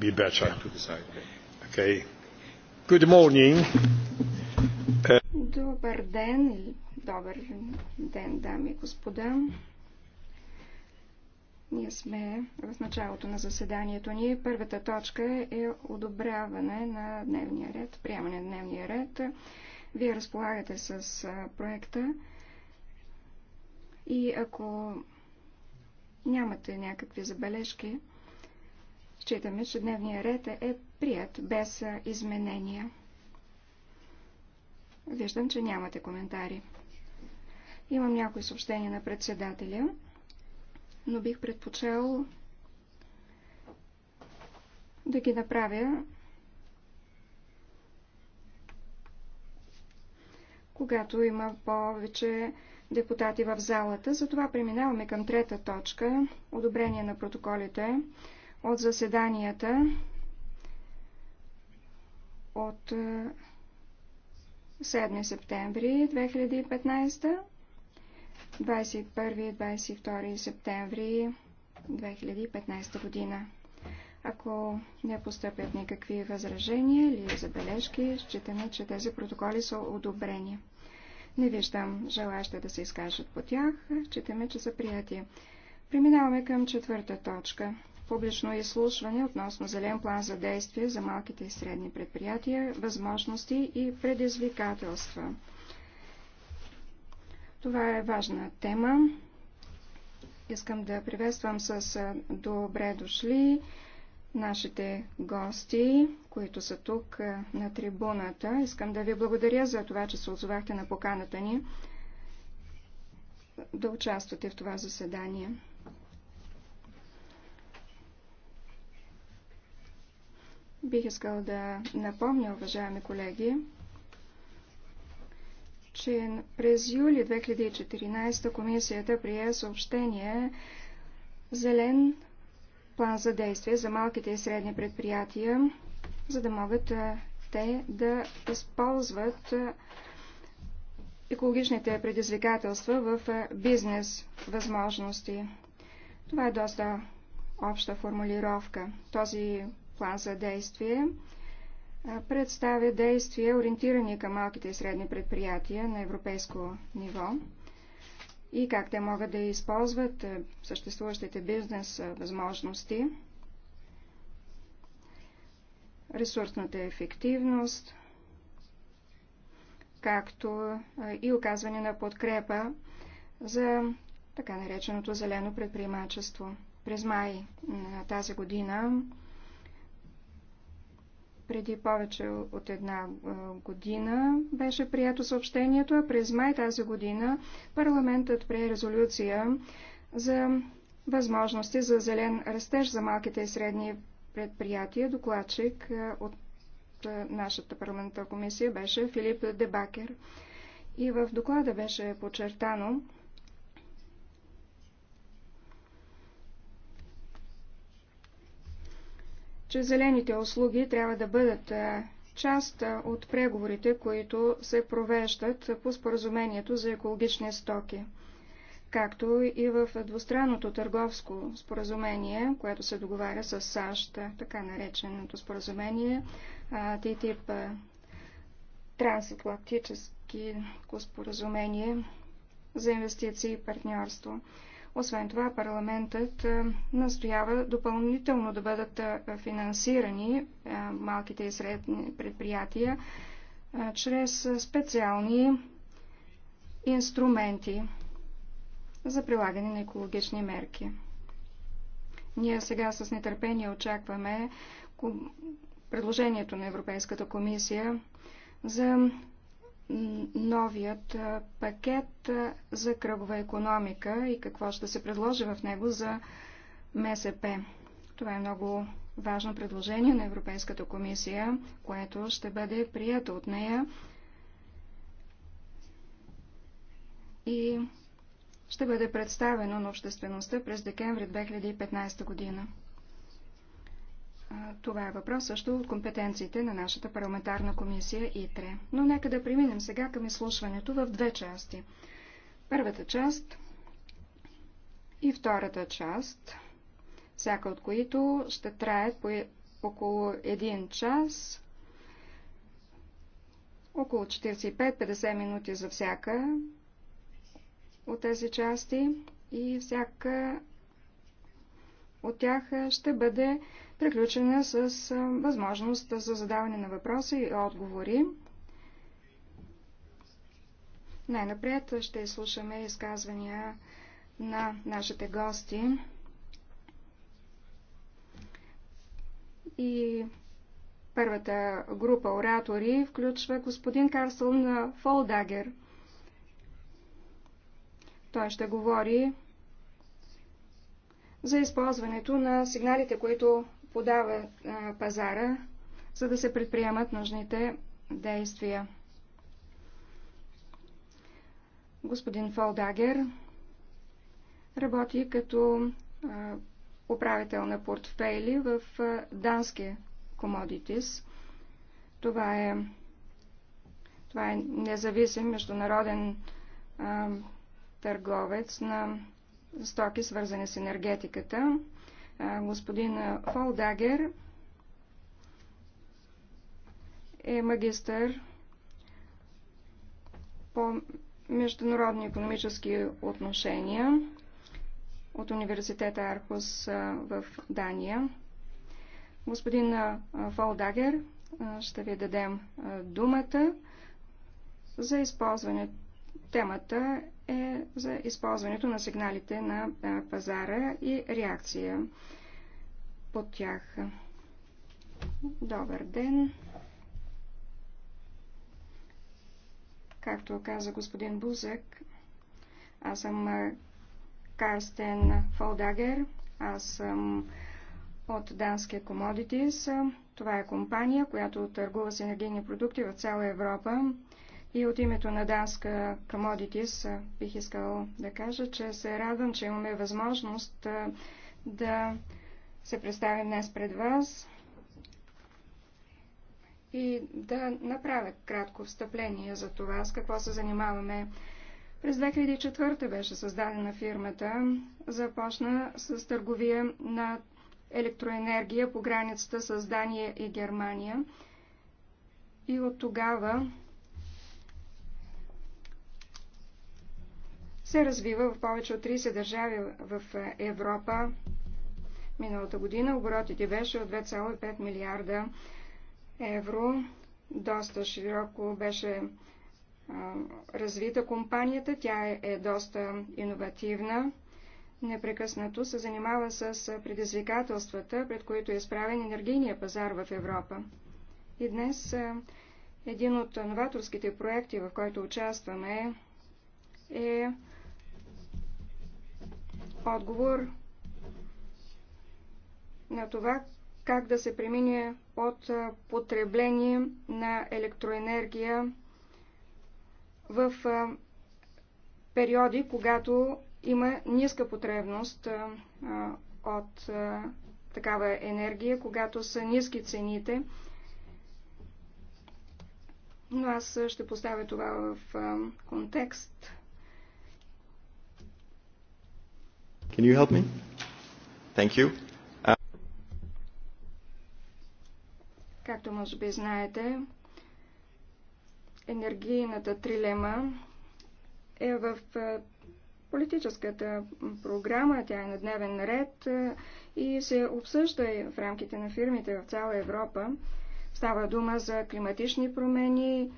be better. Okay. Good morning. Добър ден, добър ден, дами и господа. Ние сме в началото на заседанието ни. Първата точка е одобряване на дневния ред, приемане на дневния ред. Вие разполагате с проекта и ако нямате някакви забележки, Считаме, че дневния ред е прият без изменения. Виждам, че нямате коментари. Имам някои съобщения на председателя, но бих предпочел да ги направя когато има повече депутати в залата. Затова преминаваме към трета точка – одобрение на протоколите от заседанията от 7 е, септември 2015, 21 и 22 септември 2015 година. Ако не постъпят никакви възражения или забележки, считаме, че тези протоколи са одобрени. Не виждам желаящи да се изкажат по тях. Считаме, че са прияти. Преминаваме към четвърта точка публично изслушване относно зелен план за действие за малките и средни предприятия, възможности и предизвикателства. Това е важна тема. Искам да приветствам с добре дошли нашите гости, които са тук на трибуната. Искам да ви благодаря за това, че се отзовахте на поканата ни да участвате в това заседание. Бих искал да напомня, уважаеми колеги, че през юли 2014 комисията прие съобщение Зелен план за действие за малките и средни предприятия, за да могат те да използват екологичните предизвикателства в бизнес възможности. Това е доста обща формулировка. Този план за действие представя действия, ориентирани към малките и средни предприятия на европейско ниво и как те могат да използват съществуващите бизнес възможности, ресурсната ефективност, както и оказване на подкрепа за така нареченото зелено предприемачество. През май на тази година преди повече от една година беше прието съобщението, а през май тази година парламентът прие резолюция за възможности за зелен растеж за малките и средни предприятия. Докладчик от нашата парламентарна комисия беше Филип Дебакер. И в доклада беше подчертано, че зелените услуги трябва да бъдат е, част е, от преговорите, които се провеждат по споразумението за екологични стоки, както и в двустранното търговско споразумение, което се договаря с САЩ, така нареченото споразумение е, ТТИП трансатлантически споразумение за инвестиции и партньорство. Освен това, парламентът е, настоява допълнително да бъдат е, финансирани е, малките и средни предприятия чрез специални инструменти за прилагане на екологични мерки. Ние сега с нетърпение очакваме предложението на Европейската комисия за новият пакет за кръгова економика и какво ще се предложи в него за МСП. Това е много важно предложение на Европейската комисия, което ще бъде прието от нея и ще бъде представено на обществеността през декември 2015 година. Това е въпрос също от компетенциите на нашата парламентарна комисия ИТРЕ. Но нека да преминем сега към изслушването в две части. Първата част и втората част, всяка от които ще трае по е, около един час, около 45-50 минути за всяка от тези части и всяка от тях ще бъде приключване с възможност за задаване на въпроси и отговори. Най-напред ще изслушаме изказвания на нашите гости и първата група оратори включва господин Карсъл на Фолдагер. Той ще говори за използването на сигналите, които подава пазара, за да се предприемат нужните действия. Господин Фолдагер работи като управител на портфейли в а, Дански Commodities. Това е, това е независим международен а, търговец на стоки, свързани с енергетиката господин Фолдагер е магистър по международни економически отношения от университета Архус в Дания. Господин Фолдагер, ще ви дадем думата за използването Темата е за използването на сигналите на пазара и реакция по тях. Добър ден! Както каза господин Бузък, аз съм Карстен Фолдагер, аз съм от Дански Commodities. Това е компания, която търгува с енергийни продукти в цяла Европа. И от името на Данска Комодитис бих искал да кажа, че се радвам, че имаме възможност да се представим днес пред вас и да направя кратко встъпление за това, с какво се занимаваме. През 2004 беше създадена фирмата, започна с търговия на електроенергия по границата с Дания и Германия. И от тогава се развива в повече от 30 държави в е, Европа. Миналата година оборотите беше от 2,5 милиарда евро. Доста широко беше а, развита компанията. Тя е, е доста иновативна. Непрекъснато се занимава с предизвикателствата, пред които е изправен енергийния пазар в Европа. И днес а, един от новаторските проекти, в който участваме, е отговор на това как да се премине от потребление на електроенергия в периоди, когато има ниска потребност от такава енергия, когато са ниски цените. Но аз ще поставя това в контекст. Can you help me? Thank you. Uh, Както може би знаете, енергийната трилема е в политическата програма, тя е на дневен ред и се обсъжда и в рамките на фирмите в цяла Европа. Става дума за климатични промени,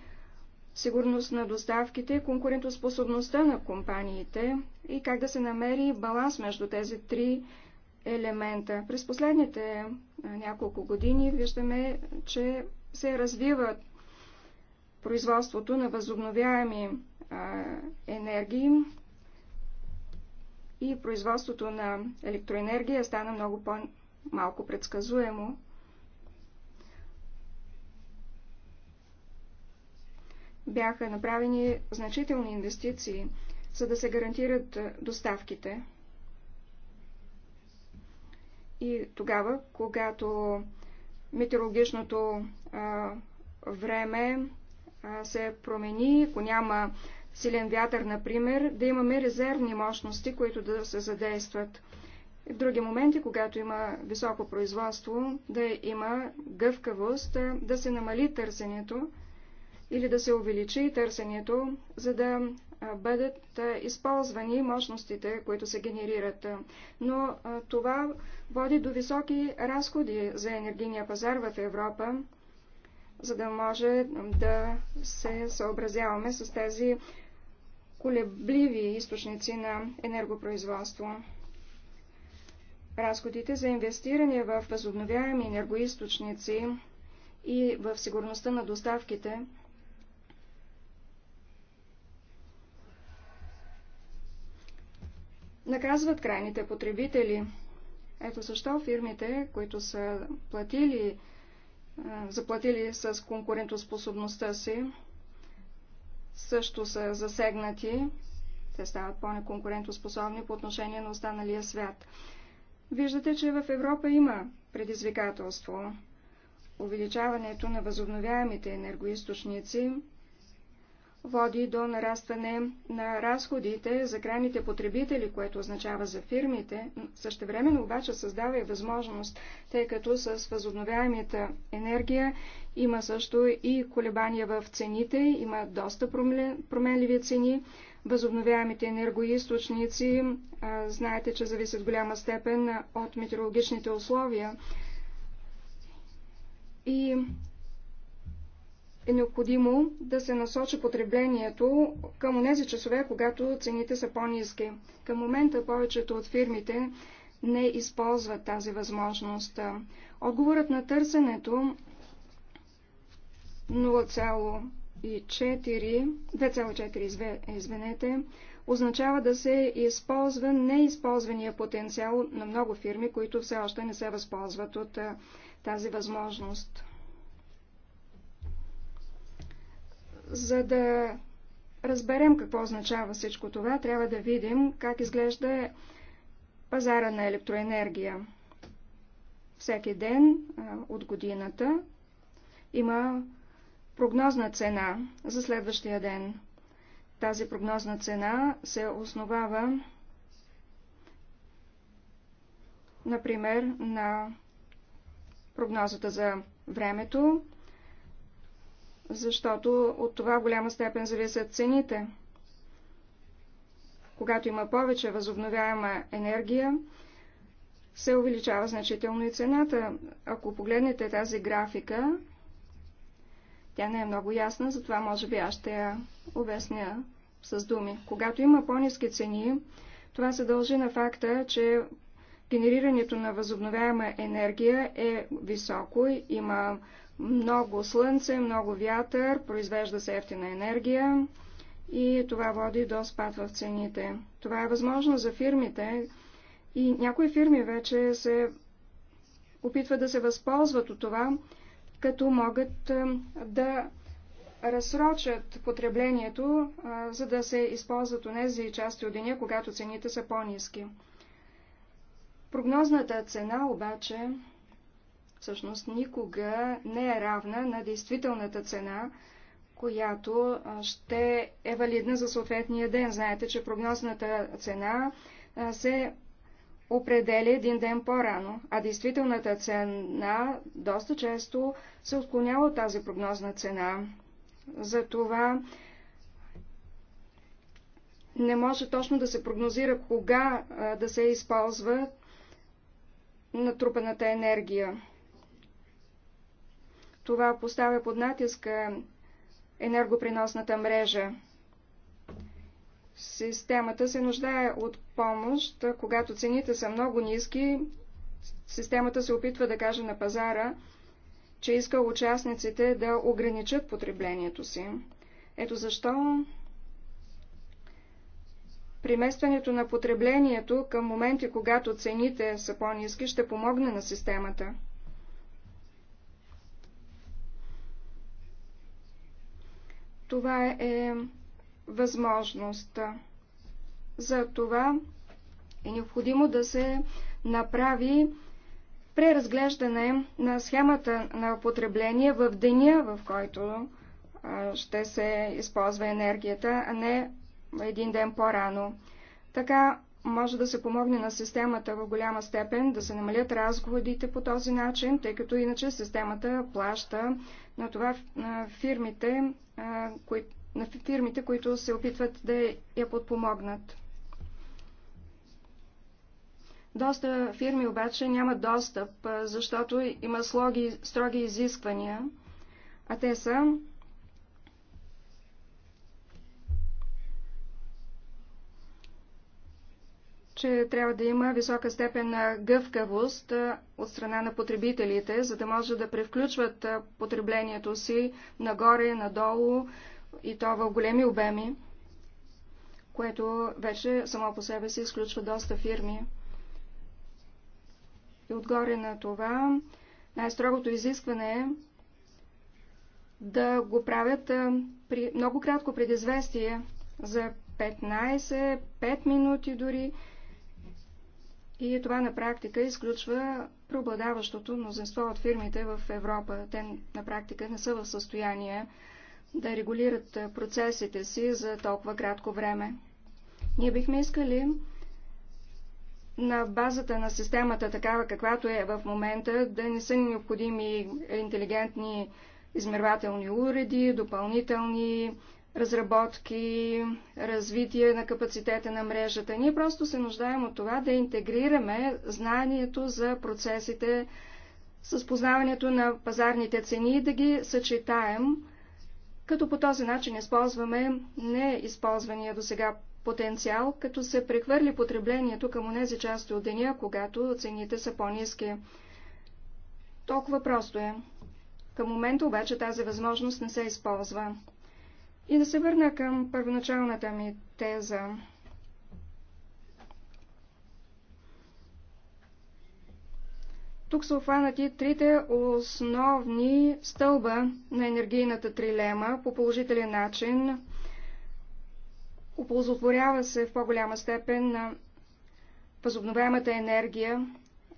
сигурност на доставките, конкурентоспособността на компаниите и как да се намери баланс между тези три елемента. През последните няколко години виждаме, че се развиват производството на възобновяеми енергии и производството на електроенергия стана много по-малко предсказуемо. бяха направени значителни инвестиции, за да се гарантират е, доставките. И тогава, когато метеорологичното а, време а, се промени, ако няма силен вятър, например, да имаме резервни мощности, които да се задействат. В други моменти, когато има високо производство, да има гъвкавост, е, да се намали търсенето, или да се увеличи търсенето, за да бъдат използвани мощностите, които се генерират. Но това води до високи разходи за енергийния пазар в Европа, за да може да се съобразяваме с тези колебливи източници на енергопроизводство. Разходите за инвестиране в възобновяеми енергоисточници и в сигурността на доставките – наказват крайните потребители. Ето защо фирмите, които са платили, е, заплатили с конкурентоспособността си, също са засегнати. Те стават по-неконкурентоспособни по отношение на останалия свят. Виждате, че в Европа има предизвикателство. Увеличаването на възобновяемите енергоисточници води до нарастване на разходите за крайните потребители, което означава за фирмите. Същевременно обаче създава и възможност, тъй като с възобновяемата енергия има също и колебания в цените, има доста променливи цени. Възобновяемите енергоисточници, знаете, че зависят голяма степен от метеорологичните условия. И е необходимо да се насочи потреблението към тези часове, когато цените са по-низки. Към момента повечето от фирмите не използват тази възможност. Отговорът на търсенето 2,4 извинете, означава да се използва неизползвания потенциал на много фирми, които все още не се възползват от тази възможност. За да разберем какво означава всичко това, трябва да видим как изглежда пазара на електроенергия. Всеки ден от годината има прогнозна цена за следващия ден. Тази прогнозна цена се основава, например, на прогнозата за времето, защото от това в голяма степен зависят цените. Когато има повече възобновяема енергия, се увеличава значително и цената. Ако погледнете тази графика, тя не е много ясна, затова може би аз ще я обясня с думи. Когато има по-низки цени, това се дължи на факта, че генерирането на възобновяема енергия е високо, има много слънце, много вятър, произвежда се ефтина енергия и това води до спад в цените. Това е възможно за фирмите и някои фирми вече се опитват да се възползват от това, като могат да разсрочат потреблението, за да се използват онези части от деня, когато цените са по-низки. Прогнозната цена обаче всъщност никога не е равна на действителната цена, която ще е валидна за съответния ден. Знаете, че прогнозната цена се определя един ден по-рано, а действителната цена доста често се отклонява от тази прогнозна цена. Затова не може точно да се прогнозира кога да се използва натрупаната енергия. Това поставя под натиска енергоприносната мрежа. Системата се нуждае от помощ, когато цените са много ниски. Системата се опитва да каже на пазара, че иска участниците да ограничат потреблението си. Ето защо Приместването на потреблението към моменти, когато цените са по-низки, ще помогне на системата. Това е възможност. За това е необходимо да се направи преразглеждане на схемата на потребление в деня, в който ще се използва енергията, а не един ден по-рано. Така може да се помогне на системата в голяма степен да се намалят разходите по този начин, тъй като иначе системата плаща на това на фирмите, кои, на фирмите, които се опитват да я подпомогнат. Доста фирми обаче нямат достъп, защото има слоги, строги изисквания, а те са че трябва да има висока степен на гъвкавост от страна на потребителите, за да може да превключват потреблението си нагоре, надолу и то в големи обеми, което вече само по себе си изключва доста фирми. И отгоре на това най-строгото изискване е да го правят при много кратко предизвестие за 15, 5 минути дори, и това на практика изключва преобладаващото мнозинство от фирмите в Европа. Те на практика не са в състояние да регулират процесите си за толкова кратко време. Ние бихме искали на базата на системата, такава каквато е в момента, да не са необходими интелигентни измервателни уреди, допълнителни разработки, развитие на капацитета на мрежата. Ние просто се нуждаем от това да интегрираме знанието за процесите с познаването на пазарните цени и да ги съчетаем, като по този начин използваме неизползвания до сега потенциал, като се прехвърли потреблението към онези части от деня, когато цените са по-низки. Толкова просто е. Към момента обаче тази възможност не се използва. И да се върна към първоначалната ми теза. Тук са обхванати трите основни стълба на енергийната трилема по положителен начин. Оползотворява се в по-голяма степен на възобновяемата енергия,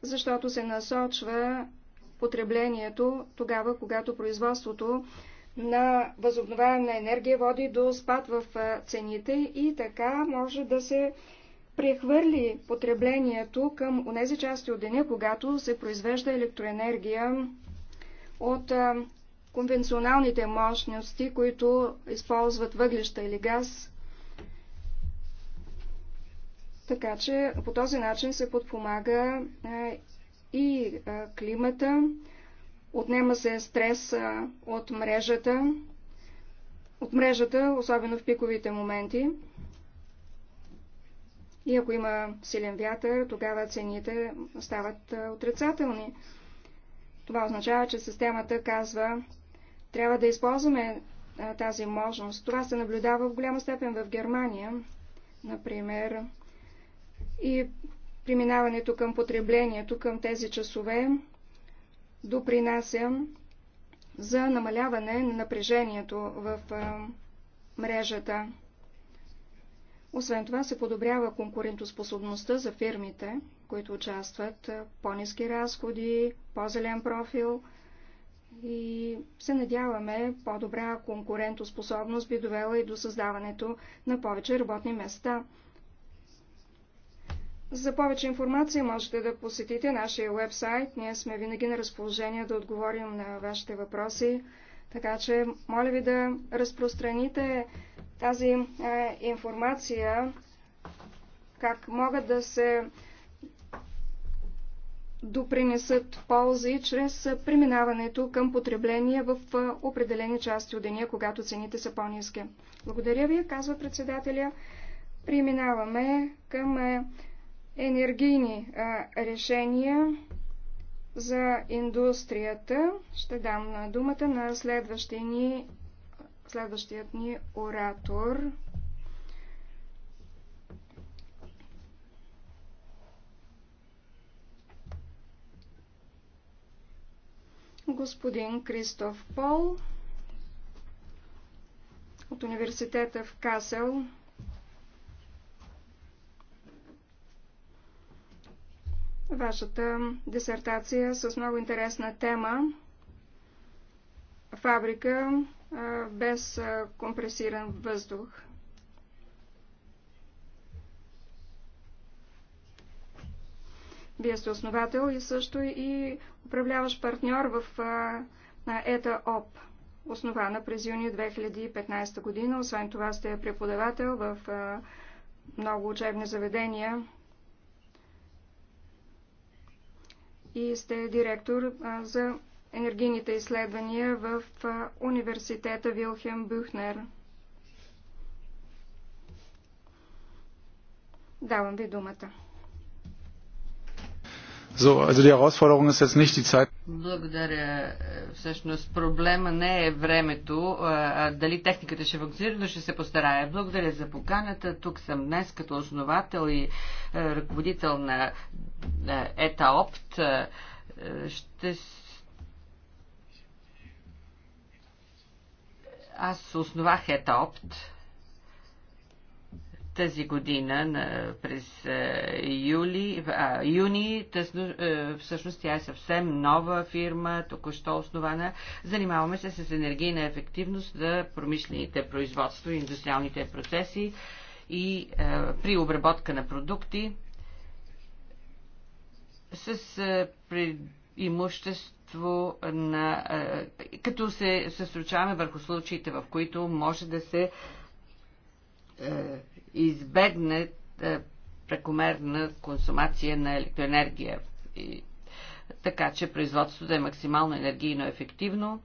защото се насочва потреблението тогава, когато производството на възобновяема енергия води до спад в цените и така може да се прехвърли потреблението към тези части от деня, когато се произвежда електроенергия от конвенционалните мощности, които използват въглища или газ. Така че по този начин се подпомага и климата, Отнема се стрес от мрежата, от мрежата, особено в пиковите моменти. И ако има силен вятър, тогава цените стават отрицателни. Това означава, че системата казва, трябва да използваме тази мощност. Това се наблюдава в голяма степен в Германия, например, и преминаването към потреблението, към тези часове, допринася за намаляване на напрежението в мрежата. Освен това се подобрява конкурентоспособността за фирмите, които участват, по-низки разходи, по-зелен профил и се надяваме по-добра конкурентоспособност би довела и до създаването на повече работни места. За повече информация можете да посетите нашия вебсайт. Ние сме винаги на разположение да отговорим на вашите въпроси. Така че, моля ви да разпространите тази е, информация, как могат да се допринесат ползи чрез преминаването към потребление в е, определени части от деня, когато цените са по-низки. Благодаря ви, казва председателя. Преминаваме към е, енергийни а, решения за индустрията. Ще дам на думата на следващия ни, следващият ни оратор. Господин Кристоф Пол от университета в Касел, вашата дисертация с много интересна тема фабрика без компресиран въздух. Вие сте основател и също и управляваш партньор в на ОП, основана през юни 2015 година. Освен това сте преподавател в много учебни заведения и сте директор за енергийните изследвания в университета Вилхем Бюхнер. Давам ви думата. So, also die Herausforderung ist jetzt nicht die Zeit. Благодаря. Е, всъщност проблема не е времето, а дали техниката ще функционира, но ще се постарая. Благодаря за поканата. Тук съм днес като основател и е, ръководител на ЕТАОПТ. Е, ще аз основах ЕТАОПТ тази година, на, през е, юли, а, юни, тъс, е, всъщност тя е съвсем нова фирма, току-що основана. Занимаваме се с енергийна ефективност за промишлените производства и индустриалните процеси и а, е, при обработка на продукти с а, при имущество на... като се съсручаваме върху случаите, в които може да се избегне е, прекомерна консумация на електроенергия, така че производството да е максимално енергийно ефективно.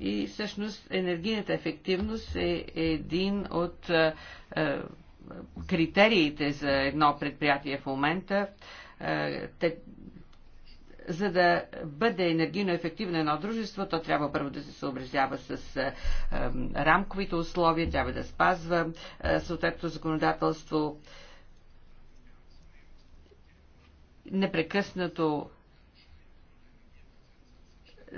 И всъщност енергийната ефективност е един от е, е критериите за едно предприятие в момента. Е, за да бъде енергийно ефективно едно дружество, то трябва първо да се съобразява с е, е, рамковите условия, трябва да спазва е, съответното законодателство, непрекъснато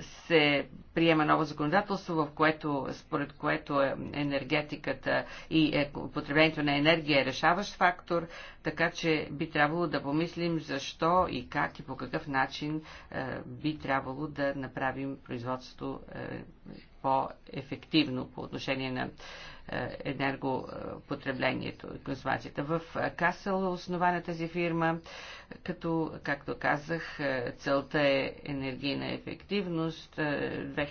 се приема ново законодателство, в което, според което е енергетиката и е, потреблението на енергия е решаващ фактор, така че би трябвало да помислим защо и как и по какъв начин е, би трябвало да направим производството по-ефективно по отношение на енергопотреблението и консумацията. В Касъл е основана тази фирма, като, както казах, целта е енергийна ефективност.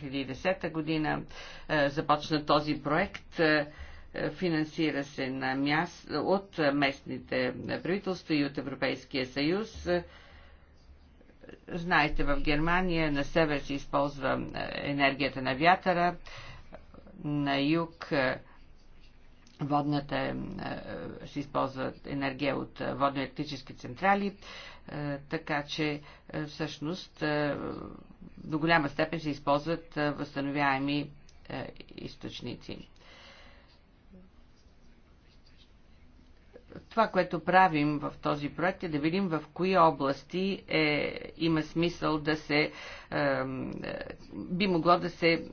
2010 година е, започна този проект. Е, е, финансира се на място от местните правителства и от Европейския съюз. Знаете, в Германия на север се използва енергията на вятъра, на юг водната се използва енергия от водно-електрически централи, така че всъщност до голяма степен се използват възстановяеми източници. Това, което правим в този проект е да видим в кои области е, има смисъл да се. би могло да се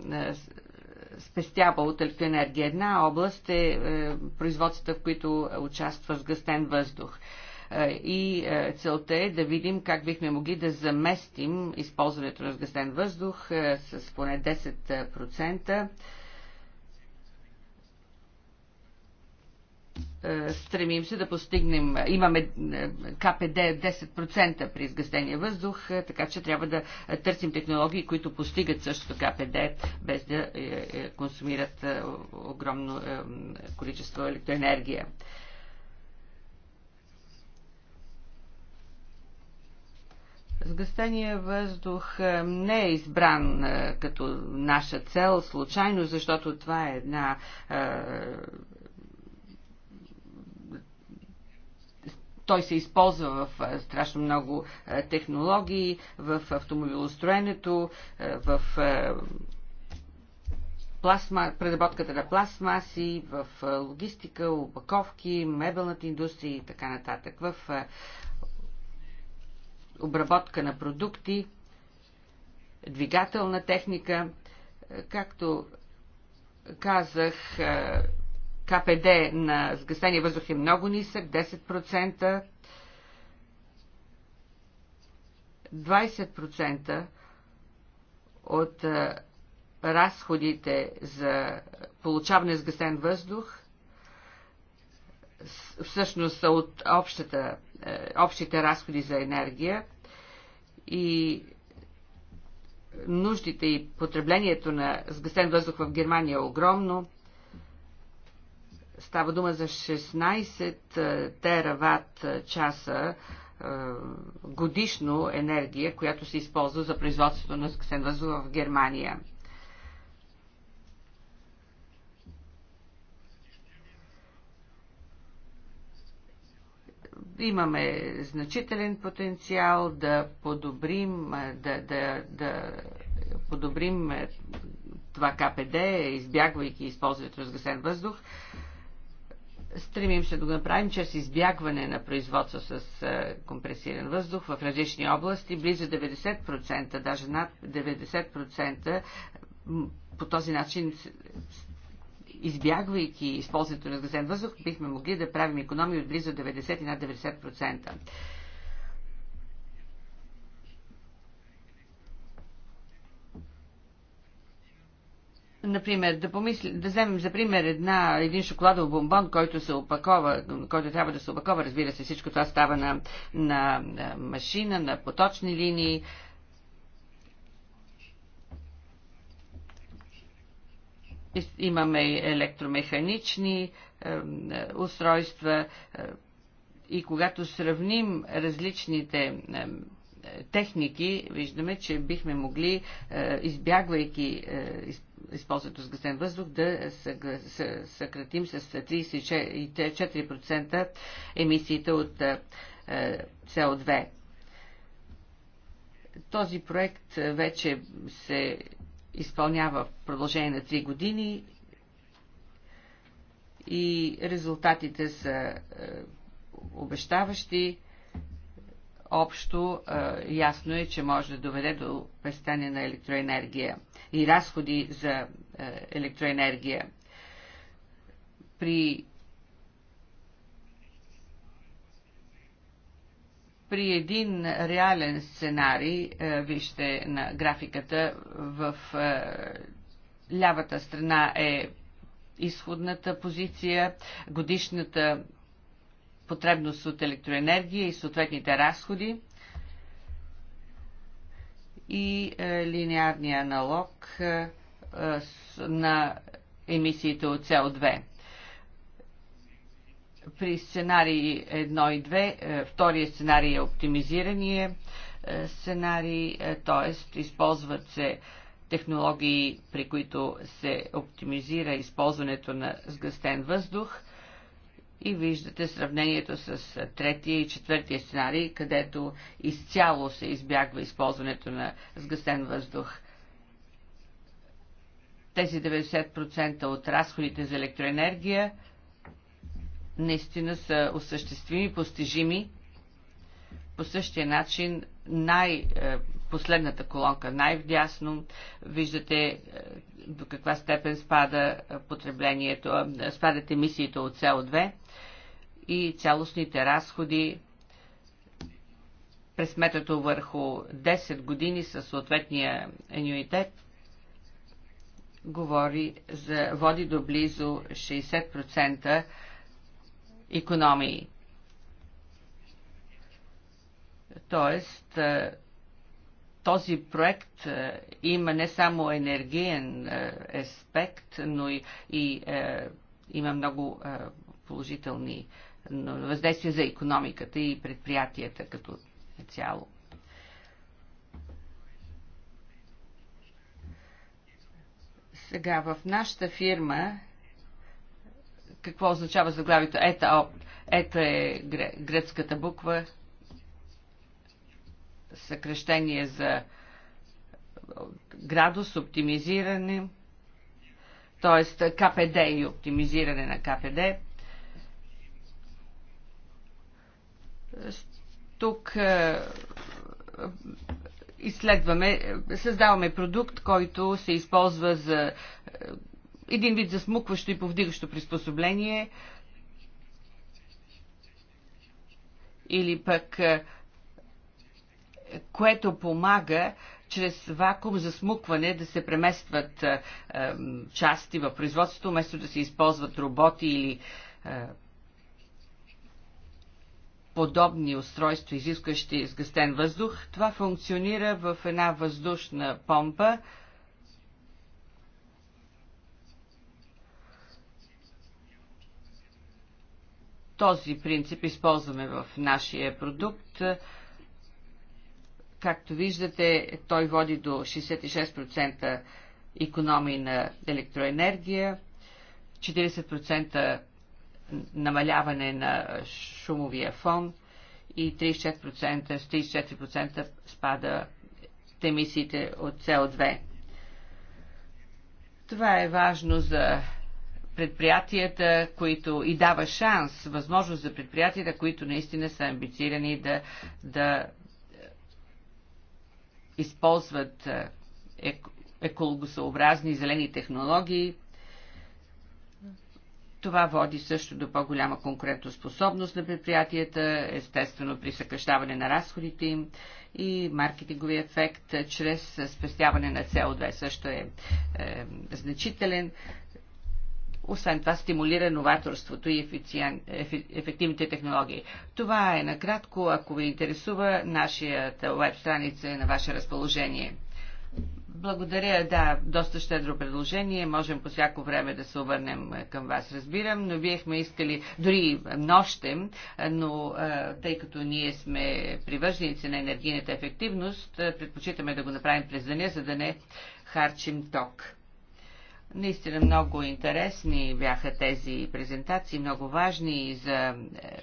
спестява от електроенергия. Една област е, е, производствата, в които участва сгъстен въздух. Е, и е, целта е да видим как бихме могли да заместим използването на сгъстен въздух е, с поне 10%. стремим се да постигнем, имаме КПД 10% при изгъстения въздух, така че трябва да търсим технологии, които постигат същото КПД, без да консумират огромно количество електроенергия. Сгъстения въздух е, не е избран е, като наша цел случайно, защото това е една е, той се използва в страшно много технологии, в автомобилостроенето, в пластма, преработката на пластмаси, в логистика, упаковки, мебелната индустрия и така нататък. В обработка на продукти, двигателна техника. Както казах, е, КПД на сгъстения въздух е много нисък, 10%. 20% от е, разходите за получаване сгъстен въздух всъщност са от общата е, общите разходи за енергия и нуждите и потреблението на сгъстен въздух в Германия е огромно. Става дума за 16 е, тераватт е, часа годишно енергия, която се използва за производството на сгъстен въздух в Германия. имаме значителен потенциал да подобрим, да, да, да подобрим това КПД, избягвайки използването на сгъсен въздух. Стремим се да го направим чрез избягване на производство с компресиран въздух в различни области. Близо 90%, даже над 90% по този начин избягвайки използването на газен въздух, бихме могли да правим економии от близо 90 и над 90%. Например, да, помисли, да вземем за пример една, един шоколадов бомбон, който се опакова, който трябва да се опакова. Разбира се, всичко това става на, на машина, на поточни линии. Имаме електромеханични е, устройства е, и когато сравним различните е, техники, виждаме, че бихме могли, избягвайки използването с гъстен въздух, да съкратим с 34% емисиите от со 2 Този проект вече се изпълнява в продължение на 3 години и резултатите са е, обещаващи. Общо е, ясно е, че може да доведе до престане на електроенергия и разходи за е, електроенергия. При при един реален сценарий, е, вижте на графиката, в е, лявата страна е изходната позиция, годишната потребност от електроенергия и съответните разходи и е, линеарния аналог на емисиите от СО2. При сценарии 1 и 2, е, втория сценарий е оптимизирания е, сценарий, т.е. използват се технологии, при които се оптимизира използването на сгъстен въздух и виждате сравнението с третия и четвъртия сценарий, където изцяло се избягва използването на сгъстен въздух. Тези 90% от разходите за електроенергия – наистина са осъществими, постижими. По същия начин най-последната е, колонка, най-вдясно, виждате е, до каква степен спада е, потреблението, спадат емисиите от СО2 и цялостните разходи пресметато върху 10 години със съответния анюитет говори за, води до близо 60% економии. Тоест, е, този проект е, има не само енергиен е, аспект, но и, и е, има много положителни въздействия за економиката и предприятията като цяло. Сега в нашата фирма какво означава заглавието ета, ета е гръцката буква, съкрещение за градус, оптимизиране, т.е. КПД и оптимизиране на КПД. Тук е, изследваме, създаваме продукт, който се използва за е, един вид засмукващо и повдигащо приспособление или пък е, което помага чрез вакуум за смукване да се преместват е, е, части в производството, вместо да се използват роботи или е, подобни устройства, изискващи сгъстен въздух. Това функционира в една въздушна помпа, Този принцип използваме в нашия продукт. Както виждате, той води до 66% економии на електроенергия, 40% намаляване на шумовия фон и 34%, 34% спада емисиите от со 2 Това е важно за предприятията, които и дава шанс, възможност за предприятията, които наистина са амбицирани да, да е, използват е, екологосъобразни зелени технологии. Това води също до по-голяма конкурентоспособност на предприятията, естествено при съкръщаване на разходите им и маркетингови ефект е, чрез спестяване на CO2 също е, е значителен. Освен това стимулира новаторството и ефективните технологии. Това е накратко, ако ви интересува, нашата веб страница е на ваше разположение. Благодаря, да, доста щедро предложение. Можем по всяко време да се обърнем е, към вас, разбирам, но бихме искали дори нощем, е, но е, тъй като ние сме привърженици на енергийната ефективност, предпочитаме да го направим през деня, за да не харчим ток. Наистина много интересни бяха тези презентации, много важни и за е,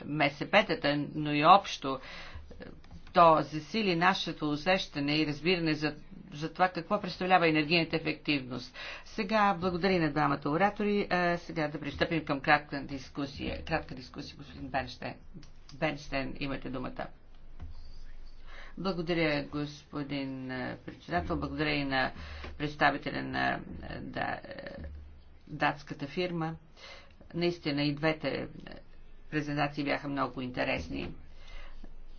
МСП-тата, но и общо. Е, то засили нашето усещане и разбиране за, за това какво представлява енергийната ефективност. Сега благодаря на двамата оратори. А, е, сега да пристъпим към кратка дискусия. Кратка дискусия, господин Бенштен. Бенштен, имате думата. Благодаря, господин председател. Благодаря и на представителя на да, датската фирма. Наистина и двете презентации бяха много интересни.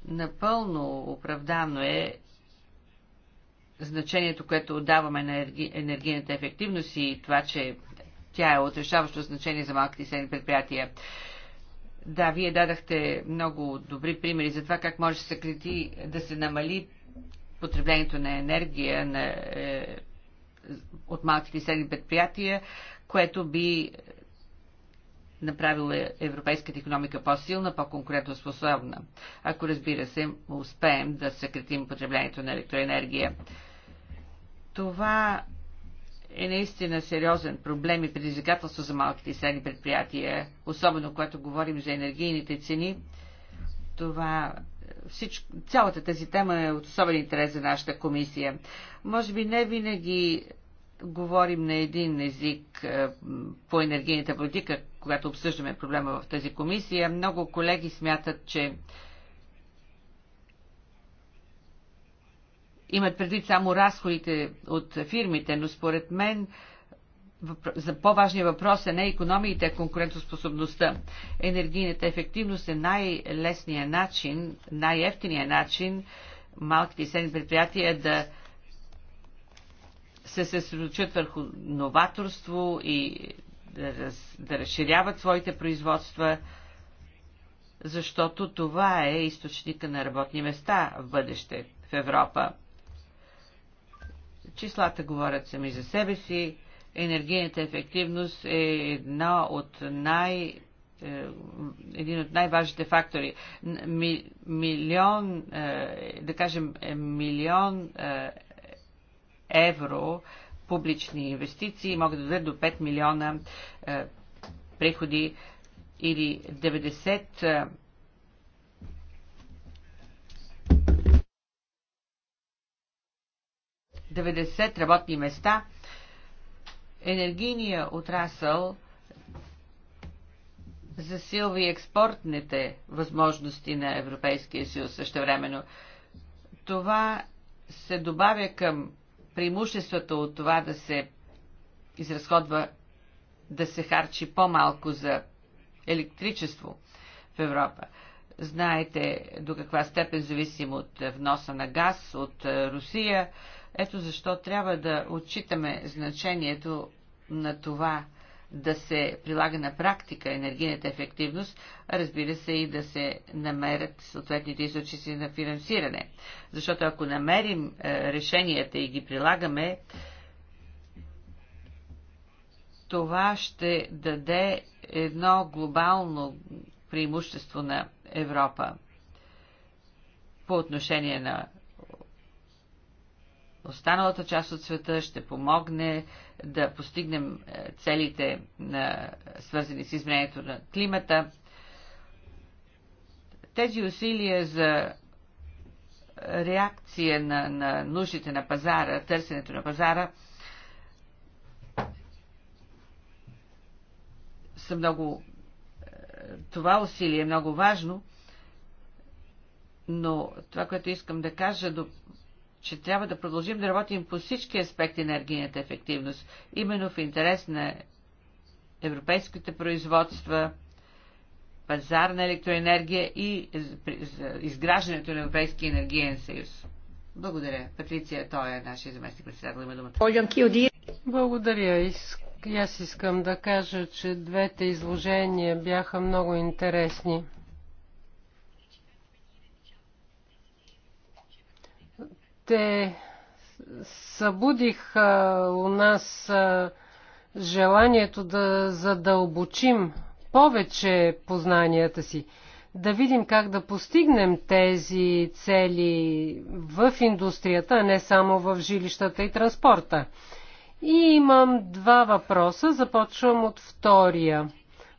Напълно оправдано е значението, което отдаваме на енергийната ефективност и това, че тя е отрешаващо значение за малките и средни предприятия. Да, вие дадахте много добри примери за това как може да се, да се намали потреблението на енергия на, е, от малките и средни предприятия, което би направила е, европейската економика по-силна, по-конкурентоспособна, ако разбира се успеем да съкратим потреблението на електроенергия. Това е наистина сериозен проблем и предизвикателство за малките и средни предприятия, особено когато говорим за енергийните цени. Това е, всичко, цялата тази тема е от особен интерес за нашата комисия. Може би не винаги говорим на един език е, по енергийната политика, когато обсъждаме проблема в тази комисия. Много колеги смятат, че имат предвид само разходите от фирмите, но според мен за по-важния въпрос е не економиите, а конкурентоспособността. Енергийната ефективност е най-лесният начин, най-ефтиният начин малките и средни предприятия да се съсредоточат върху новаторство и да, раз, да разширяват своите производства, защото това е източника на работни места в бъдеще в Европа. Числата говорят сами за себе си. Енергийната ефективност е една от най- е, един от най-важните фактори. Ми, милион, е, да кажем, е, милион евро публични инвестиции могат да дадат до 5 милиона приходи или 90 90 работни места. Енергийния отрасъл засилва и експортните възможности на Европейския съюз също времено. Това се добавя към преимуществото от това да се изразходва, да се харчи по-малко за електричество в Европа. Знаете до каква степен зависим от вноса на газ от е, Русия. Ето защо трябва да отчитаме значението на това да се прилага на практика енергийната ефективност, разбира се и да се намерят съответните източници на финансиране. Защото ако намерим е, решенията и ги прилагаме, това ще даде едно глобално преимущество на Европа по отношение на останалата част от света, ще помогне да постигнем е, целите, на, свързани с изменението на климата. Тези усилия за реакция на, на нуждите на пазара, търсенето на пазара, са много. Е, това усилие е много важно, но това, което искам да кажа, че трябва да продължим да работим по всички аспекти на енергийната ефективност, именно в интерес на европейските производства, пазар на електроенергия и изграждането на Европейския енергиен съюз. Благодаря. Патриция, той е нашия заместник председател. Има думата. Благодаря. аз искам да кажа, че двете изложения бяха много интересни. те събудих у нас желанието да задълбочим повече познанията си, да видим как да постигнем тези цели в индустрията, а не само в жилищата и транспорта. И имам два въпроса. Започвам от втория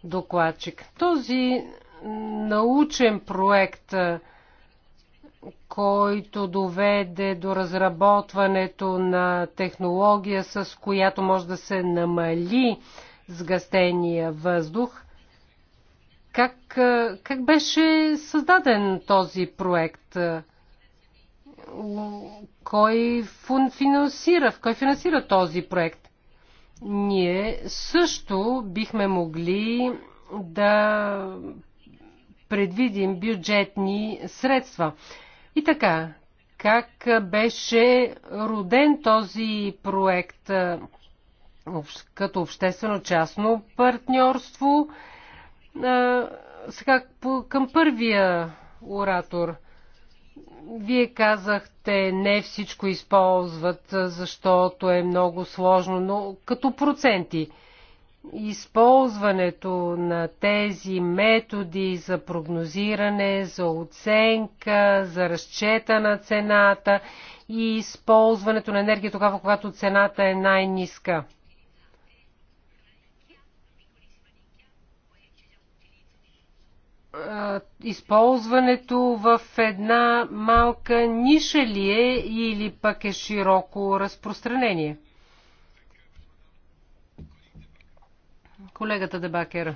докладчик. Този научен проект който доведе до разработването на технология, с която може да се намали сгъстения въздух. Как, как беше създаден този проект? Кой финансира, кой финансира този проект? Ние също бихме могли да предвидим бюджетни средства. И така, как беше роден този проект като обществено-частно партньорство? Сега към първия оратор. Вие казахте, не всичко използват, защото е много сложно, но като проценти – използването на тези методи за прогнозиране, за оценка, за разчета на цената и използването на енергия тогава, когато цената е най-ниска. използването в една малка ниша ли е или пък е широко разпространение? Колегата Дебакер.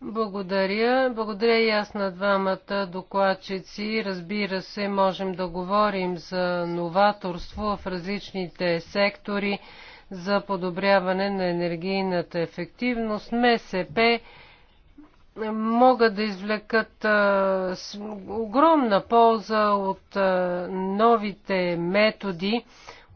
Благодаря. Благодаря и аз на двамата докладчици. Разбира се, можем да говорим за новаторство в различните сектори, за подобряване на енергийната ефективност. МСП могат да извлекат а, с, огромна полза от а, новите методи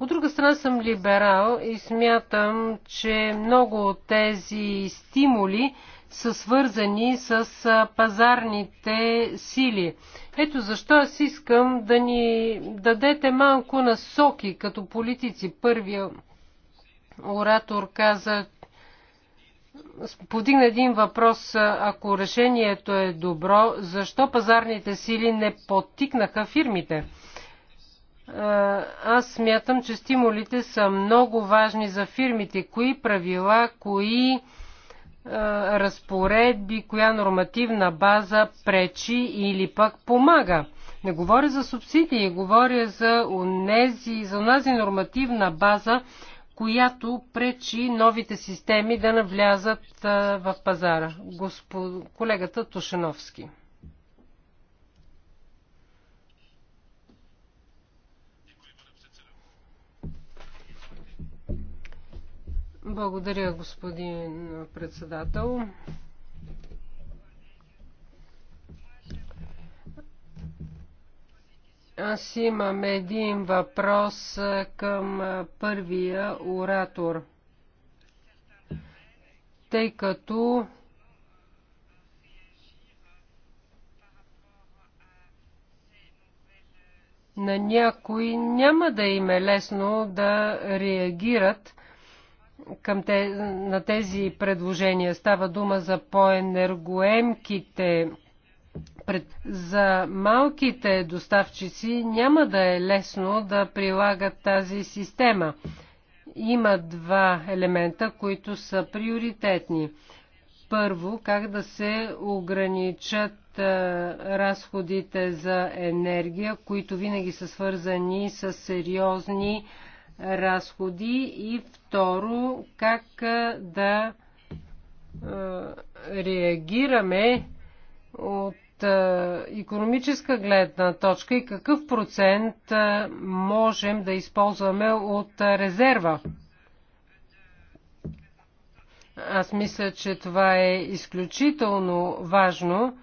от друга страна съм либерал и смятам, че много от тези стимули са свързани с пазарните сили. Ето защо аз искам да ни дадете малко насоки като политици. Първия оратор каза, подигна един въпрос, ако решението е добро, защо пазарните сили не подтикнаха фирмите? Аз смятам, че стимулите са много важни за фирмите. Кои правила, кои разпоредби, коя нормативна база пречи или пък помага. Не говоря за субсидии, говоря за унези, за онази нормативна база, която пречи новите системи да навлязат в пазара. Господ... Колегата Тушеновски. Благодаря, господин председател. Аз имам един въпрос към първия оратор. Тъй като на някои няма да им е лесно да реагират към те, на тези предложения. Става дума за по-енергоемките пред... За малките доставчици няма да е лесно да прилагат тази система. Има два елемента, които са приоритетни. Първо, как да се ограничат а, разходите за енергия, които винаги са свързани с сериозни а, разходи и второ, как да реагираме от економическа гледна точка и какъв процент можем да използваме от резерва. Аз мисля, че това е изключително важно.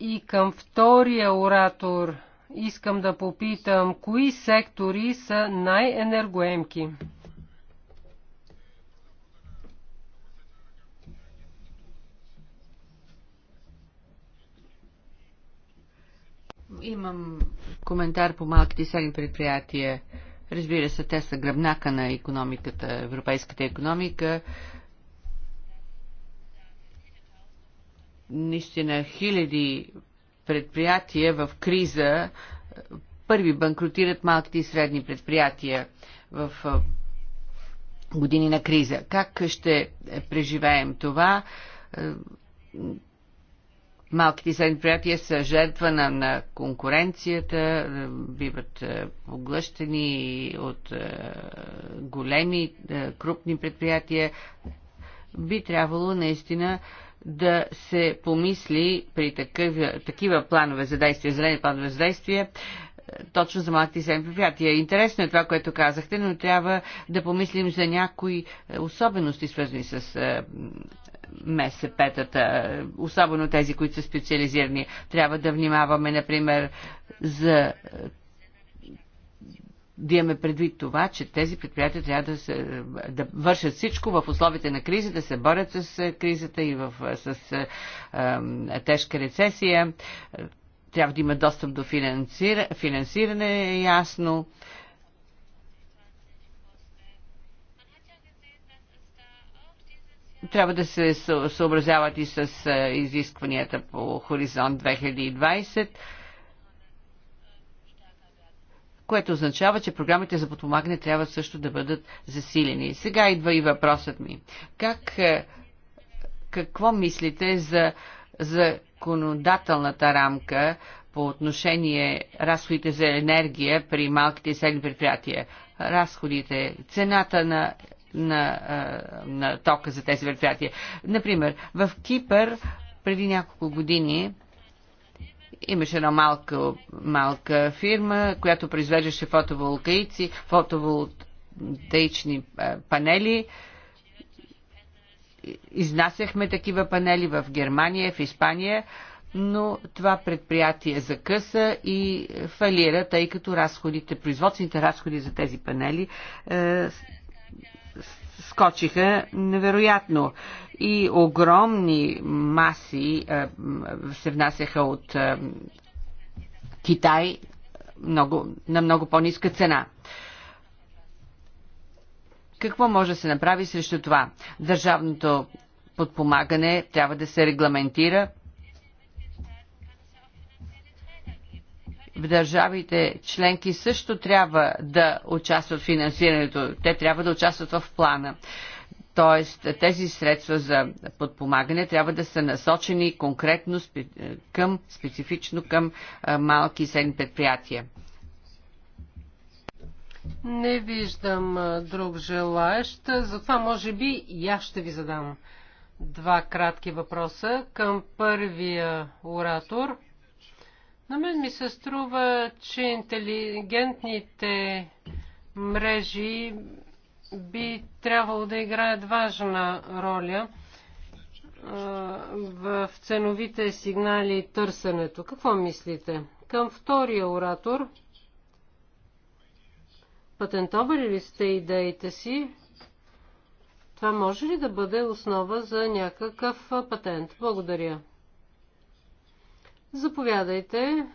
И към втория оратор – искам да попитам, кои сектори са най-енергоемки? Имам коментар по малките и средни предприятия. Разбира се, те са гръбнака на економиката, европейската економика. Наистина хиляди предприятия в криза първи банкротират малките и средни предприятия в години на криза. Как ще преживеем това? Малките и средни предприятия са жертва на, на конкуренцията, биват поглъщани от големи, крупни предприятия. Би трябвало наистина да се помисли при такъв, такива планове за действие, зелени планове за действие, е, точно за малките и средни предприятия. Интересно е това, което казахте, но трябва да помислим за някои е, особености, свързани с е, МСП-тата, особено тези, които са специализирани. Трябва да внимаваме, например, за да имаме предвид това, че тези предприятия трябва да, се, да вършат всичко в условите на криза, да се борят с е, кризата и в, е, с е, тежка рецесия. Трябва да има достъп до финансира, финансиране, е ясно. трябва да се съобразяват и с е, изискванията по Хоризонт 2020 което означава, че програмите за подпомагане трябва също да бъдат засилени. Сега идва и въпросът ми. Как, е, какво мислите за законодателната рамка по отношение разходите за енергия при малките и средни предприятия? Разходите, цената на на, е, на тока за тези предприятия. Например, в Кипър преди няколко години Имаше една малка, малка фирма, която произвеждаше фотоволтаици, фотоволтаични панели. Изнасяхме такива панели в Германия, в Испания, но това предприятие закъса и фалира, тъй като разходите, производствените разходи за тези панели е, скочиха невероятно и огромни маси е, се внасяха от е, Китай много, на много по-ниска цена. Какво може да се направи срещу това? Държавното подпомагане трябва да се регламентира в държавите членки също трябва да участват в финансирането. Те трябва да участват в плана. Тоест, тези средства за подпомагане трябва да са насочени конкретно към, специфично към малки и средни предприятия. Не виждам друг желаещ, затова може би и аз ще ви задам два кратки въпроса към първия оратор. На мен ми се струва, че интелигентните мрежи би трябвало да играят важна роля в ценовите сигнали и търсенето. Какво мислите? Към втория оратор. Патентовали ли сте идеите си? Това може ли да бъде основа за някакъв патент? Благодаря. Заповядайте,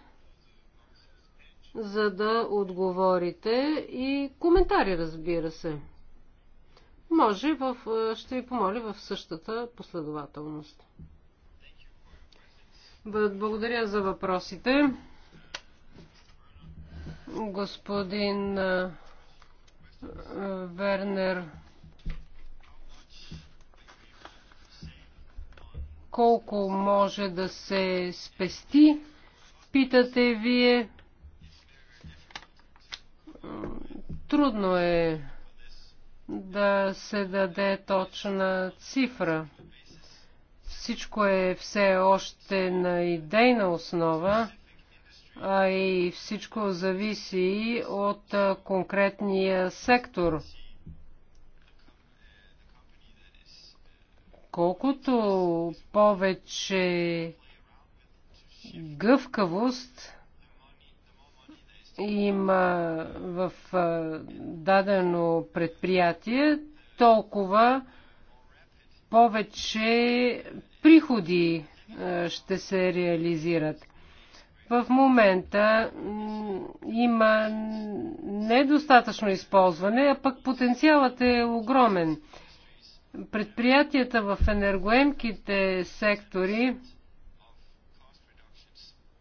за да отговорите и коментари, разбира се. Може, в, е, ще ви помоля в същата последователност. Благодаря за въпросите. Господин е, е, Вернер колко може да се спести, питате вие. Трудно е да се даде точна цифра. Всичко е все още на идейна основа, а и всичко зависи от конкретния сектор – Колкото повече гъвкавост има в дадено предприятие, толкова повече приходи ще се реализират. В момента има недостатъчно използване, а пък потенциалът е огромен. Предприятията в енергоемките сектори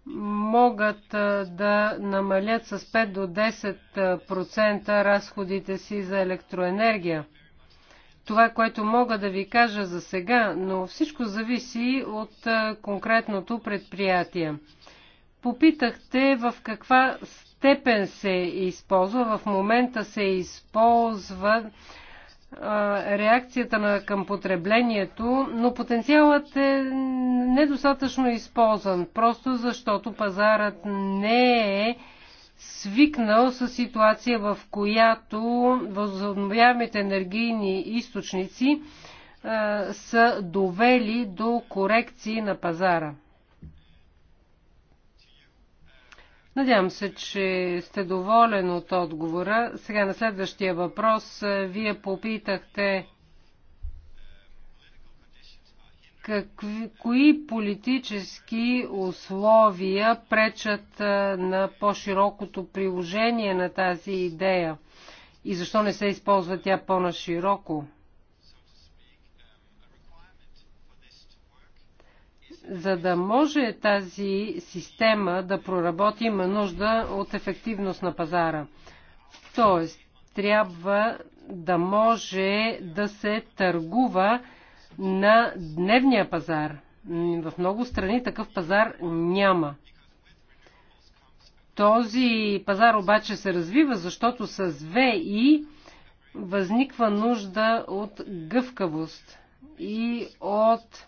могат да намалят с 5 до 10% разходите си за електроенергия. Това, което мога да ви кажа за сега, но всичко зависи от конкретното предприятие. Попитахте в каква степен се използва. В момента се използва реакцията на, към потреблението, но потенциалът е недостатъчно използван, просто защото пазарът не е свикнал с ситуация, в която възобновяемите енергийни източници са довели до корекции на пазара. Надявам се, че сте доволен от отговора. Сега на следващия въпрос. Вие попитахте какви, кои политически условия пречат на по-широкото приложение на тази идея и защо не се използва тя по-нашироко. За да може тази система да проработи, има нужда от ефективност на пазара. Тоест, трябва да може да се търгува на дневния пазар. В много страни такъв пазар няма. Този пазар обаче се развива, защото с ВИ възниква нужда от гъвкавост и от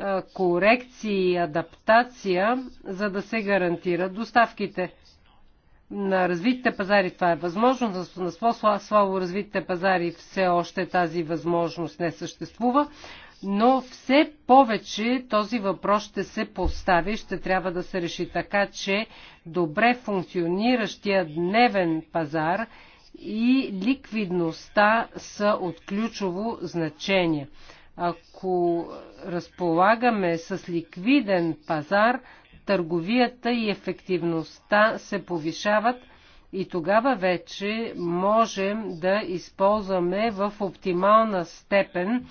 е, корекции и адаптация, за да се гарантират доставките. На развитите пазари това е възможно, на по-слабо развитите пазари все още тази възможност не съществува, но все повече този въпрос ще се постави и ще трябва да се реши така, че добре функциониращия дневен пазар и ликвидността са от ключово значение. Ако разполагаме с ликвиден пазар, търговията и ефективността се повишават и тогава вече можем да използваме в оптимална степен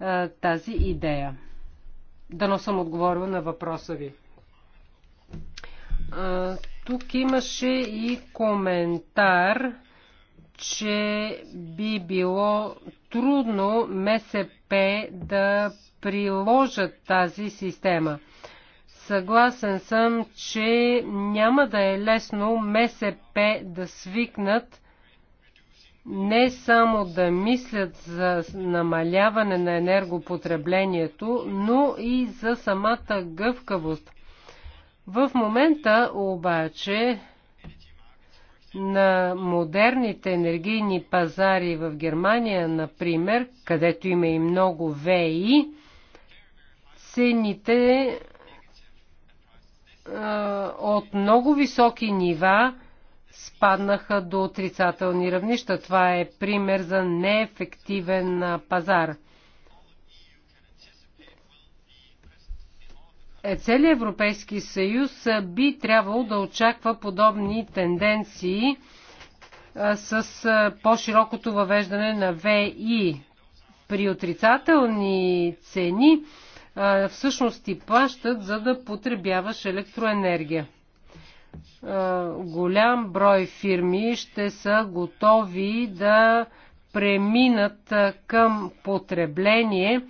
а, тази идея. Дано съм отговорила на въпроса ви. А, тук имаше и коментар че би било трудно МСП да приложат тази система. Съгласен съм, че няма да е лесно МСП да свикнат не само да мислят за намаляване на енергопотреблението, но и за самата гъвкавост. В момента обаче на модерните енергийни пазари в Германия, например, където има и много ВИ, цените от много високи нива спаднаха до отрицателни равнища. Това е пример за неефективен пазар. е, целият Европейски съюз би трябвало да очаква подобни тенденции с по-широкото въвеждане на ВИ. При отрицателни цени всъщност ти плащат, за да потребяваш електроенергия. Голям брой фирми ще са готови да преминат към потребление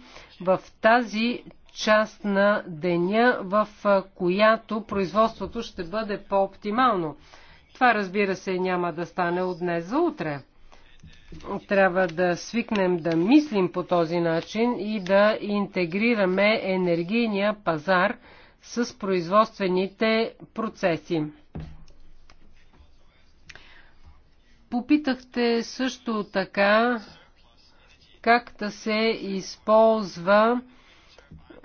в тази част на деня, в която производството ще бъде по-оптимално. Това, разбира се, няма да стане от днес за утре. Трябва да свикнем да мислим по този начин и да интегрираме енергийния пазар с производствените процеси. Попитахте също така как да се използва е,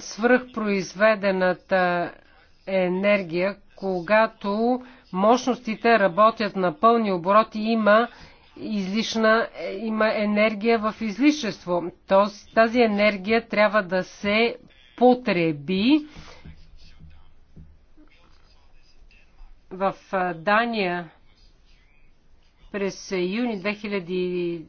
свръхпроизведената енергия, когато мощностите работят на пълни обороти, има излишна, е, има енергия в излишество. Тоест, тази енергия трябва да се потреби. В е, Дания през юни 2000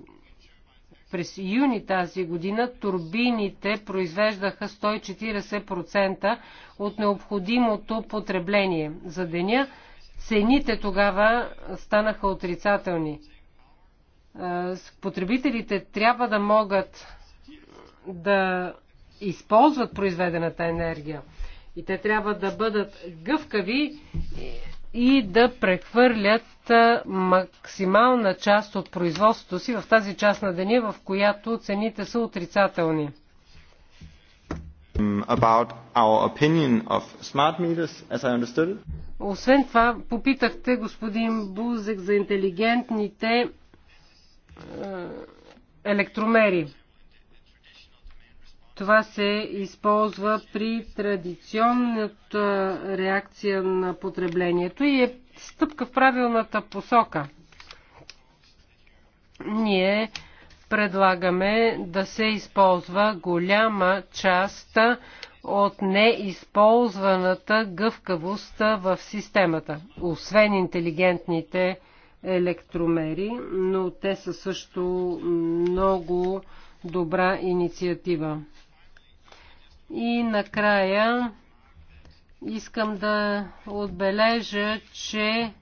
през юни тази година турбините произвеждаха 140% от необходимото потребление. За деня цените тогава станаха отрицателни. Е, потребителите трябва да могат да използват произведената енергия. И те трябва да бъдат гъвкави и да прехвърлят максимална част от производството си в тази част на деня, в която цените са отрицателни. Meters, Освен това, попитахте господин Бузек за интелигентните електромери. Това се използва при традиционната реакция на потреблението и е стъпка в правилната посока. Ние предлагаме да се използва голяма част от неизползваната гъвкавост в системата, освен интелигентните електромери, но те са също много добра инициатива. И накрая искам да отбележа, че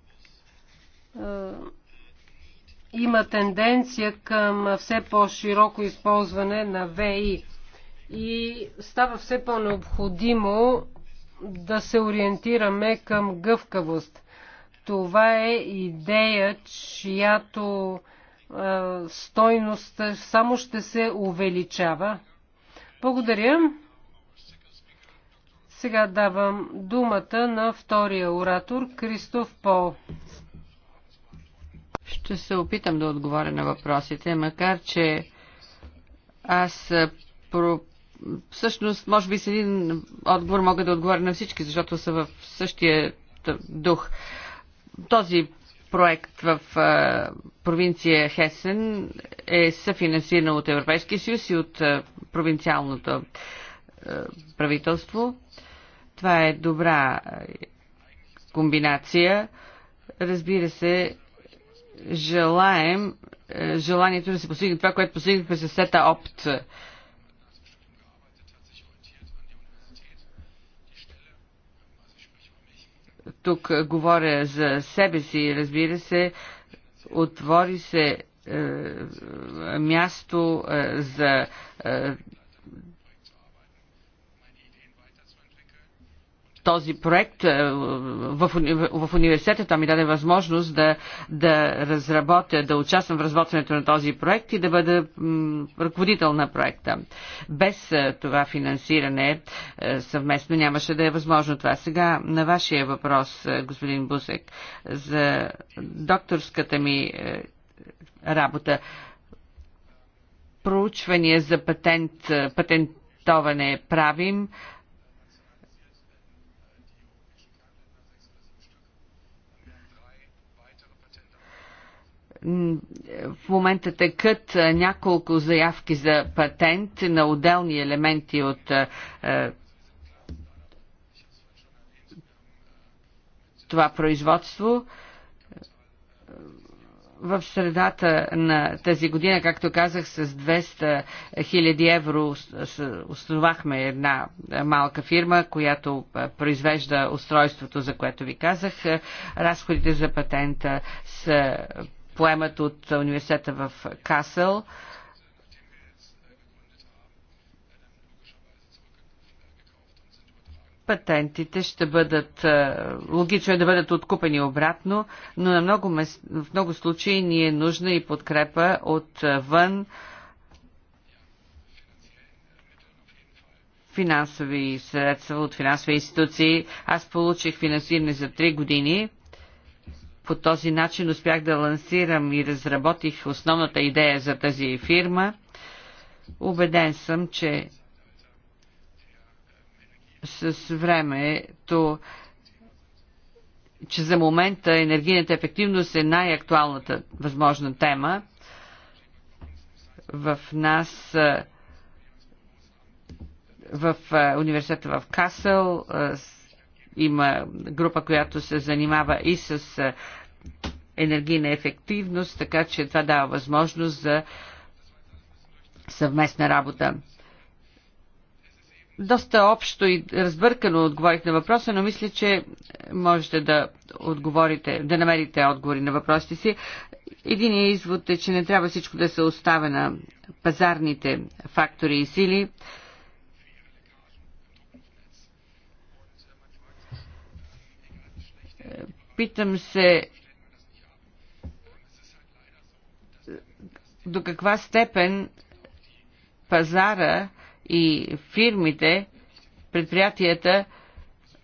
има тенденция към все по-широко използване на ВИ. И става все по-необходимо да се ориентираме към гъвкавост. Това е идея, чиято стойност само ще се увеличава. Благодаря. Сега давам думата на втория оратор Кристоф Пол. Ще се опитам да отговоря на въпросите, макар че аз про... всъщност, може би с един отговор мога да отговоря на всички, защото са в същия дух. Този проект в провинция Хесен е съфинансиран от Европейския съюз и от провинциалното правителство. Това е добра е, комбинация. Разбира се, желаем е, желанието да се постигне това, което постигнахме с сета опт. Тук е, говоря за себе си, разбира се, отвори се е, място е, за е, този проект е, в, в университета това ми даде възможност да, да разработя, да участвам в разработването на този проект и да бъда ръководител на проекта. Без е, това финансиране е, съвместно нямаше да е възможно това. Сега на вашия въпрос, господин Бусек, за докторската ми работа. Проучвания за патент, патентоване правим в момента тъкът няколко заявки за патент на отделни елементи от това производство. В средата на тази година, както казах, с 200 000 евро основахме една малка фирма, която произвежда устройството, за което ви казах. Разходите за патента са поемат от университета в Касъл. патентите ще бъдат, е, логично е да бъдат откупени обратно, но на много в много случаи ни е нужна и подкрепа отвън е, финансови средства от финансови институции. Аз получих финансиране за 3 години по този начин успях да лансирам и разработих основната идея за тази фирма. Убеден съм, че с времето че за момента енергийната ефективност е най-актуалната възможна тема. В нас, в университета в Касъл, има група, която се занимава и с енергийна ефективност, така че това дава възможност за съвместна работа. Доста общо и разбъркано отговорих на въпроса, но мисля, че можете да отговорите, да намерите отговори на въпросите си. Единият извод е, че не трябва всичко да се оставя на пазарните фактори и сили. Питам се до каква степен пазара и фирмите, предприятията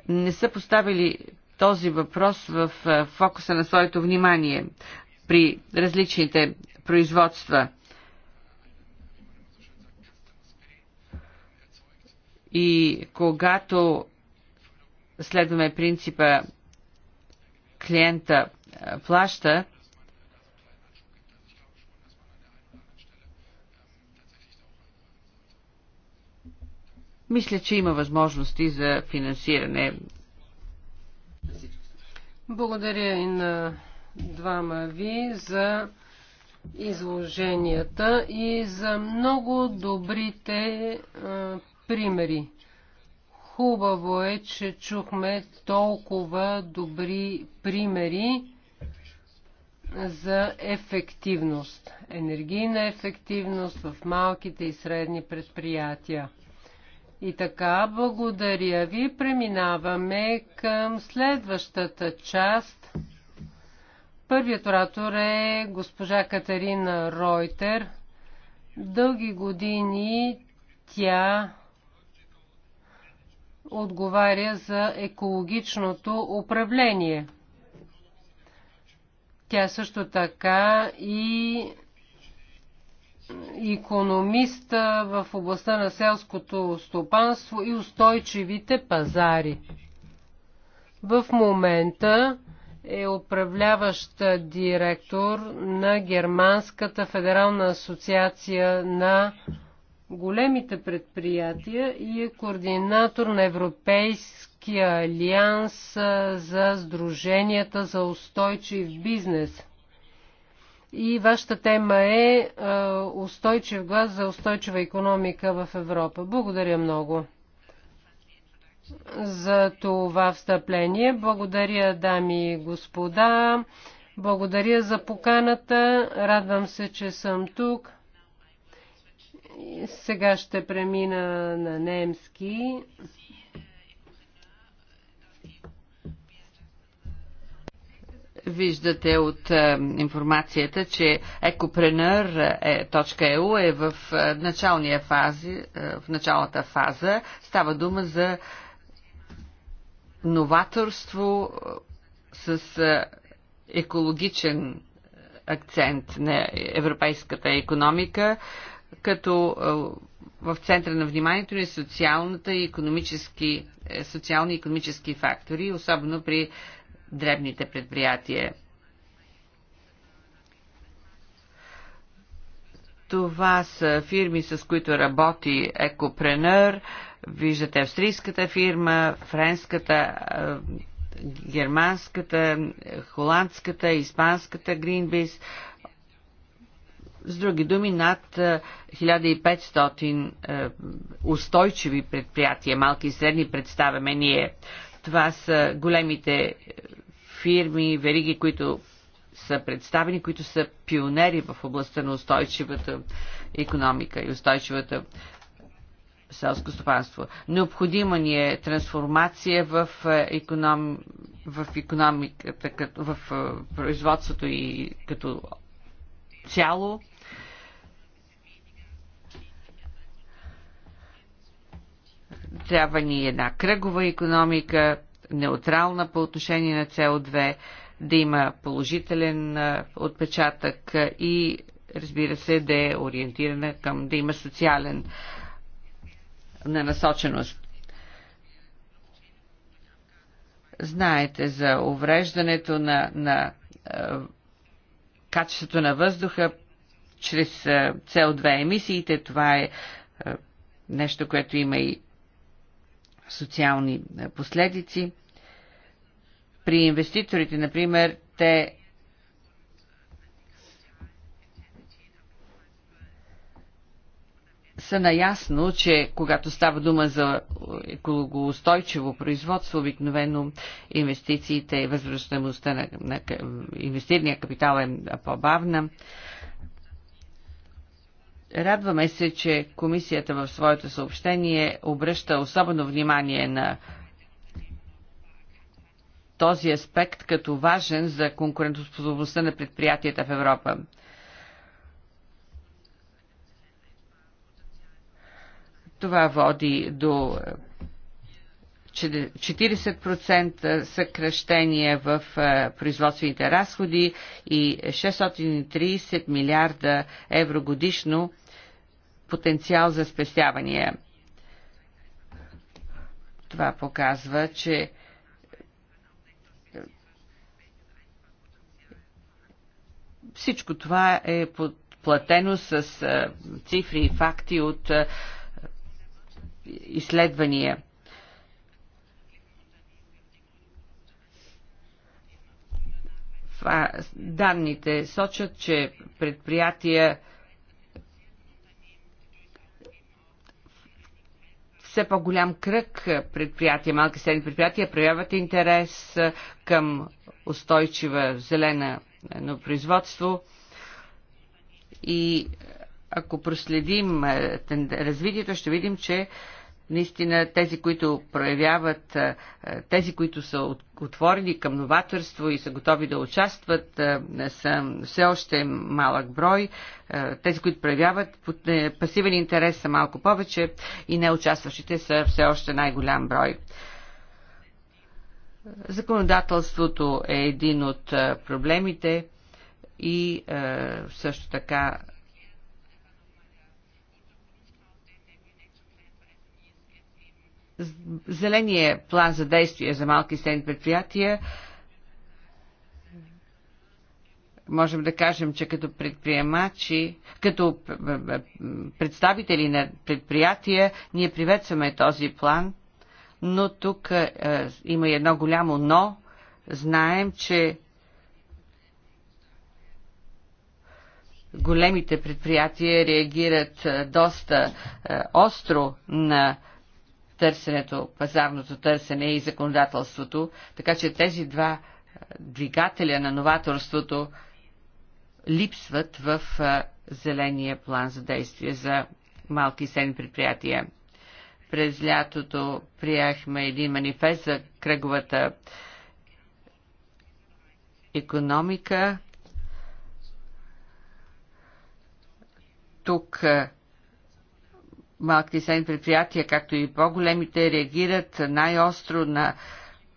не са поставили този въпрос в фокуса на своето внимание при различните производства. И когато следваме принципа клиента плаща, Мисля, че има възможности за финансиране. Благодаря и на двама ви за изложенията и за много добрите а, примери. Хубаво е, че чухме толкова добри примери за ефективност, енергийна ефективност в малките и средни предприятия. И така, благодаря ви. Преминаваме към следващата част. Първият оратор е госпожа Катерина Ройтер. Дълги години тя отговаря за екологичното управление. Тя също така и економист в областта на селското стопанство и устойчивите пазари. В момента е управляващ директор на Германската федерална асоциация на големите предприятия и е координатор на Европейския алианс за Сдруженията за устойчив бизнес – и вашата тема е устойчив глас за устойчива економика в Европа. Благодаря много за това встъпление. Благодаря, дами и господа. Благодаря за поканата. Радвам се, че съм тук. Сега ще премина на немски. Виждате от е, информацията, че ecopreneur.eu е, е, е в е, началния фази, е, в началната фаза. Става дума за новаторство с е, екологичен акцент на европейската економика, като в центъра на вниманието ни социалната и економически, социални и економически фактори, особено при дребните предприятия. Това са фирми, с които работи Екопренър. Виждате австрийската фирма, френската, германската, холандската, испанската Greenbiz, С други думи, над 1500 устойчиви предприятия, малки и средни, представяме ние. Това са големите фирми, вериги, които са представени, които са пионери в областта на устойчивата економика и устойчивата селско стопанство. Необходима ни е трансформация в, е, економ... в економиката, в е, производството и като цяло. Трябва ни една кръгова економика, неутрална по отношение на CO2, да има положителен отпечатък и разбира се да е ориентирана към да има социален на насоченост. Знаете за увреждането на, на качеството на въздуха чрез CO2 емисиите. Това е нещо, което има и социални е, последици. При инвеститорите, например, те са наясно, че когато става дума за екологоустойчиво производство, обикновено инвестициите, и възвръщаемостта на, на инвестирания капитал е по-бавна. Радваме се, че комисията в своето съобщение обръща особено внимание на този аспект като важен за конкурентоспособността на предприятията в Европа. Това води до 40% е, съкръщение в е, производствените разходи и 630 милиарда евро годишно потенциал за спестявания. Това показва, че всичко това е подплатено с цифри и факти от изследвания. Данните сочат, че предприятия все по-голям кръг предприятия, малки средни предприятия проявяват интерес към устойчива зелена на производство и ако проследим развитието, ще видим, че наистина тези, които проявяват, тези, които са отворени към новаторство и са готови да участват, са все още малък брой. Тези, които проявяват е, пасивен интерес са малко повече и не участващите са все още най-голям брой. Законодателството е един от проблемите и също така зеления план за действие за малки и средни предприятия, можем да кажем, че като предприемачи, като представители на предприятия, ние приветстваме този план, но тук е, е, има и едно голямо но. Знаем, че големите предприятия реагират е, доста е, остро на е, търсенето, пазарното търсене и законодателството, така че тези два двигателя на новаторството липсват в зеления план за действие за малки и средни предприятия. През лятото приехме един манифест за кръговата економика. Тук малките и предприятия, както и по-големите, реагират най-остро на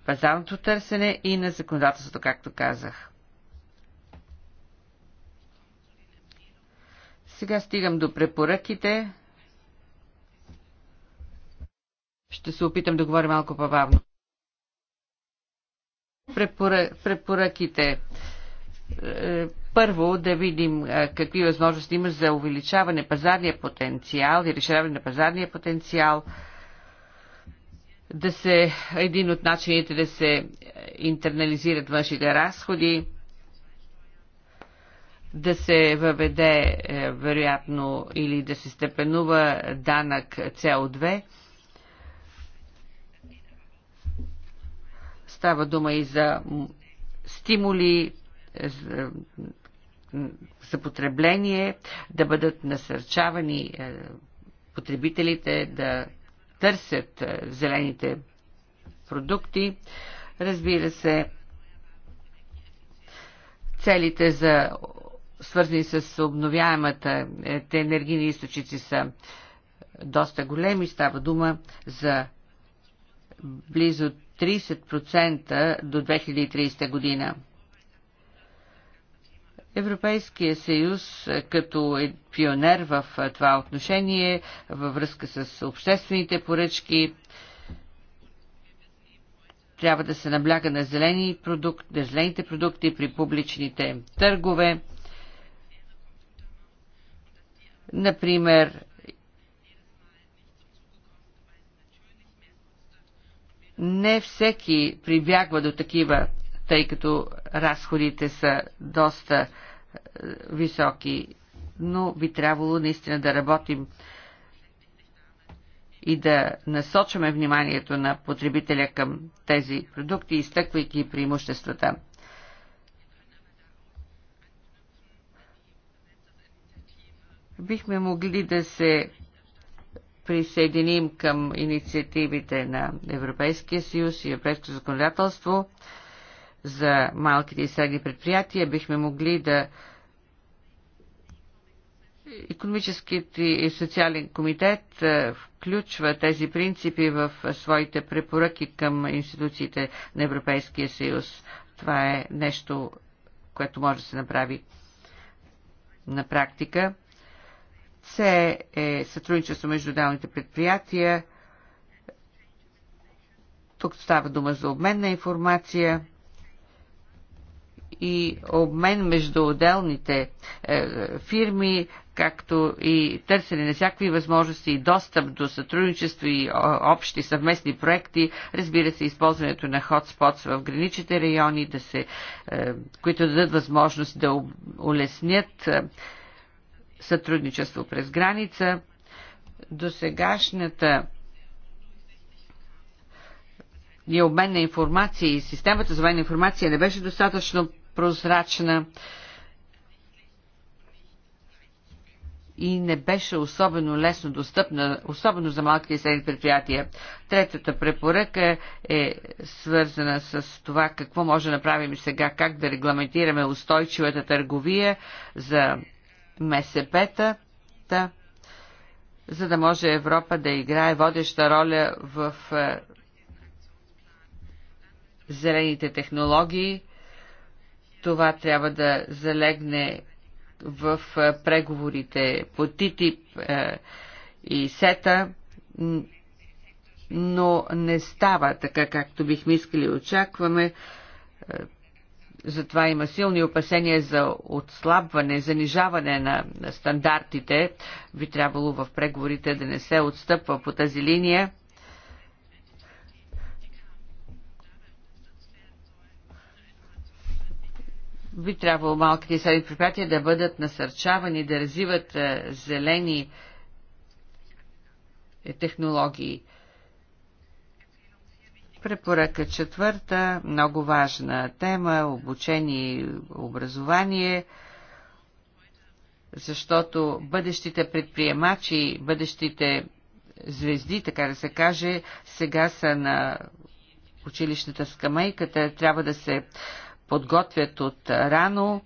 пазарното търсене и на законодателството, както казах. Сега стигам до препоръките. Ще се опитам да говоря малко по-бавно. Препоръ... Препоръките. Е, първо да видим е, какви възможности има за увеличаване пазарния потенциал и решаване на пазарния потенциал, да се, един от начините да се интернализират външните разходи, да се въведе е, вероятно или да се степенува данък CO2. Става дума и за стимули за потребление, да бъдат насърчавани е, потребителите да търсят е, зелените продукти. Разбира се, целите за свързани с обновяемата е, те енергийни източници са доста големи. Става дума за близо 30% до 2030 година. Европейския съюз е, като е пионер в е, това отношение, във връзка с обществените поръчки, трябва да се набляга на, зелени продукт, на зелените продукти при публичните търгове. Например, не всеки прибягва до такива, тъй като разходите са доста е, високи, но би трябвало наистина да работим и да насочваме вниманието на потребителя към тези продукти, изтъквайки преимуществата. Бихме могли да се присъединим към инициативите на Европейския съюз и Европейското законодателство за малките и средни предприятия, бихме могли да Економическият и социален комитет е, включва тези принципи в своите препоръки към институциите на Европейския съюз. Това е нещо, което може да се направи на практика. С е сътрудничество между отделните предприятия. Тук става дума за обмен на информация и обмен между отделните е, фирми, както и търсене на всякакви възможности и достъп до сътрудничество и общи съвместни проекти, разбира се, използването на хотспотс в граничните райони, да се, е, които дадат възможност да улеснят е, сътрудничество през граница. До сегашната и обмен на информация и системата за военна информация не беше достатъчно прозрачна и не беше особено лесно достъпна, особено за малките и средни предприятия. Третата препоръка е свързана с това какво може да направим сега, как да регламентираме устойчивата търговия за МСП-та, за да може Европа да играе водеща роля в е, зелените технологии това трябва да залегне в е, преговорите по ТИТИП е, и СЕТА, но не става така, както бихме искали и очакваме. Е, затова има силни опасения за отслабване, занижаване на стандартите. Би трябвало в преговорите да не се отстъпва по тази линия Би трябвало малките и средни предприятия да бъдат насърчавани, да развиват е, зелени е, технологии. Препоръка четвърта, много важна тема, обучение и образование, защото бъдещите предприемачи, бъдещите звезди, така да се каже, сега са на училищната скамейка, те трябва да се подготвят от рано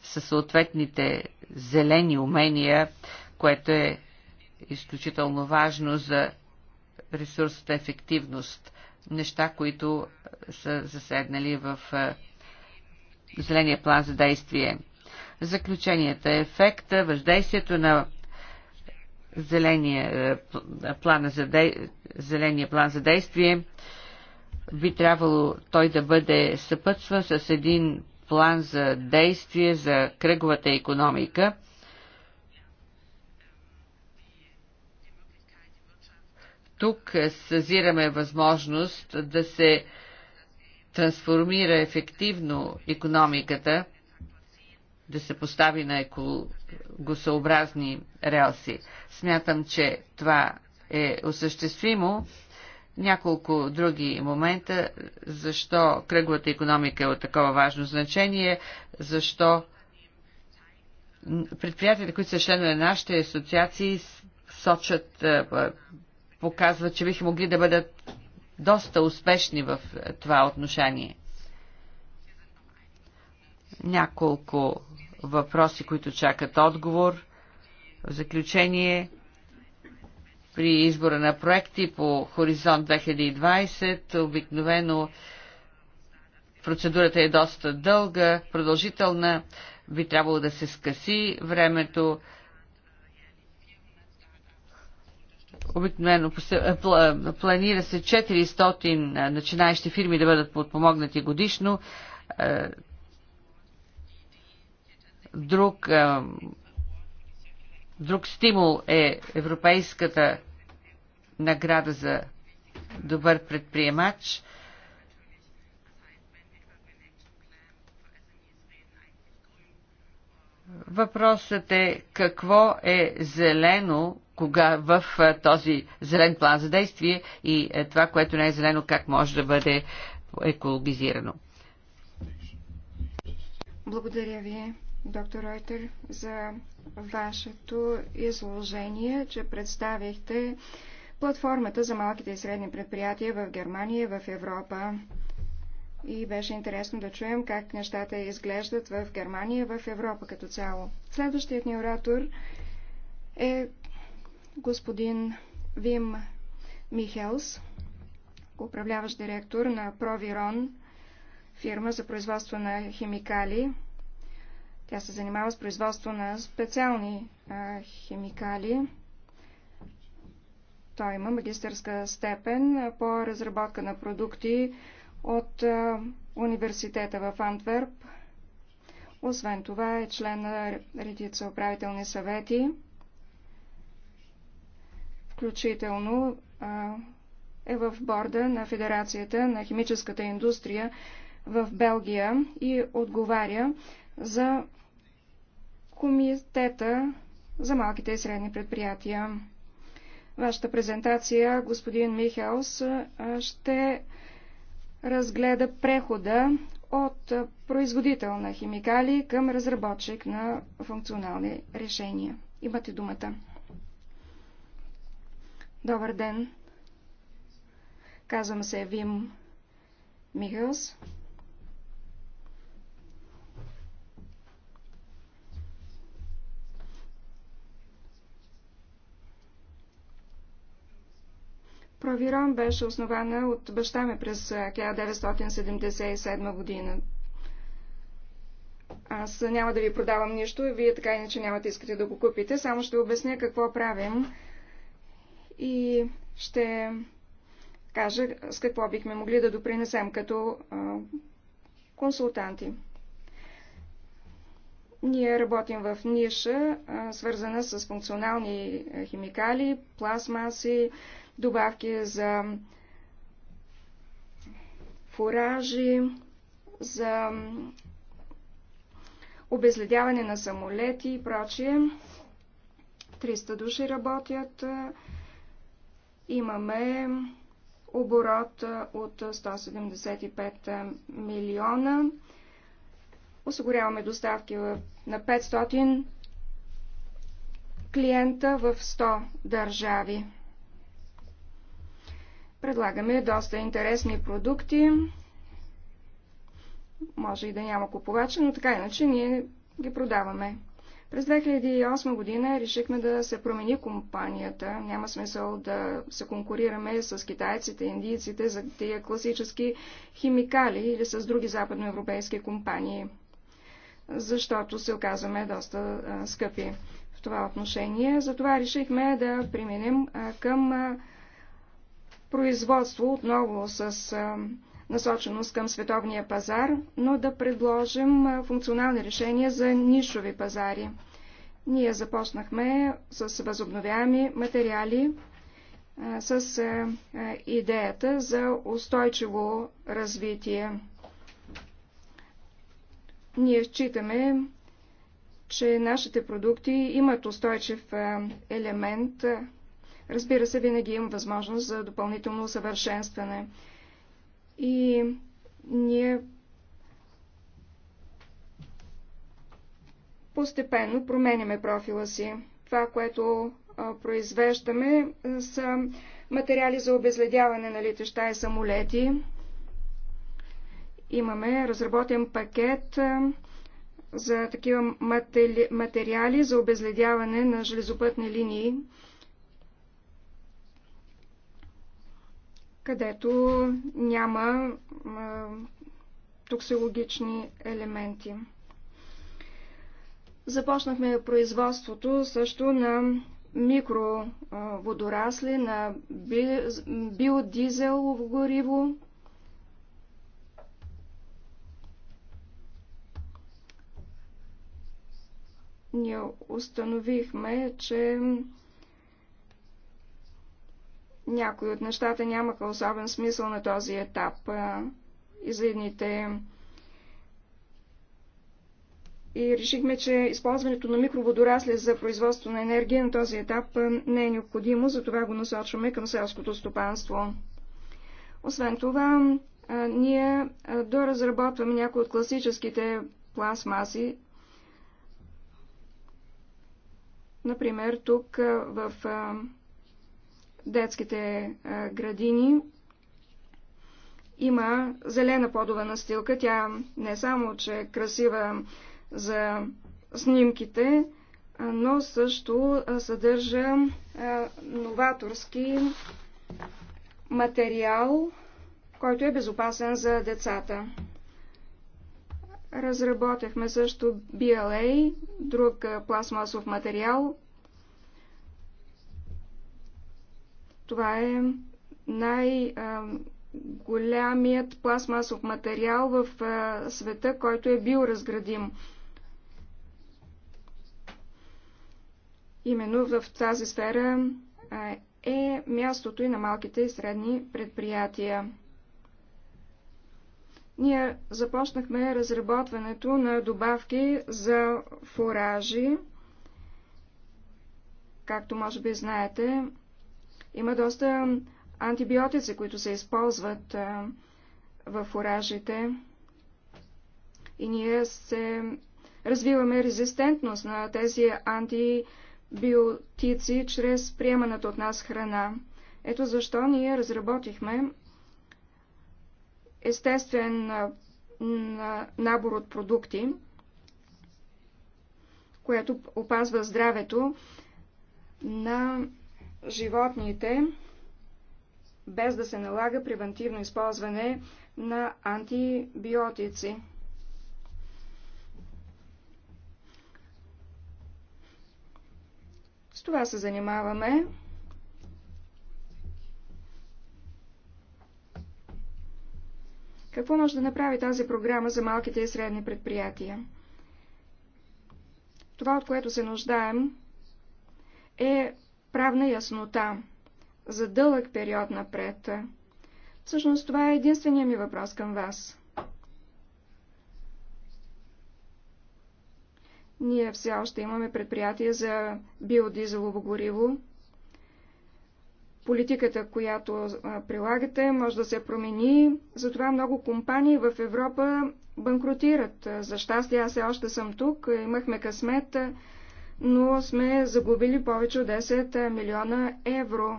със съответните зелени умения, което е изключително важно за ресурсната ефективност. Неща, които са заседнали в е, зеления план за действие. Заключенията е ефекта, въздействието на зеления, е, плана за де... зеления план за действие би трябвало той да бъде съпътстван с един план за действие за кръговата економика. Тук съзираме възможност да се трансформира ефективно економиката, да се постави на екологосъобразни релси. Смятам, че това е осъществимо няколко други момента, защо кръглата економика е от такова важно значение, защо предприятията, които са членове на нашите асоциации, сочат, е, е, показват, че биха могли да бъдат доста успешни в е, това отношение. Няколко въпроси, които чакат отговор. В заключение, при избора на проекти по Хоризонт 2020. Обикновено процедурата е доста дълга, продължителна, би трябвало да се скъси времето. Обикновено е, е, планира се 400 е, начинаещи фирми да бъдат подпомогнати годишно. Друг Друг стимул е Европейската награда за добър предприемач. Въпросът е какво е зелено кога в този зелен план за действие и е, това, което не е зелено, как може да бъде екологизирано. Благодаря ви доктор Ройтер, за вашето изложение, че представихте платформата за малките и средни предприятия в Германия в Европа. И беше интересно да чуем как нещата изглеждат в Германия в Европа като цяло. Следващият ни оратор е господин Вим Михелс, управляващ директор на Провирон, фирма за производство на химикали тя се занимава с производство на специални а, химикали. Той има магистърска степен по разработка на продукти от а, университета в Антверп. Освен това е член на редица управителни съвети, включително а, е в борда на Федерацията на химическата индустрия в Белгия и отговаря за Комитета за малките и средни предприятия. Вашата презентация, господин Михелс, ще разгледа прехода от производител на химикали към разработчик на функционални решения. Имате думата. Добър ден. Казвам се Вим Михелс. Провирон беше основана от баща ми през 1977 година. Аз няма да ви продавам нищо, вие така иначе няма да искате да го купите, само ще обясня какво правим и ще кажа с какво бихме могли да допринесем като а, консултанти. Ние работим в ниша, а, свързана с функционални химикали, пластмаси, добавки за фуражи, за обезледяване на самолети и прочие. 300 души работят. Имаме оборот от 175 милиона. Осигуряваме доставки на 500 клиента в 100 държави. Предлагаме доста интересни продукти. Може и да няма купувача, но така иначе ние ги продаваме. През 2008 година решихме да се промени компанията. Няма смисъл да се конкурираме с китайците, индийците за тия класически химикали или с други западноевропейски компании, защото се оказваме доста а, скъпи в това отношение. Затова решихме да преминем към а, производство отново с насоченост към световния пазар, но да предложим функционални решения за нишови пазари. Ние започнахме с възобновяеми материали, с идеята за устойчиво развитие. Ние считаме, че нашите продукти имат устойчив елемент, Разбира се, винаги имам възможност за допълнително усъвършенстване. И ние постепенно променяме профила си. Това, което произвеждаме, са материали за обезледяване на летища и самолети. Имаме разработен пакет за такива материали за обезледяване на железопътни линии. където няма токсилогични елементи. Започнахме производството също на микроводорасли, на биодизелово гориво. Ние установихме, че някои от нещата нямаха особен смисъл на този етап. И за едните и решихме, че използването на микроводорасли за производство на енергия на този етап не е необходимо, затова го насочваме към селското стопанство. Освен това, ние доразработваме някои от класическите пластмаси. Например, тук в детските градини. Има зелена подова настилка. Тя не само, че е красива за снимките, но също съдържа новаторски материал, който е безопасен за децата. Разработехме също BLA, друг пластмасов материал, Това е най-голямият пластмасов материал в света, който е бил разградим. Именно в тази сфера е мястото и на малките и средни предприятия. Ние започнахме разработването на добавки за фуражи. Както може би знаете, има доста антибиотици, които се използват в оражите, И ние се развиваме резистентност на тези антибиотици чрез приеманата от нас храна. Ето защо ние разработихме естествен набор от продукти, което опазва здравето на животните, без да се налага превентивно използване на антибиотици. С това се занимаваме. Какво може да направи тази програма за малките и средни предприятия? Това, от което се нуждаем, е правна яснота за дълъг период напред. Всъщност това е единственият ми въпрос към вас. Ние все още имаме предприятие за биодизелово гориво. Политиката, която прилагате, може да се промени. Затова много компании в Европа банкротират. За щастие, аз все още съм тук. Имахме късмет но сме загубили повече от 10 милиона евро.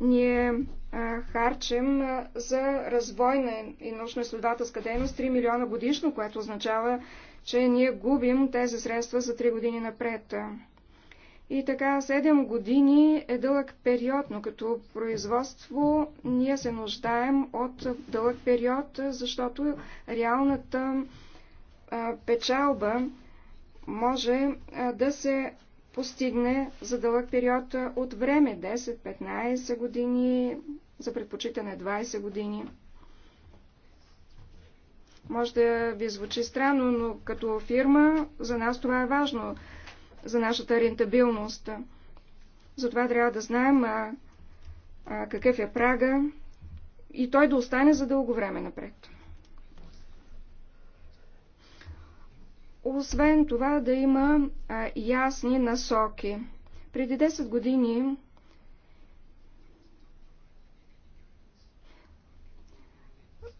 Ние харчим за развойна и научно-изследователска дейност 3 милиона годишно, което означава, че ние губим тези средства за 3 години напред. И така, 7 години е дълъг период, но като производство ние се нуждаем от дълъг период, защото реалната печалба може да се постигне за дълъг период от време 10-15 години, за предпочитане 20 години. Може да ви звучи странно, но като фирма за нас това е важно, за нашата рентабилност. Затова трябва да знаем а, а, какъв е прага и той да остане за дълго време напред. Освен това да има а, ясни насоки. Преди 10 години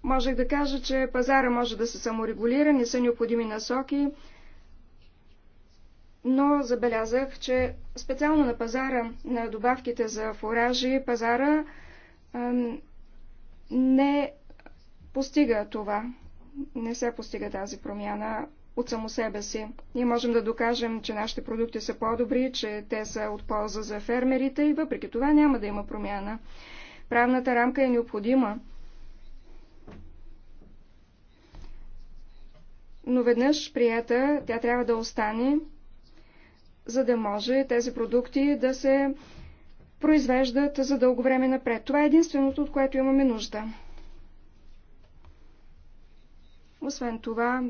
можех да кажа, че пазара може да се саморегулира, не са необходими насоки, но забелязах, че специално на пазара на добавките за фуражи, пазара а, не постига това. Не се постига тази промяна от само себе си. Ние можем да докажем, че нашите продукти са по-добри, че те са от полза за фермерите и въпреки това няма да има промяна. Правната рамка е необходима. Но веднъж прията, тя трябва да остане, за да може тези продукти да се произвеждат за дълго време напред. Това е единственото, от което имаме нужда. Освен това,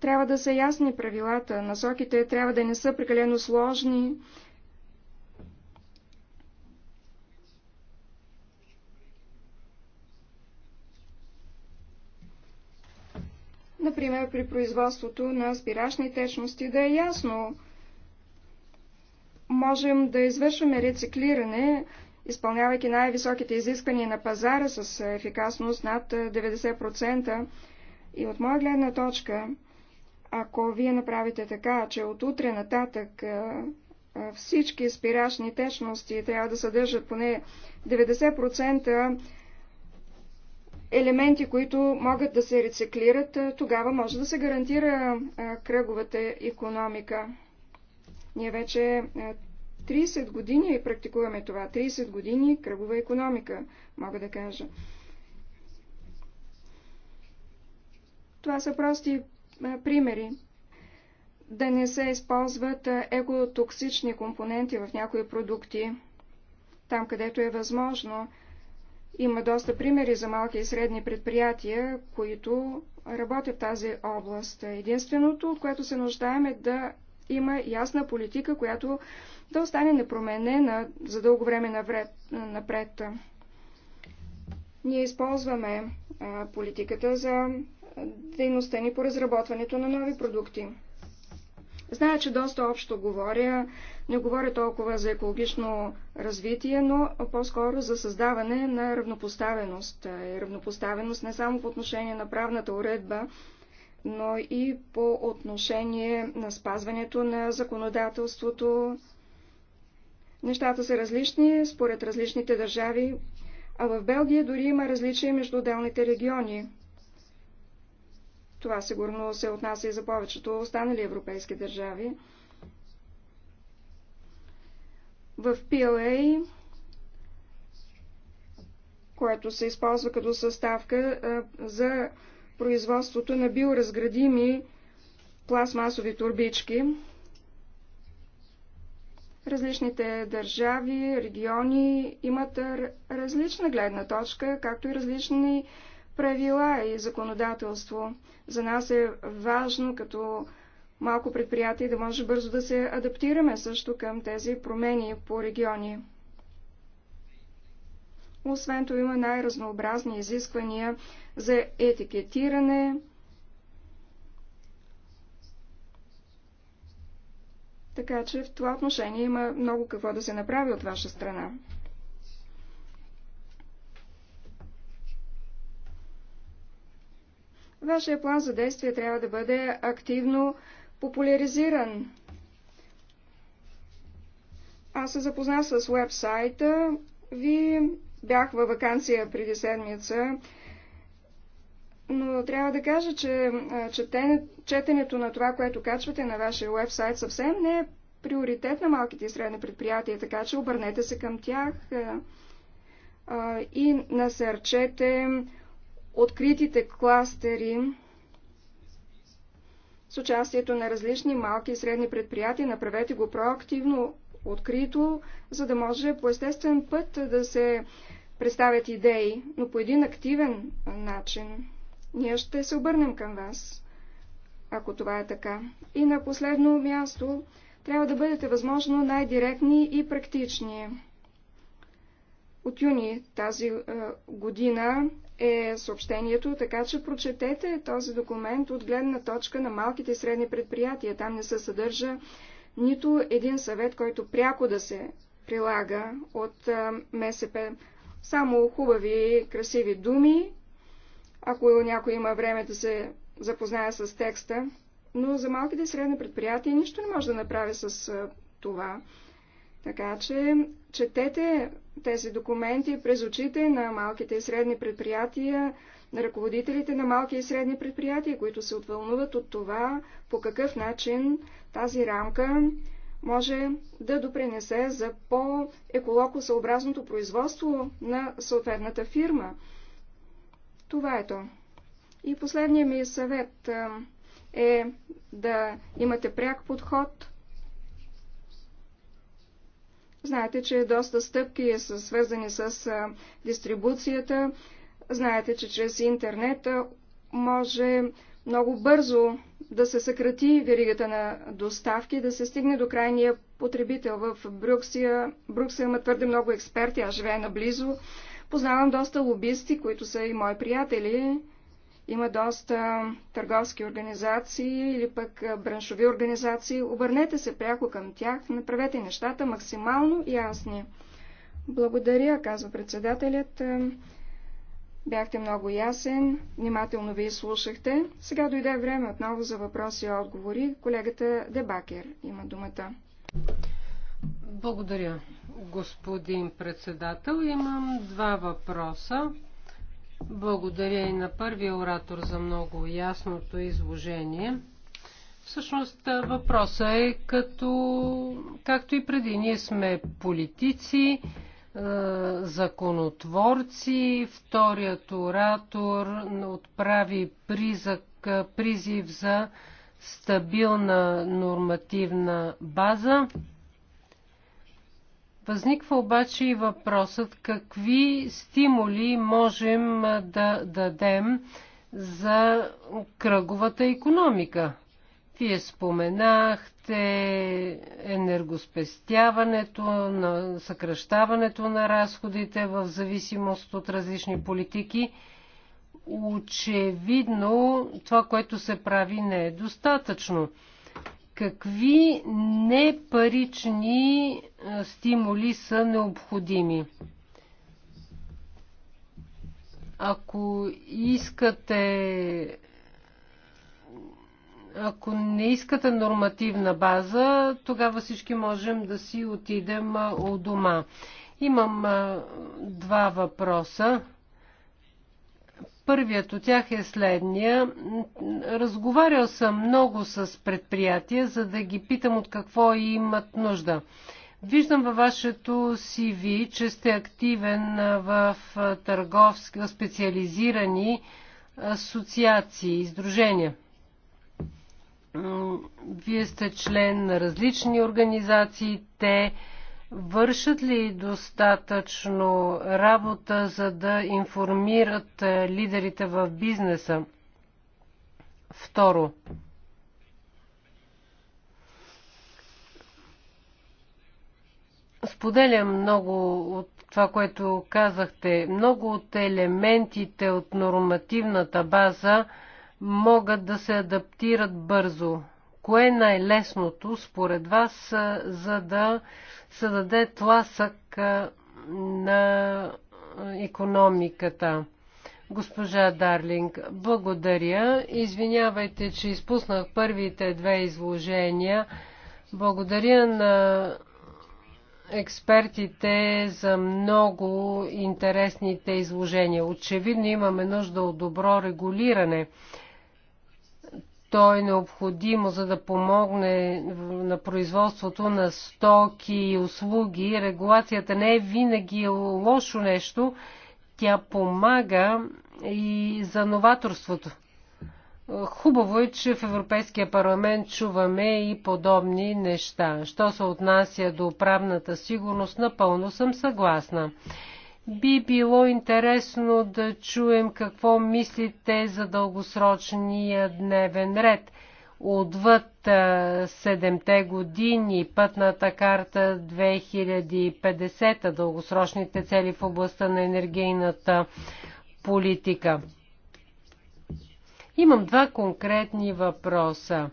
трябва да са ясни правилата, насоките трябва да не са прекалено сложни. Например, при производството на спирашни течности да е ясно. Можем да извършваме рециклиране, изпълнявайки най-високите изисквания на пазара с ефикасност над 90%. И от моя гледна точка, ако вие направите така, че от утре нататък всички спирачни течности трябва да съдържат поне 90% елементи, които могат да се рециклират, тогава може да се гарантира кръговата економика. Ние вече 30 години практикуваме това. 30 години кръгова економика, мога да кажа. Това са прости е, примери. Да не се използват екотоксични компоненти в някои продукти, там където е възможно. Има доста примери за малки и средни предприятия, които работят в тази област. Единственото, от което се нуждаем е да има ясна политика, която да остане непроменена за дълго време напред. Ние използваме политиката за дейността ни по разработването на нови продукти. Зная, че доста общо говоря, не говоря толкова за екологично развитие, но по-скоро за създаване на равнопоставеност. Равнопоставеност не само по отношение на правната уредба, но и по отношение на спазването на законодателството. Нещата са различни според различните държави, а в Белгия дори има различия между отделните региони. Това сигурно се отнася и за повечето останали европейски държави. В PLA, което се използва като съставка за производството на биоразградими пластмасови турбички, различните държави, региони имат различна гледна точка, както и различни правила и законодателство. За нас е важно като малко предприятие да може бързо да се адаптираме също към тези промени по региони. Освен това има най-разнообразни изисквания за етикетиране, така че в това отношение има много какво да се направи от ваша страна. Вашия план за действие трябва да бъде активно популяризиран. Аз се запознах с вебсайта. Ви бях във вакансия преди седмица. Но трябва да кажа, че четене, четенето на това, което качвате на вашия вебсайт, съвсем не е приоритет на малките и средни предприятия, така че обърнете се към тях а, и насърчете откритите кластери с участието на различни малки и средни предприятия. Направете го проактивно, открито, за да може по естествен път да се представят идеи, но по един активен начин. Ние ще се обърнем към вас, ако това е така. И на последно място трябва да бъдете възможно най-директни и практични. От юни тази е, година е съобщението, така че прочетете този документ от гледна точка на малките и средни предприятия. Там не се съдържа нито един съвет, който пряко да се прилага от МСП. Само хубави, красиви думи, ако някой има време да се запознае с текста. Но за малките и средни предприятия нищо не може да направи с това. Така че четете тези документи през очите на малките и средни предприятия, на ръководителите на малки и средни предприятия, които се отвълнуват от това по какъв начин тази рамка може да допринесе за по-еколокосъобразното производство на съответната фирма. Това е то. И последният ми съвет е да имате пряк подход – Знаете, че доста стъпки са свързани с дистрибуцията. Знаете, че чрез интернета може много бързо да се съкрати веригата на доставки, да се стигне до крайния потребител в Брюксия. Брюксия има твърде много експерти, аз живея наблизо. Познавам доста лобисти, които са и мои приятели. Има доста търговски организации или пък браншови организации. Обърнете се пряко към тях, направете нещата максимално ясни. Благодаря, казва председателят. Бяхте много ясен, внимателно ви слушахте. Сега дойде време отново за въпроси и отговори. Колегата Дебакер има думата. Благодаря, господин председател. Имам два въпроса. Благодаря и на първия оратор за много ясното изложение. Всъщност въпросът е като, както и преди, ние сме политици, законотворци, вторият оратор отправи призък, призив за стабилна нормативна база. Възниква обаче и въпросът какви стимули можем да дадем за кръговата економика. Вие споменахте енергоспестяването, на съкръщаването на разходите в зависимост от различни политики. Очевидно това, което се прави, не е достатъчно. Какви непарични стимули са необходими? Ако искате ако не искате нормативна база, тогава всички можем да си отидем у дома. Имам два въпроса. Първият от тях е следния. Разговарял съм много с предприятия, за да ги питам от какво имат нужда. Виждам във вашето CV, че сте активен в търговски, специализирани асоциации, издружения. Вие сте член на различни организации, те вършат ли достатъчно работа, за да информират е, лидерите в бизнеса? Второ. Споделям много от това, което казахте. Много от елементите от нормативната база могат да се адаптират бързо. Кое е най-лесното според вас, за да се даде тласък на економиката? Госпожа Дарлинг, благодаря. Извинявайте, че изпуснах първите две изложения. Благодаря на експертите за много интересните изложения. Очевидно имаме нужда от добро регулиране то е необходимо, за да помогне на производството на стоки и услуги. Регулацията не е винаги лошо нещо, тя помага и за новаторството. Хубаво е, че в Европейския парламент чуваме и подобни неща. Що се отнася до правната сигурност, напълно съм съгласна. Би било интересно да чуем какво мислите за дългосрочния дневен ред. Отвъд седемте те години пътната карта 2050, дългосрочните цели в областта на енергийната политика. Имам два конкретни въпроса.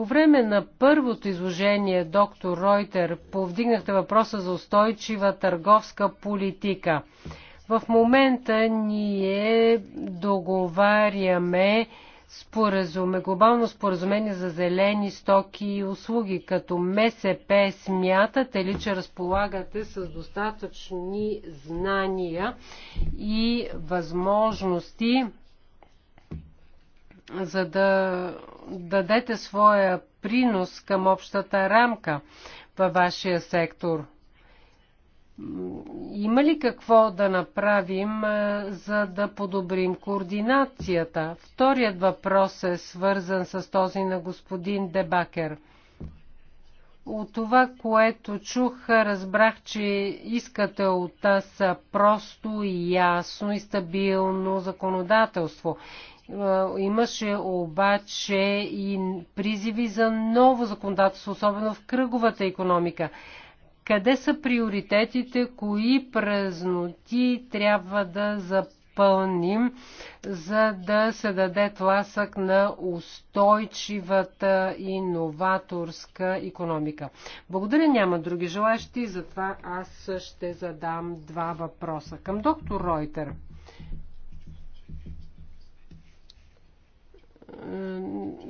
По време на първото изложение, доктор Ройтер, повдигнахте въпроса за устойчива търговска политика. В момента ние договаряме споразуме, глобално споразумение за зелени стоки и услуги, като МСП смятате ли, че разполагате с достатъчни знания и възможности за да дадете своя принос към общата рамка във вашия сектор? Има ли какво да направим, за да подобрим координацията? Вторият въпрос е свързан с този на господин Дебакер. От това, което чух, разбрах, че искате от нас просто и ясно и стабилно законодателство. Е, имаше обаче и призиви за ново законодателство, особено в кръговата економика. Къде са приоритетите, кои празноти трябва да запълним, за да се даде тласък на устойчивата и новаторска економика? Благодаря, няма други желащи, затова аз ще задам два въпроса. Към доктор Ройтер.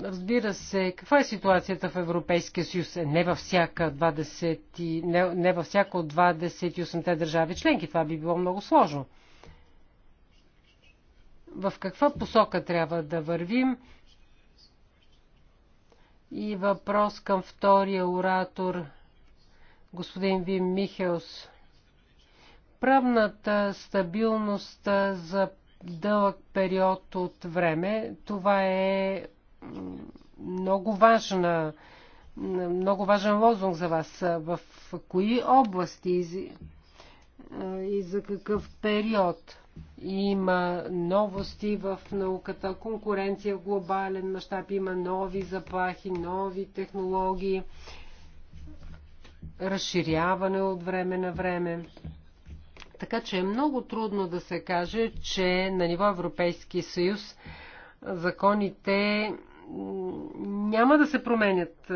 разбира се, каква е ситуацията в Европейския съюз? Не във, всяка 20, не, не във всяка от 28-те държави членки. Това би било много сложно. В каква посока трябва да вървим? И въпрос към втория оратор, господин Вим Михелс. Правната стабилност за дълъг период от време. Това е много важна много важен лозунг за вас. В кои области и за какъв период има новости в науката, конкуренция в глобален мащаб, има нови заплахи, нови технологии, разширяване от време на време. Така че е много трудно да се каже, че на ниво Европейски съюз законите няма да се променят.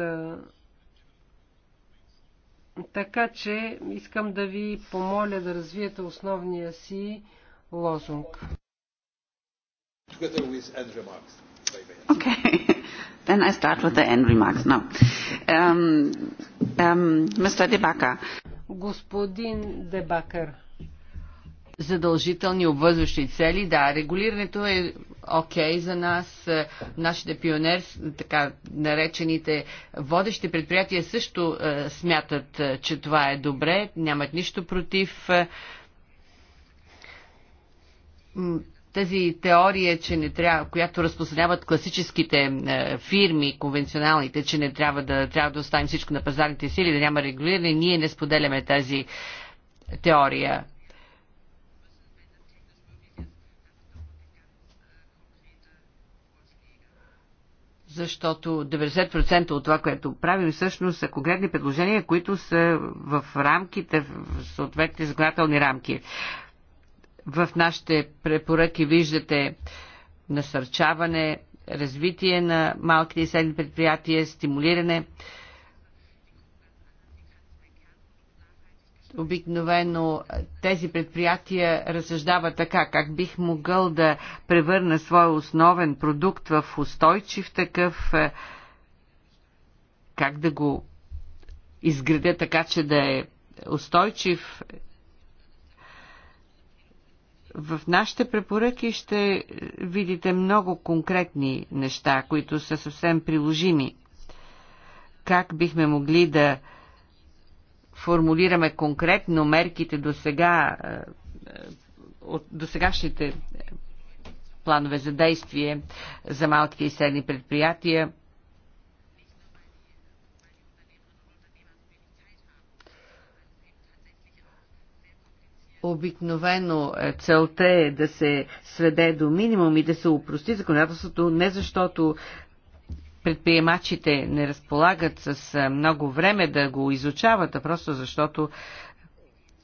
Така че искам да ви помоля да развиете основния си лозунг. Okay. Then I start with the end remarks now. Um, um, Mr. Debacker. Господин Дебакър задължителни обвързващи цели. Да, регулирането е окей okay за нас. Е, Нашите пионер, така наречените водещи предприятия също е, смятат, е, че това е добре, нямат нищо против. Е, тази теория, че не трябва, която разпространяват класическите е, фирми, конвенционалните, че не трябва да, трябва да оставим всичко на пазарните сили, да няма регулиране, ние не споделяме тази теория защото 90% от това, което правим, всъщност са конкретни предложения, които са в рамките, в съответните законодателни рамки. В нашите препоръки виждате насърчаване, развитие на малките и средни предприятия, стимулиране, Обикновено тези предприятия разсъждават така, как бих могъл да превърна своя основен продукт в устойчив такъв, е, как да го изградя така, че да е устойчив. В нашите препоръки ще видите много конкретни неща, които са съвсем приложими. Как бихме могли да формулираме конкретно мерките до сега, е, е, от досегашните планове за действие за малките и средни предприятия. Обикновено е, целта е да се сведе до минимум и да се упрости законодателството не защото предприемачите не разполагат с много време да го изучават, а просто защото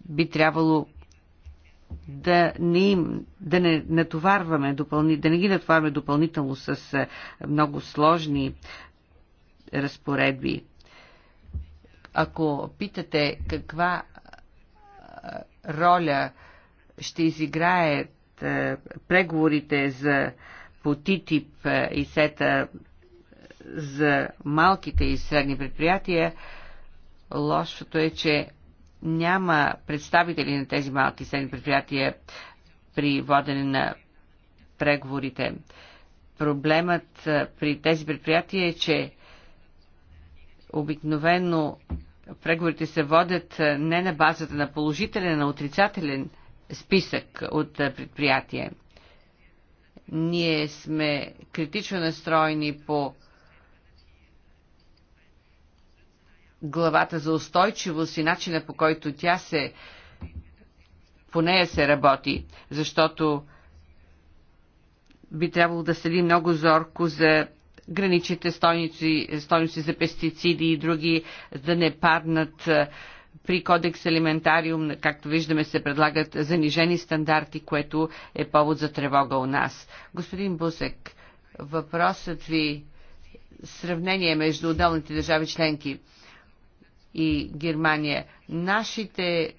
би трябвало да не, им, да не натоварваме допълни, да не ги натоварваме допълнително с много сложни разпоредби. Ако питате каква роля ще изиграят преговорите за по ТИТИП и СЕТА за малките и средни предприятия, лошото е, че няма представители на тези малки и средни предприятия при водене на преговорите. Проблемът при тези предприятия е, че обикновено преговорите се водят не на базата на положителен, а на отрицателен списък от предприятия. Ние сме критично настроени по главата за устойчивост и начина по който тя се по нея се работи, защото би трябвало да следи много зорко за граничните стойници, стойници за пестициди и други, да не паднат при кодекс елементариум, както виждаме, се предлагат занижени стандарти, което е повод за тревога у нас. Господин Бусек, въпросът ви сравнение между отделните държави членки – и Германия. Нашите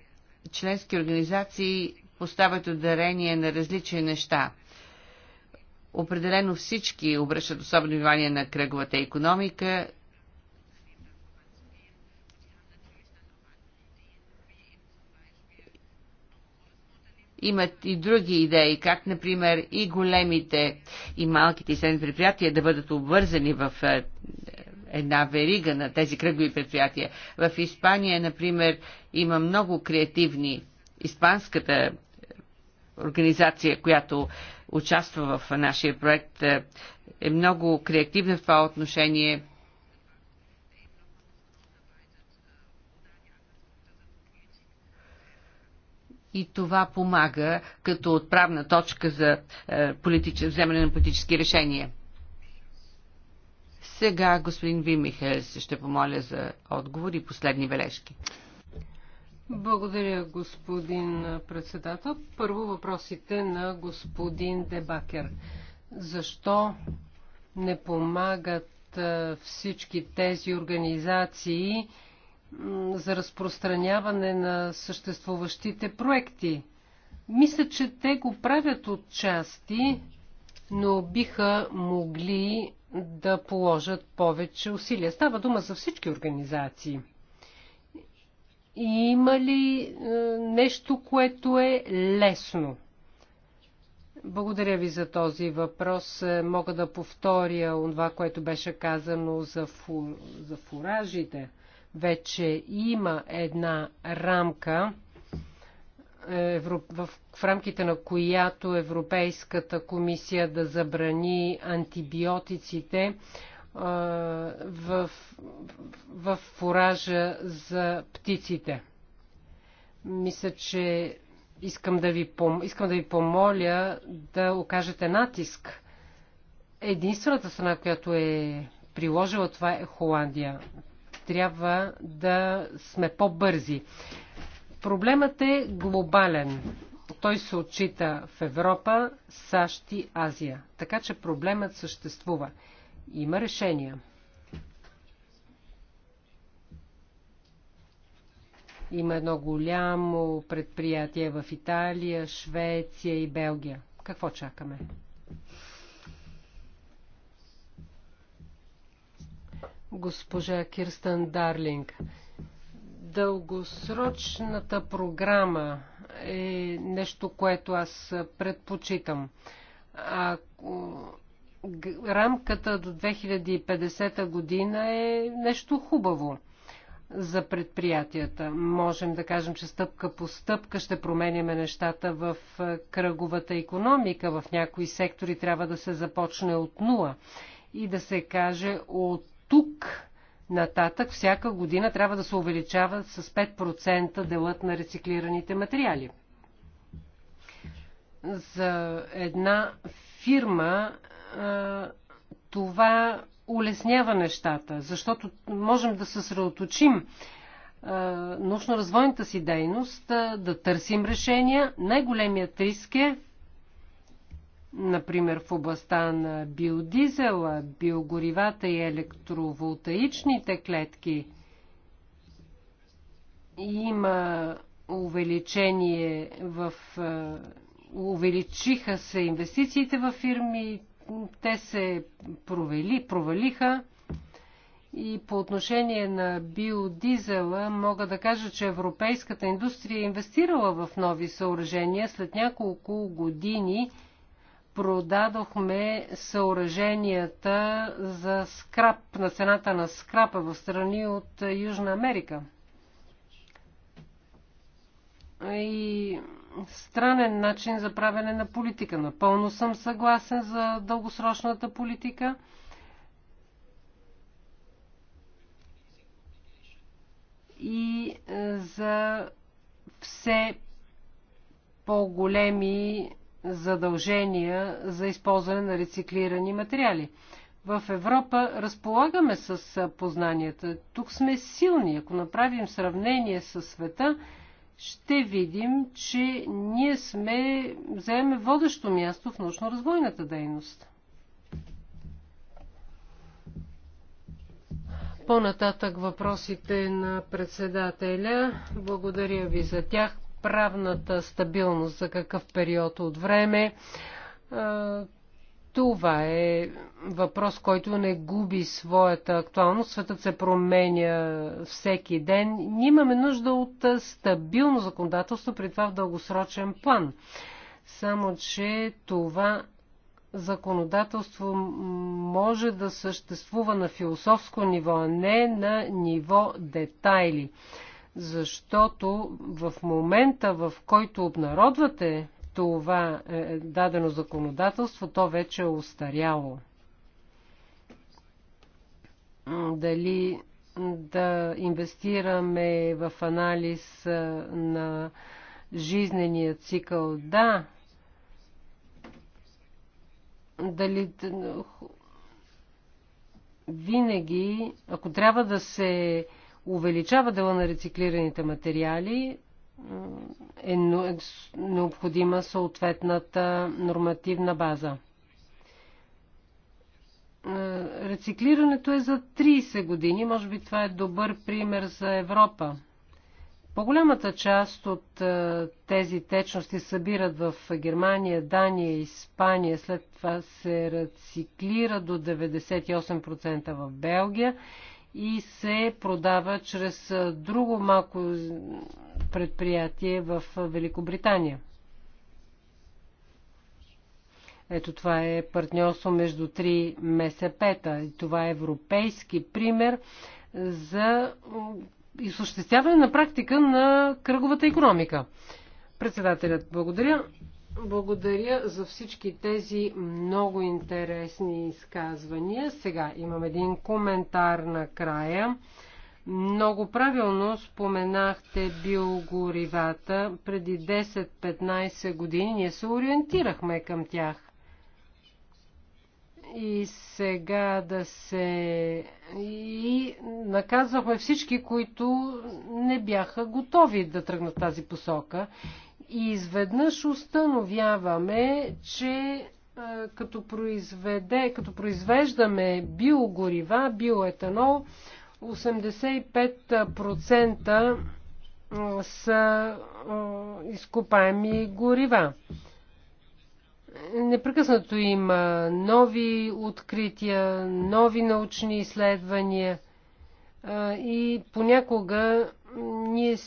членски организации поставят ударение на различни неща. Определено всички обръщат особено внимание на кръговата економика. Имат и други идеи, как, например, и големите, и малките и средни предприятия да бъдат обвързани в е, една верига на тези кръгови предприятия. В Испания, например, има много креативни. Испанската организация, която участва в нашия проект, е, е много креативна в това отношение. И това помага като отправна точка за е, политич... вземане на политически решения. Сега господин Вимихелс ще помоля за отговор и последни бележки. Благодаря, господин председател. Първо въпросите на господин Дебакер. Защо не помагат всички тези организации за разпространяване на съществуващите проекти? Мисля, че те го правят от части, но биха могли да положат повече усилия. Става дума за всички организации. Има ли е, нещо, което е лесно? Благодаря ви за този въпрос. Е, мога да повторя това, което беше казано за, фу, за фуражите. Вече има една рамка в рамките на която Европейската комисия да забрани антибиотиците в, в фуража за птиците. Мисля, че искам да, ви пом... искам да ви помоля да окажете натиск. Единствената страна, която е приложила това е Холандия. Трябва да сме по-бързи. Проблемът е глобален. Той се отчита в Европа, САЩ и Азия. Така че проблемът съществува. Има решения. Има едно голямо предприятие в Италия, Швеция и Белгия. Какво чакаме? Госпожа Кирстън Дарлинг. Дългосрочната програма е нещо, което аз предпочитам. А, рамката до 2050 година е нещо хубаво за предприятията. Можем да кажем, че стъпка по стъпка ще променяме нещата в кръговата економика. В някои сектори трябва да се започне от нула и да се каже от тук нататък всяка година трябва да се увеличава с 5% делът на рециклираните материали. За една фирма това улеснява нещата, защото можем да съсредоточим научно-развойната си дейност, да търсим решения. Най-големият риск е например в областта на биодизела, биогоривата и електроволтаичните клетки. Има увеличение в... Е, увеличиха се инвестициите във фирми, те се провели, провалиха. И по отношение на биодизела мога да кажа, че европейската индустрия е инвестирала в нови съоръжения. След няколко години продадохме съоръженията за скрап, на цената на скрапа в страни от Южна Америка. И странен начин за правене на политика. Напълно съм съгласен за дългосрочната политика. И е, за все по-големи задължения за използване на рециклирани материали. В Европа разполагаме с познанията. Тук сме силни. Ако направим сравнение с света, ще видим, че ние сме, заеме водещо място в научно-развойната дейност. По-нататък въпросите на председателя. Благодаря ви за тях правната стабилност за какъв период от време. Това е въпрос, който не губи своята актуалност. Светът се променя всеки ден. Ние имаме нужда от стабилно законодателство, при това в дългосрочен план. Само, че това законодателство може да съществува на философско ниво, а не на ниво детайли защото в момента, в който обнародвате това е, е дадено законодателство, то вече е устаряло. Дали да инвестираме в анализ е, на жизнения цикъл? Да. Дали винаги, ако трябва да се увеличава дела на рециклираните материали, е, е необходима съответната нормативна база. Е, рециклирането е за 30 години. Може би това е добър пример за Европа. По-голямата част от е, тези течности събират в Германия, Дания, Испания, след това се рециклира до 98% в Белгия и се продава чрез друго малко предприятие в Великобритания. Ето това е партньорство между три МСП-та. Това е европейски пример за осъществяване на практика на кръговата економика. Председателят, благодаря. Благодаря за всички тези много интересни изказвания. Сега имам един коментар на края. Много правилно споменахте биогоривата. Преди 10-15 години ние се ориентирахме към тях. И сега да се... И наказвахме всички, които не бяха готови да тръгнат тази посока. И изведнъж установяваме, че като, произведе, като произвеждаме биогорива, биоетанол, 85% са изкопаеми горива. Непрекъснато има нови открития, нови научни изследвания и понякога ние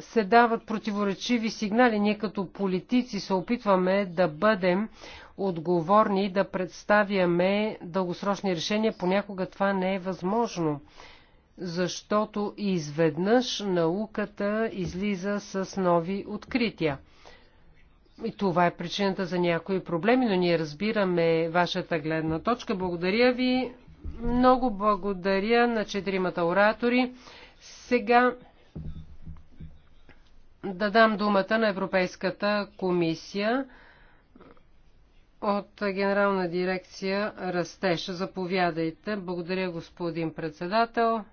се дават противоречиви сигнали. Ние като политици се опитваме да бъдем отговорни и да представяме дългосрочни решения. Понякога това не е възможно, защото изведнъж науката излиза с нови открития. И това е причината за някои проблеми, но ние разбираме вашата гледна точка. Благодаря ви. Много благодаря на четиримата оратори. Сега да дам думата на Европейската комисия от Генерална дирекция Растеж. Заповядайте. Благодаря, господин председател.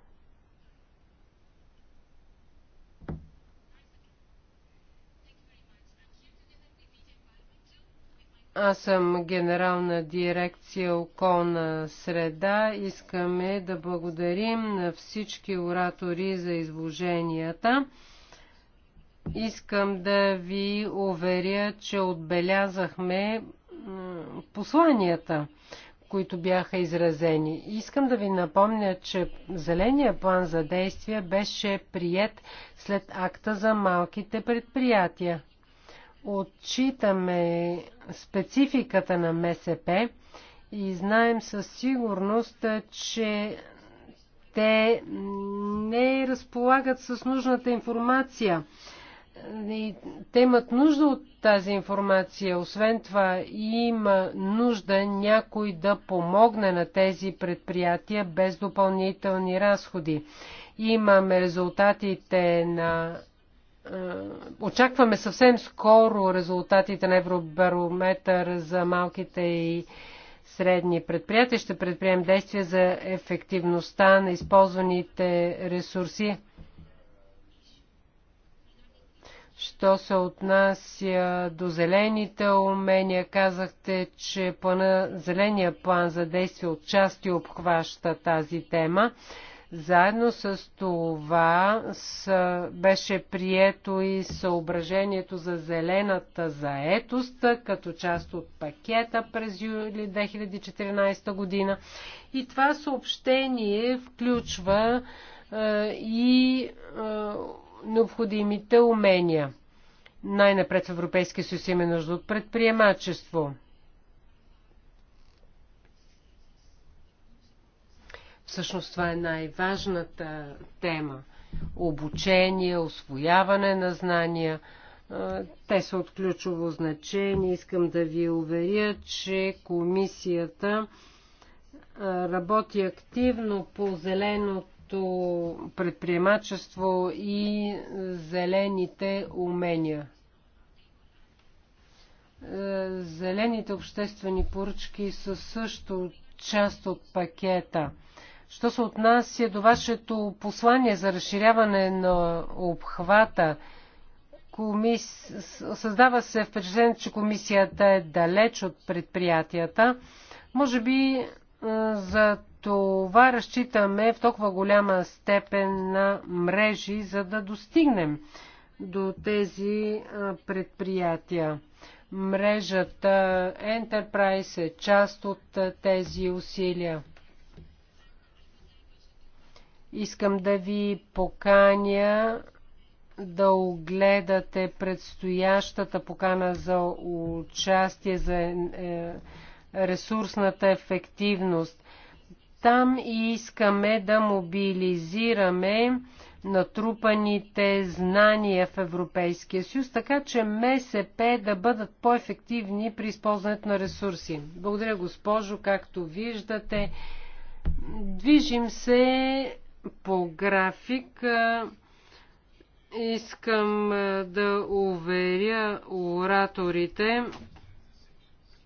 Аз съм генерална дирекция околна среда. Искаме да благодарим на всички оратори за изложенията. Искам да ви уверя, че отбелязахме посланията, които бяха изразени. Искам да ви напомня, че зеления план за действие беше прият след акта за малките предприятия. Отчитаме спецификата на МСП и знаем със сигурност, че те не разполагат с нужната информация те имат нужда от тази информация. Освен това, има нужда някой да помогне на тези предприятия без допълнителни разходи. Имаме резултатите на. Очакваме съвсем скоро резултатите на Евробарометър за малките и средни предприятия. Ще предприемем действия за ефективността на използваните ресурси Що се отнася до зелените умения, казахте, че плана, зеления план за действие от части обхваща тази тема. Заедно с това с, беше прието и съображението за зелената заетост като част от пакета през юли 2014 година. И това съобщение включва е, и е, необходимите умения. Най-напред в Европейския съюз има нужда от предприемачество. Всъщност това е най-важната тема. Обучение, освояване на знания. Те са от ключово значение. Искам да ви уверя, че комисията работи активно по зеленото като предприемачество и зелените умения. Е, зелените обществени поръчки са също част от пакета. Що се отнася до вашето послание за разширяване на обхвата, комис... създава се впечатление, че комисията е далеч от предприятията. Може би е, за това разчитаме в толкова голяма степен на мрежи, за да достигнем до тези предприятия. Мрежата Enterprise е част от тези усилия. Искам да ви поканя да огледате предстоящата покана за участие за е, е, ресурсната ефективност – там и искаме да мобилизираме натрупаните знания в Европейския съюз, така че МСП да бъдат по-ефективни при използването на ресурси. Благодаря, госпожо, както виждате. Движим се по график. Искам да уверя ораторите,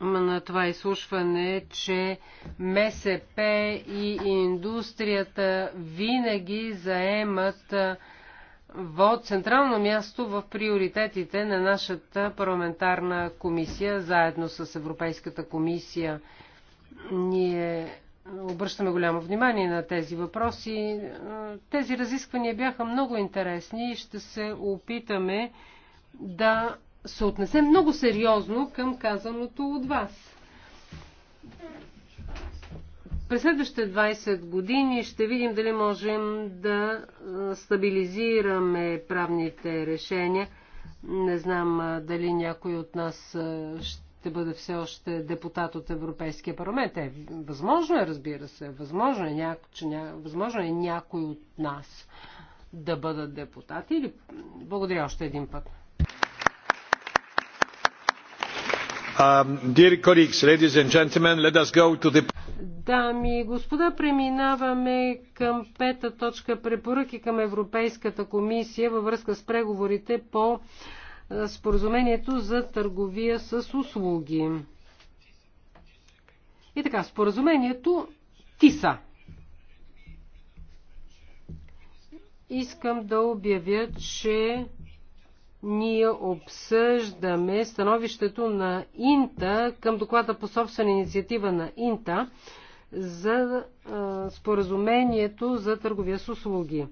на това изслушване, че МСП и индустрията винаги заемат централно място в приоритетите на нашата парламентарна комисия, заедно с Европейската комисия. Ние обръщаме голямо внимание на тези въпроси. Тези разисквания бяха много интересни и ще се опитаме да се отнесе много сериозно към казаното от вас. През следващите 20 години ще видим дали можем да стабилизираме правните решения. Не знам дали някой от нас ще бъде все още депутат от Европейския парламент. Е, възможно е, разбира се. Възможно е, няко, че ня... възможно е някой от нас да бъдат депутати. Или... Благодаря още един път. Um, Дами и господа, преминаваме към пета точка препоръки към Европейската комисия във връзка с преговорите по споразумението за търговия с услуги. И така, споразумението ТИСА. Искам да обявя, че ние обсъждаме становището на Инта към доклада по собствена инициатива на Инта за споразумението за търговия с услуги.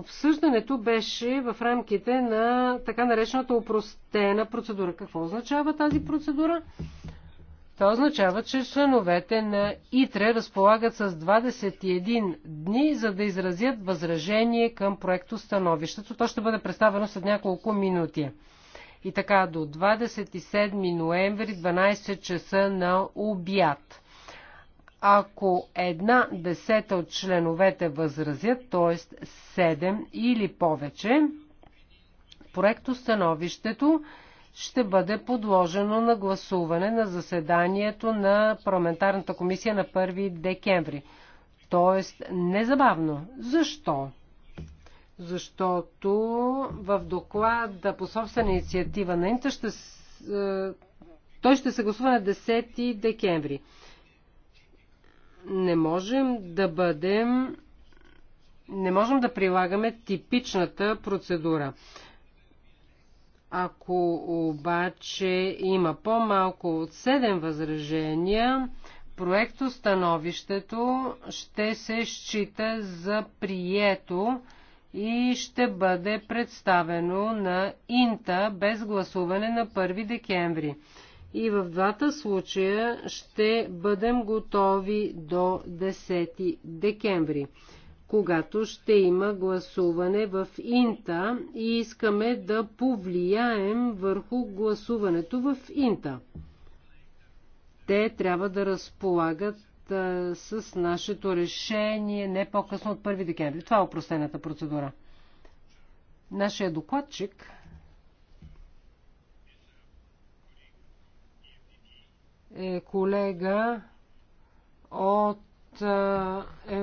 Обсъждането беше в рамките на така наречената упростена процедура. Какво означава тази процедура? Това означава, че членовете на ИТРЕ разполагат с 21 дни, за да изразят възражение към проекто становището. То ще бъде представено след няколко минути. И така до 27 ноември 12 часа на обяд. Ако една десета от членовете възразят, т.е. 7 или повече, проекто становището ще бъде подложено на гласуване на заседанието на парламентарната комисия на 1 декември. Тоест незабавно. Защо? Защото в доклада по собствена инициатива на Инта ще, е, той ще се гласува на 10 декември. Не можем да бъдем не можем да прилагаме типичната процедура. Ако обаче има по-малко от 7 възражения, проектостановището ще се счита за прието и ще бъде представено на Инта без гласуване на 1 декември. И в двата случая ще бъдем готови до 10 декември когато ще има гласуване в Инта и искаме да повлияем върху гласуването в Инта. Те трябва да разполагат а, с нашето решение не по-късно от 1 декември. Това е опростената процедура. Нашия докладчик е колега от е, е,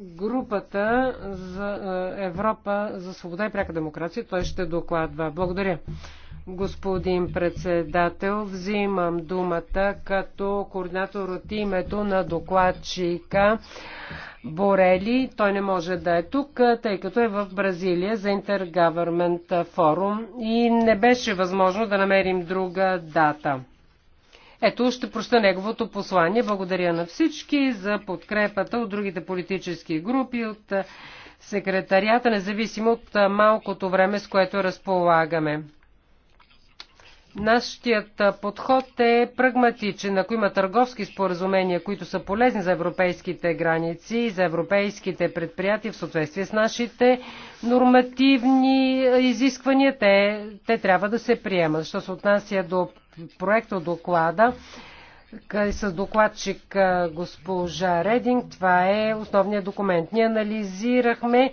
групата за е, Европа за свобода и пряка демокрация. Той ще докладва. Благодаря. Господин председател, взимам думата като координатор от името на докладчика Борели. Той не може да е тук, тъй като е в Бразилия за Intergovernment форум и не беше възможно да намерим друга дата. Ето ще проща неговото послание. Благодаря на всички за подкрепата от другите политически групи, от секретарията, независимо от малкото време, с което разполагаме. Нашият подход е прагматичен. Ако има търговски споразумения, които са полезни за европейските граници и за европейските предприятия в съответствие с нашите нормативни изисквания, те, те трябва да се приемат. Що се отнася до проекта доклада с докладчик госпожа Рединг. Това е основният документ. Ние анализирахме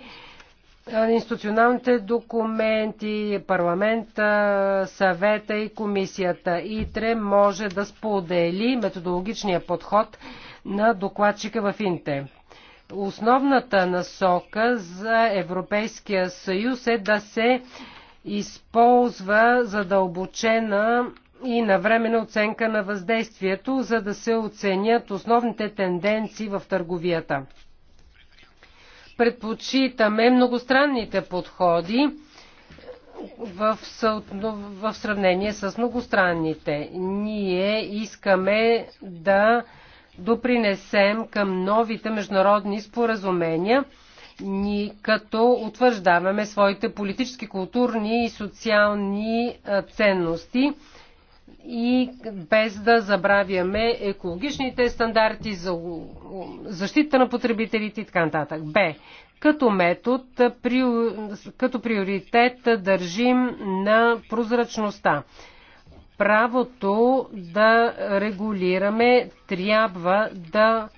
институционалните документи, парламента, съвета и комисията. ИТРЕ може да сподели методологичния подход на докладчика в ИНТЕ. Основната насока за Европейския съюз е да се използва задълбочена и на времена оценка на въздействието, за да се оценят основните тенденции в търговията. Предпочитаме многостранните подходи в, в сравнение с многостранните. Ние искаме да допринесем към новите международни споразумения, ни като утвърждаваме своите политически, културни и социални ценности и без да забравяме екологичните стандарти за защита на потребителите и така нататък. Б. Като метод, като приоритет държим на прозрачността. Правото да регулираме трябва да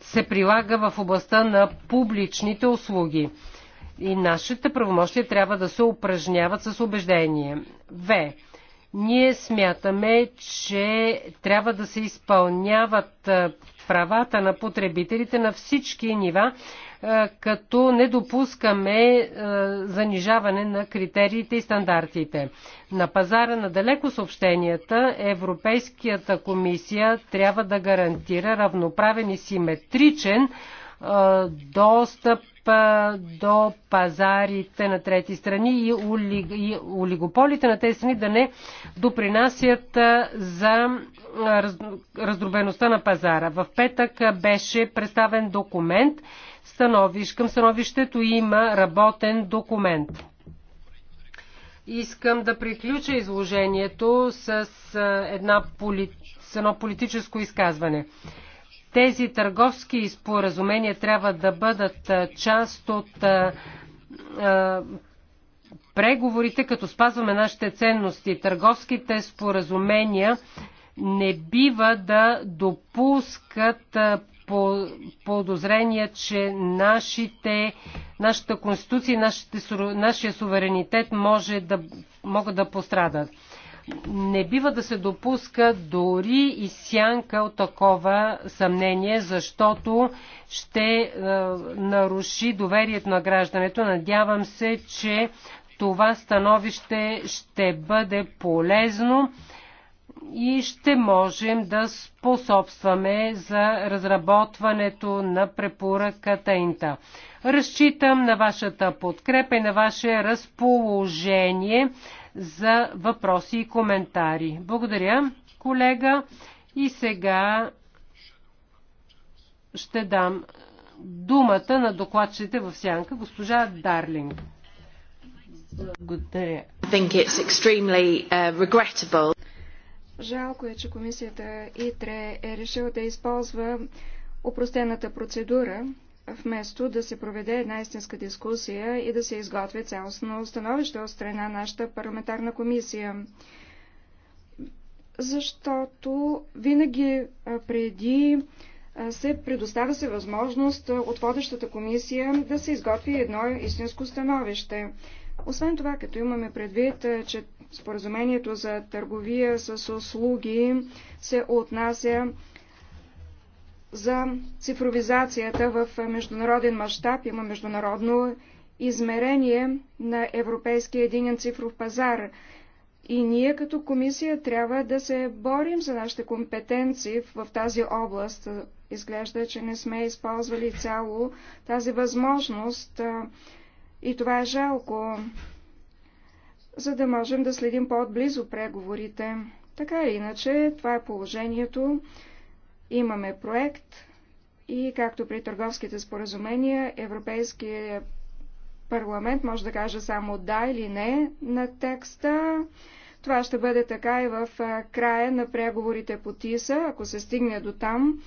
се прилага в областта на публичните услуги. И нашите правомощия трябва да се упражняват с убеждение. В. Ние смятаме, че трябва да се изпълняват правата на потребителите на всички нива, като не допускаме занижаване на критериите и стандартите. На пазара на далеко съобщенията Европейската комисия трябва да гарантира равноправен и симетричен достъп до пазарите на трети страни и, олигополите на тези страни да не допринасят за раздробеността на пазара. В петък беше представен документ. Становиш, към становището има работен документ. Искам да приключа изложението с, една, с едно политическо изказване. Тези търговски споразумения трябва да бъдат част от преговорите, като спазваме нашите ценности. Търговските споразумения не бива да допускат по подозрения, че нашите, нашата конституция и нашия суверенитет може да, могат да пострадат. Не бива да се допуска дори и сянка от такова съмнение, защото ще е, наруши доверието на граждането. Надявам се, че това становище ще бъде полезно и ще можем да способстваме за разработването на препоръката Инта. Разчитам на вашата подкрепа и на ваше разположение за въпроси и коментари. Благодаря, колега. И сега ще дам думата на докладчите в сянка, госпожа Дарлинг. Благодаря. Uh, Жалко е, че комисията ИТРЕ е решила да използва упростената процедура вместо да се проведе една истинска дискусия и да се изготви цялостно становище от страна нашата парламентарна комисия. Защото винаги преди се предоставя се възможност от водещата комисия да се изготви едно истинско становище. Освен това, като имаме предвид, че споразумението за търговия с услуги се отнася за цифровизацията в международен мащаб. Има международно измерение на Европейския единен цифров пазар. И ние като комисия трябва да се борим за нашите компетенции в тази област. Изглежда, че не сме използвали цяло тази възможност и това е жалко, за да можем да следим по-отблизо преговорите. Така или иначе, това е положението. Имаме проект и както при търговските споразумения, Европейския парламент може да каже само да или не на текста. Това ще бъде така и в края на преговорите по ТИСА, ако се стигне до там.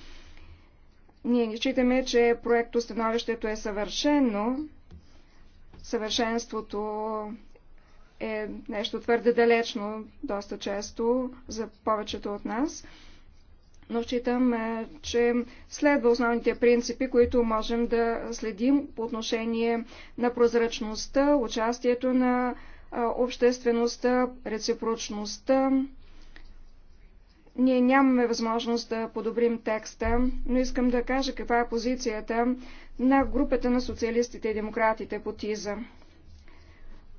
Ние не считаме, че проектостановището е съвършено. Съвършенството е нещо твърде далечно, доста често за повечето от нас но считам, е, че следва основните принципи, които можем да следим по отношение на прозрачността, участието на обществеността, реципрочността. Ние нямаме възможност да подобрим текста, но искам да кажа каква е позицията на групата на социалистите и демократите по ТИЗА.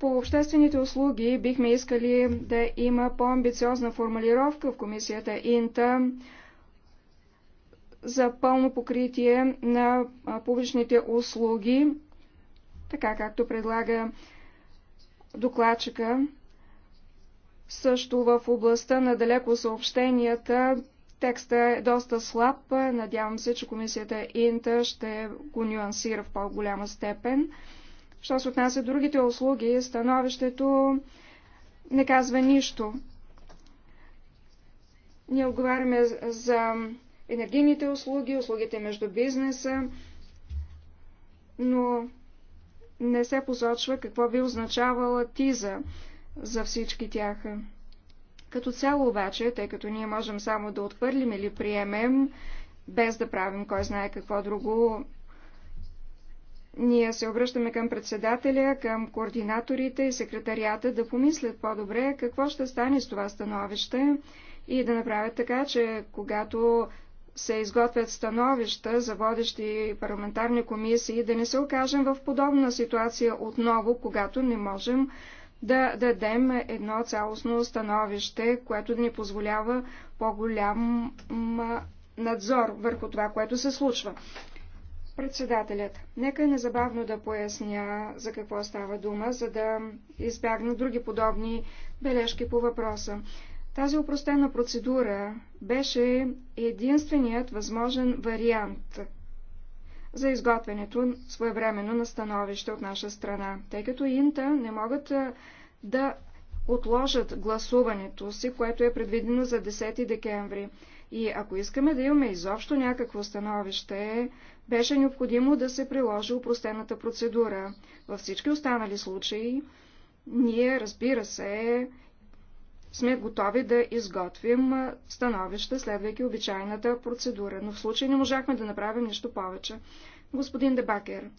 По обществените услуги бихме искали да има по-амбициозна формулировка в комисията Инта, за пълно покритие на публичните услуги, така както предлага докладчика. Също в областта на далеко съобщенията текста е доста слаб. Надявам се, че комисията Инта ще го нюансира в по-голяма степен. Що се отнася до другите услуги, становището не казва нищо. Ние отговаряме за енергийните услуги, услугите между бизнеса, но не се посочва какво би означавала ТИЗа за всички тях. Като цяло обаче, тъй като ние можем само да отхвърлим или приемем, без да правим кой знае какво друго, ние се обръщаме към председателя, към координаторите и секретарията да помислят по-добре какво ще стане с това становище и да направят така, че когато се изготвят становища за водещи парламентарни комисии, да не се окажем в подобна ситуация отново, когато не можем да дадем едно цялостно становище, което да ни позволява по-голям надзор върху това, което се случва. Председателят, нека е незабавно да поясня за какво става дума, за да избягна други подобни бележки по въпроса. Тази упростена процедура беше единственият възможен вариант за изготвянето своевременно на становище от наша страна, тъй като Инта не могат да отложат гласуването си, което е предвидено за 10 декември. И ако искаме да имаме изобщо някакво становище, беше необходимо да се приложи упростената процедура. Във всички останали случаи, ние, разбира се, сме готови да изготвим становища, следвайки обичайната процедура. Но в случай не можахме да направим нищо повече. Господин Дебакер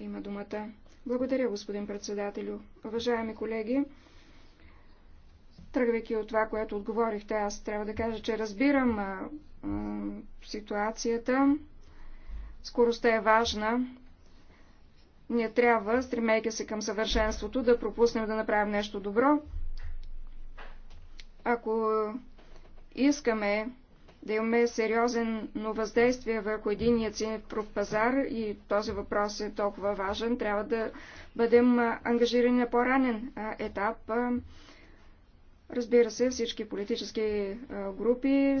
има думата. Благодаря, господин председателю. Уважаеми колеги, тръгвайки от това, което отговорихте, аз трябва да кажа, че разбирам а, а, ситуацията. Скоростта е важна. Ние трябва, стремейки се към съвършенството, да пропуснем да направим нещо добро. Ако искаме да имаме сериозно въздействие върху единия цифров пазар и този въпрос е толкова важен, трябва да бъдем ангажирани на по-ранен етап. Разбира се, всички политически групи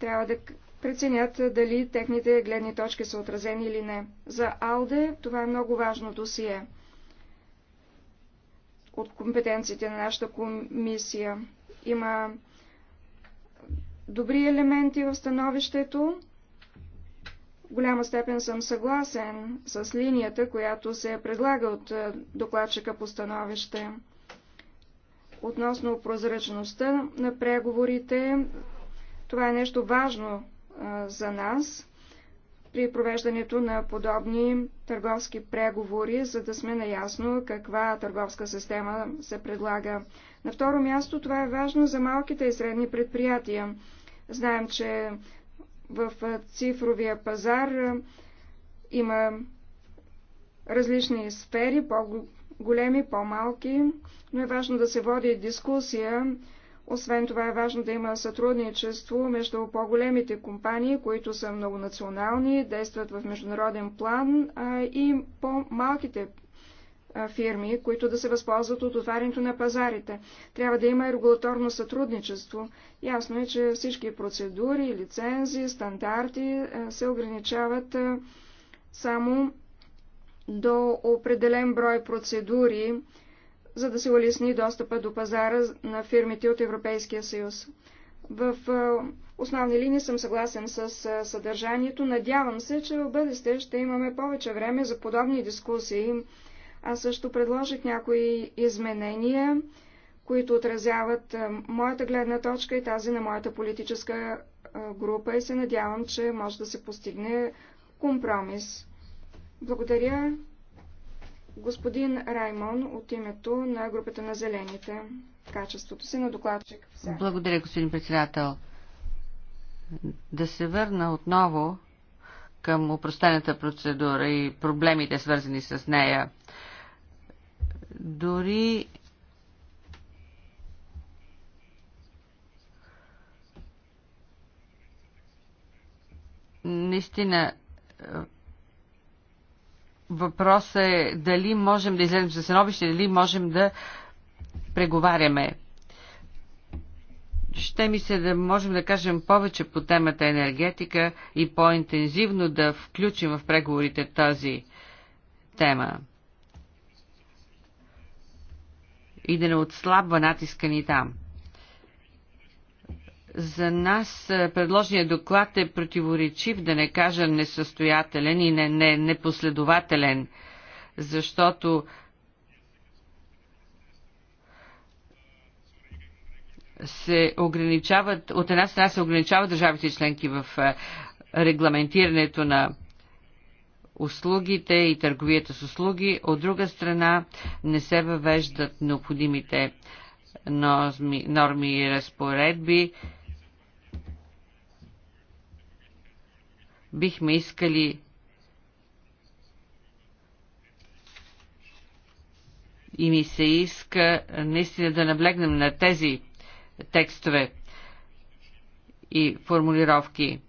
трябва да преценят дали техните гледни точки са отразени или не. За АЛДЕ това е много важно досие от компетенциите на нашата комисия. Има добри елементи в становището. В голяма степен съм съгласен с линията, която се предлага от е, докладчика по становище. Относно прозрачността на преговорите, това е нещо важно е, за нас при провеждането на подобни търговски преговори, за да сме наясно каква търговска система се предлага. На второ място това е важно за малките и средни предприятия. Знаем, че в цифровия пазар има различни сфери, по-големи, по-малки, но е важно да се води дискусия освен това е важно да има сътрудничество между по-големите компании, които са многонационални, действат в международен план и по-малките фирми, които да се възползват от отварянето на пазарите. Трябва да има регулаторно сътрудничество. Ясно е, че всички процедури, лицензи, стандарти се ограничават само до определен брой процедури, за да се улесни достъпа до пазара на фирмите от Европейския съюз. В основни линии съм съгласен с съдържанието. Надявам се, че в бъдеще ще имаме повече време за подобни дискусии. Аз също предложих някои изменения, които отразяват моята гледна точка и тази на моята политическа група и се надявам, че може да се постигне компромис. Благодаря господин Раймон от името на групата на зелените, качеството си на докладчик. Благодаря, господин председател. Да се върна отново към упростената процедура и проблемите, свързани с нея. Дори наистина Въпросът е дали можем да излезем за становище, дали можем да преговаряме. Ще ми се да можем да кажем повече по темата енергетика и по-интензивно да включим в преговорите тази тема. И да не отслабва натиска ни там. За нас е, предложният доклад е противоречив, да не кажа несъстоятелен и не, не, непоследователен, защото се ограничават, от една страна се ограничават държавите членки в е, регламентирането на услугите и търговията с услуги, от друга страна не се въвеждат необходимите норми, норми и разпоредби, бихме искали и ми се иска наистина да наблегнем на тези текстове и формулировки.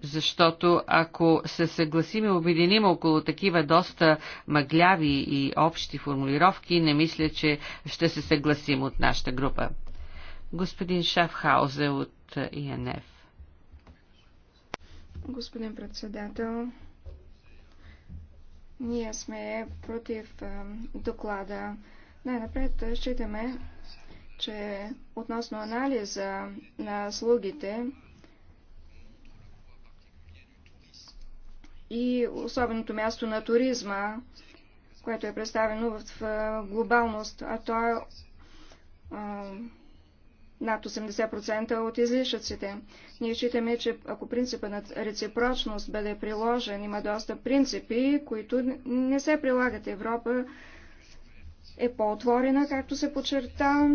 Защото ако се съгласим и обединим около такива доста мъгляви и общи формулировки, не мисля, че ще се съгласим от нашата група. Господин Шафхаузе от ИНФ. Господин председател, ние сме против доклада. Най-напред считаме, че относно анализа на слугите и особеното място на туризма, което е представено в глобалност, а то е над 80% от излишъците. Ние считаме, че ако принципа на реципрочност бъде приложен, има доста принципи, които не се прилагат. Европа е по-отворена, както се подчерта,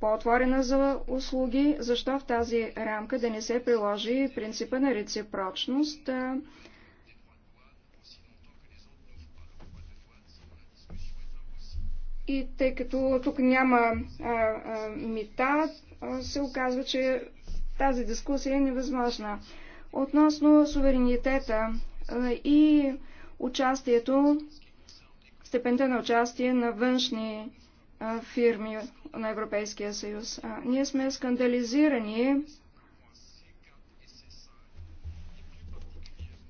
по-отворена за услуги. Защо в тази рамка да не се приложи принципа на реципрочност? И тъй като тук няма а, а, мита, а, се оказва, че тази дискусия е невъзможна. Относно суверенитета а, и участието, степента на участие на външни а, фирми на Европейския съюз. А, ние сме скандализирани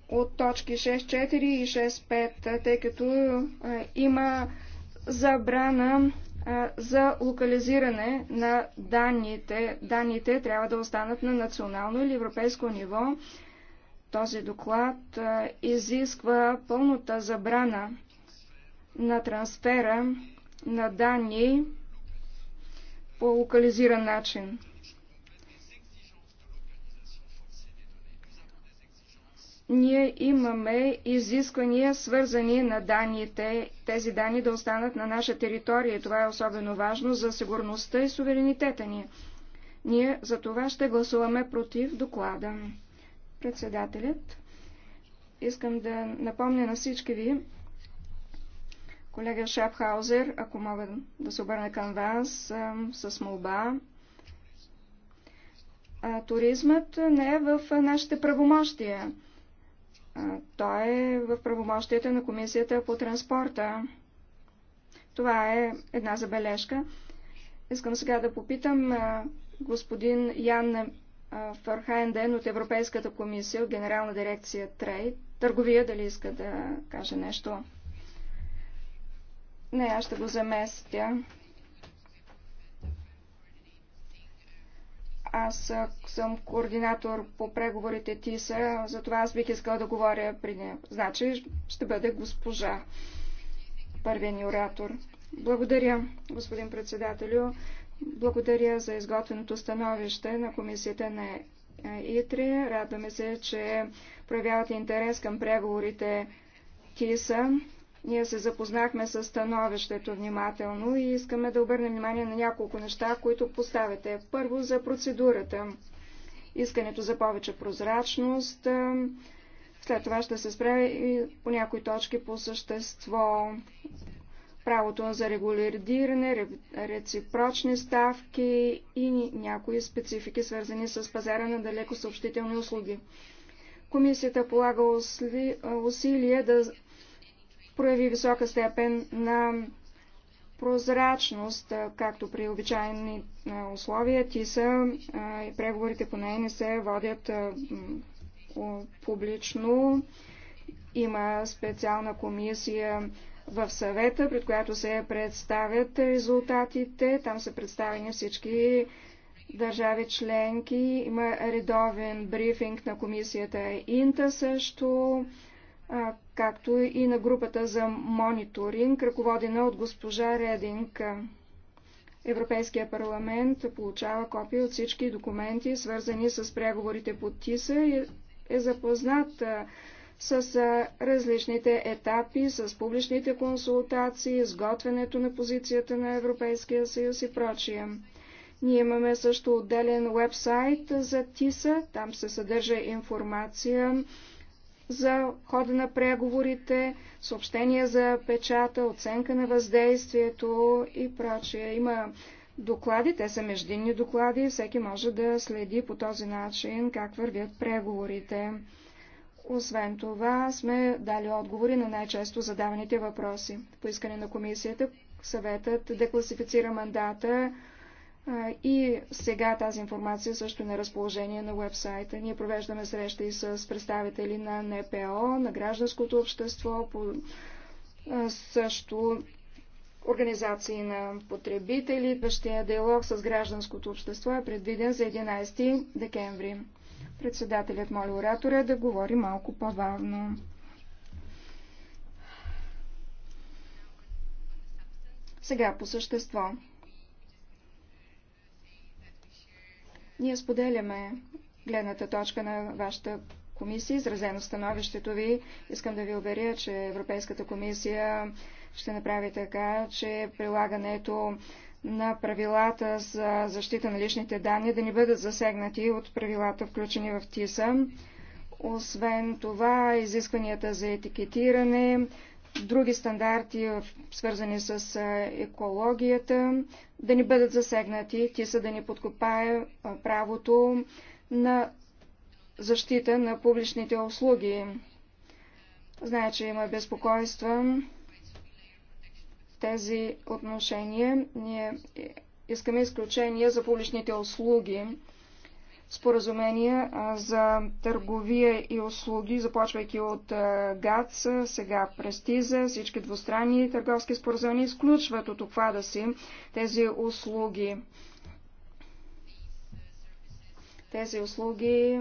от точки 6.4 и 6.5, тъй като а, има забрана за локализиране на данните. Данните трябва да останат на национално или европейско ниво. Този доклад изисква пълната забрана на трансфера на данни по локализиран начин. ние имаме изисквания, свързани на данните, тези данни да останат на наша територия. Това е особено важно за сигурността и суверенитета ни. Ние за това ще гласуваме против доклада. Председателят, искам да напомня на всички ви, колега Шапхаузер, ако мога да се обърна към вас с молба, туризмът не е в нашите правомощия. Той е в правомощията на Комисията по транспорта. Това е една забележка. Искам сега да попитам господин Ян Фархайнден от Европейската комисия, от Генерална дирекция Трей, търговия, дали иска да каже нещо. Не, аз ще го заместя. Аз съм координатор по преговорите ТИСА, затова аз бих искала да говоря при нея. Значи ще бъде госпожа първият ни оратор. Благодаря, господин председателю. Благодаря за изготвеното становище на комисията на ИТРИ. Радваме се, че проявявате интерес към преговорите ТИСА. Ние се запознахме с становището внимателно и искаме да обърнем внимание на няколко неща, които поставяте. Първо за процедурата. Искането за повече прозрачност. След това ще се спре и по някои точки по същество. Правото за регулиране, реципрочни ставки и някои специфики, свързани с пазара на далеко съобщителни услуги. Комисията полага усилия да прояви висока степен на прозрачност, както при обичайни условия. са и преговорите по нея не се водят публично. Има специална комисия в съвета, пред която се представят резултатите. Там са представени всички държави членки. Има редовен брифинг на комисията Инта също, както и на групата за мониторинг, ръководена от госпожа Рединг. Европейския парламент получава копия от всички документи, свързани с преговорите по ТИСА и е запознат с различните етапи, с публичните консултации, изготвянето на позицията на Европейския съюз и прочие. Ние имаме също отделен вебсайт за ТИСА, там се съдържа информация за хода на преговорите, съобщения за печата, оценка на въздействието и прочие. Има доклади, те са междинни доклади, всеки може да следи по този начин как вървят преговорите. Освен това, сме дали отговори на най-често задаваните въпроси. По искане на комисията, съветът декласифицира мандата и сега тази информация също е на разположение на вебсайта. Ние провеждаме срещи с представители на НПО, на гражданското общество, по, също организации на потребители. Идващия диалог с гражданското общество е предвиден за 11 декември. Председателят моли оратора да говори малко по-бавно. Сега по същество. Ние споделяме гледната точка на вашата комисия, изразено становището ви. Искам да ви уверя, че Европейската комисия ще направи така, че прилагането на правилата за защита на личните данни да ни бъдат засегнати от правилата, включени в ТИСА. Освен това, изискванията за етикетиране, други стандарти, свързани с екологията, да ни бъдат засегнати, ти са да ни подкопае правото на защита на публичните услуги. Знае, че има безпокойства тези отношения. Ние е, искаме изключения за публичните услуги споразумения за търговия и услуги, започвайки от ГАЦ, сега Престиза, всички двустранни търговски споразумения изключват от обхвата си тези услуги. Тези услуги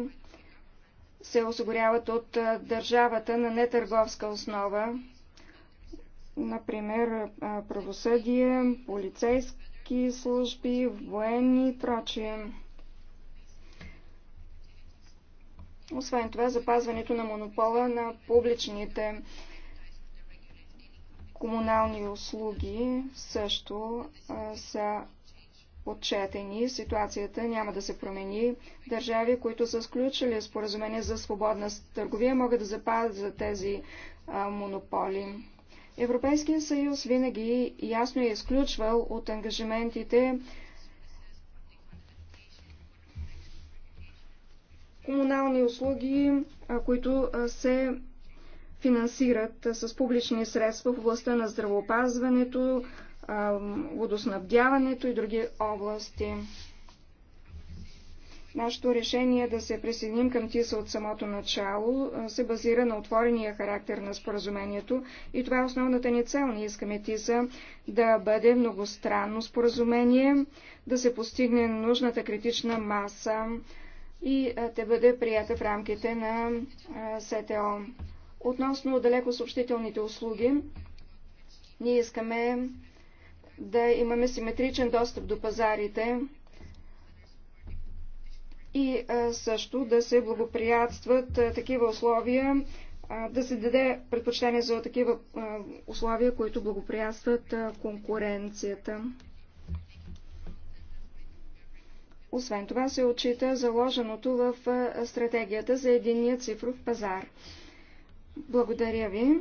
се осигуряват от държавата на нетърговска основа, например правосъдие, полицейски служби, военни и прочие. Освен това, запазването на монопола на публичните комунални услуги също а, са отчетени. Ситуацията няма да се промени. Държави, които са сключили споразумение за свободна търговия, могат да запазят тези а, монополи. Европейския съюз винаги ясно е изключвал от ангажиментите комунални услуги, които се финансират с публични средства в областта на здравоопазването, водоснабдяването и други области. Нашето решение да се присъединим към ТИСА от самото начало се базира на отворения характер на споразумението и това е основната ни цел. Ние искаме ТИСА да бъде многостранно споразумение, да се постигне нужната критична маса, и те бъде прията в рамките на СТО. Относно далеко съобщителните услуги, ние искаме да имаме симетричен достъп до пазарите и също да се благоприятстват такива условия, да се даде предпочтение за такива условия, които благоприятстват конкуренцията. Освен това се отчита заложеното в стратегията за единия цифров пазар. Благодаря ви.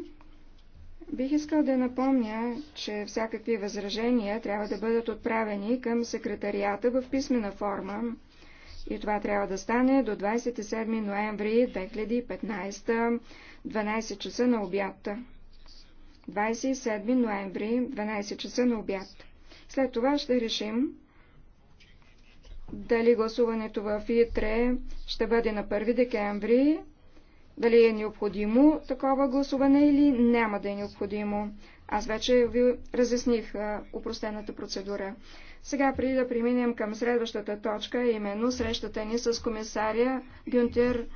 Бих искал да напомня, че всякакви възражения трябва да бъдат отправени към секретарията в писмена форма. И това трябва да стане до 27 ноември 2015, 12 часа на обяд. 27 ноември, 12 часа на обяд. След това ще решим дали гласуването в ИТРЕ ще бъде на 1 декември, дали е необходимо такова гласуване или няма да е необходимо. Аз вече ви разясних упростената процедура. Сега, преди да преминем към следващата точка, именно срещата ни с комисаря Гюнтер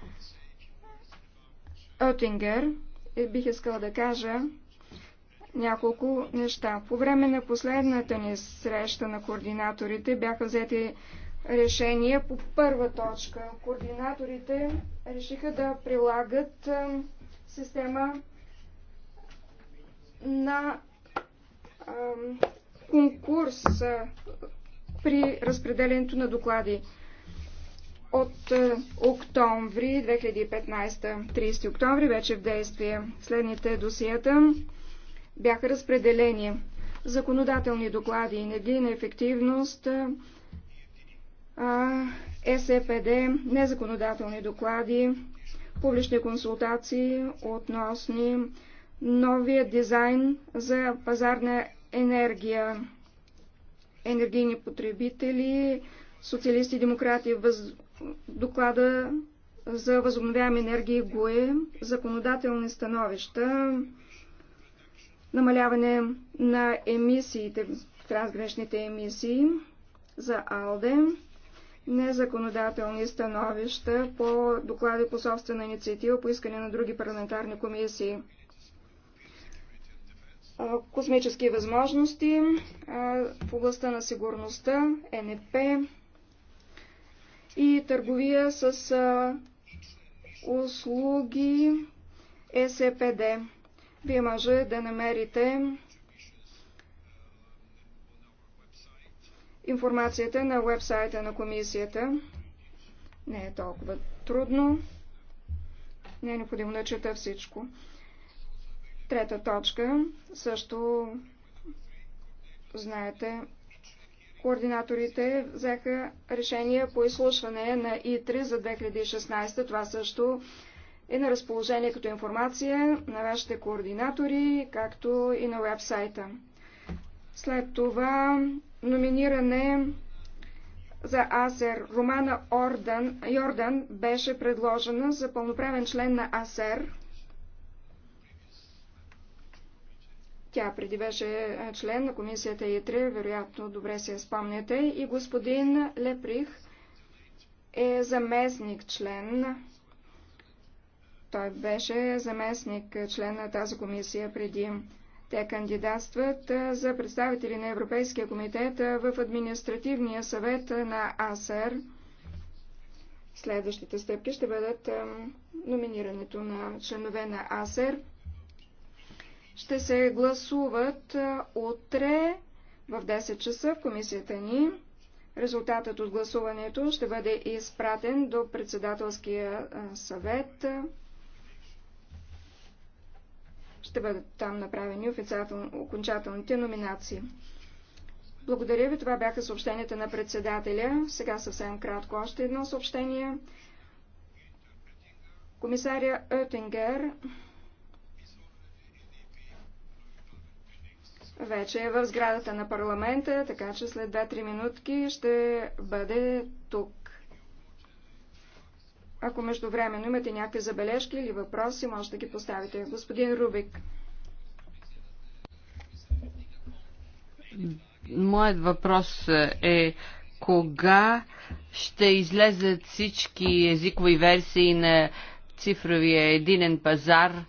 Отингер, е, бих искала да кажа няколко неща. По време на последната ни среща на координаторите бяха взети решение по първа точка. Координаторите решиха да прилагат система на конкурс при разпределението на доклади от октомври 2015, 30 октомври, вече в действие. Следните досията бяха разпределени. Законодателни доклади, енергийна ефективност, СПД, е незаконодателни доклади, публични консултации относно новия дизайн за пазарна енергия, енергийни потребители, социалисти и демократи, въз... доклада за възобновяеми енергии ГУЕ, законодателни становища, намаляване на емисиите, трансграничните емисии за АЛДЕ, незаконодателни становища по доклади по собствена инициатива по искане на други парламентарни комисии. Космически възможности в областта на сигурността, НП и търговия с услуги СПД. Вие може да намерите информацията на вебсайта на комисията. Не е толкова трудно. Не е необходимо да чета всичко. Трета точка. Също знаете, координаторите взеха решение по изслушване на И3 за 2016. Това също е на разположение като информация на вашите координатори, както и на вебсайта. След това номиниране за АСЕР. Романа Ордан, Йордан беше предложена за пълноправен член на АСЕР. Тя преди беше член на комисията ИТРИ, вероятно добре се я спомняте. И господин Леприх е заместник член. Той беше заместник член на тази комисия преди те кандидатстват за представители на Европейския комитет в Административния съвет на АСЕР. Следващите стъпки ще бъдат номинирането на членове на АСЕР. Ще се гласуват утре в 10 часа в комисията ни. Резултатът от гласуването ще бъде изпратен до председателския съвет ще бъдат там направени окончателните номинации. Благодаря ви. Това бяха съобщенията на председателя. Сега съвсем кратко още едно съобщение. Комисаря Оттингер вече е в сградата на парламента, така че след 2-3 минутки ще бъде тук. Ако междувременно имате някакви забележки или въпроси, може да ги поставите. Господин Рубик. Моят въпрос е кога ще излезат всички езикови версии на цифровия единен пазар?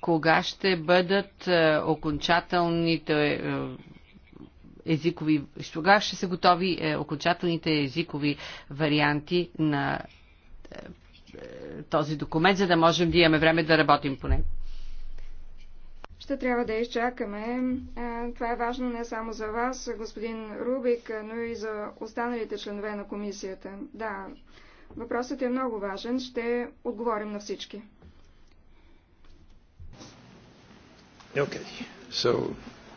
Кога ще бъдат е, окончателните е, езикови, тогава ще са готови е, окончателните езикови варианти на е, е, този документ, за да можем да имаме време да работим по него. Ще трябва да изчакаме. Е, това е важно не само за вас, господин Рубик, но и за останалите членове на комисията. Да, въпросът е много важен. Ще отговорим на всички. Okay. So,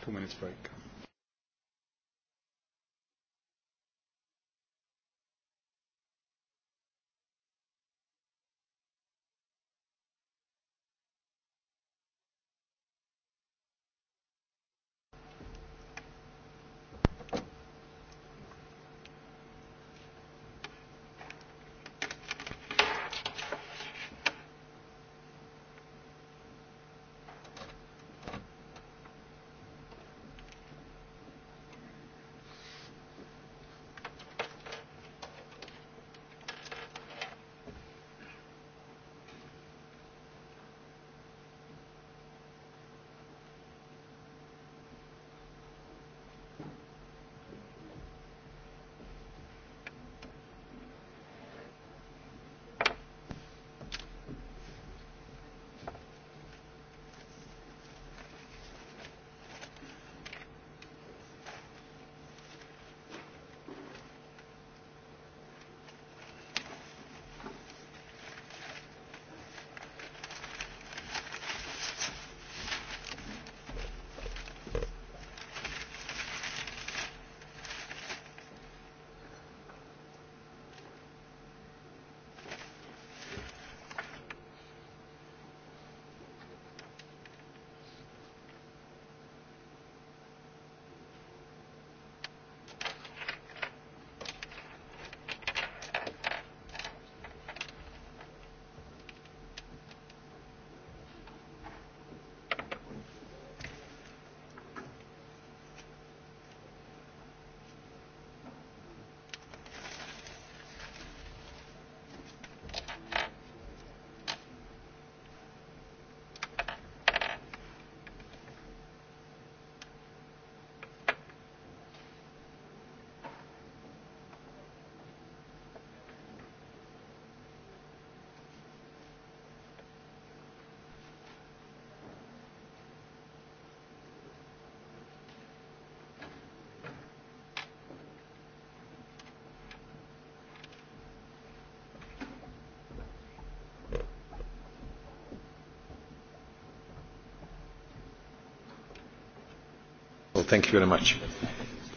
two minutes break.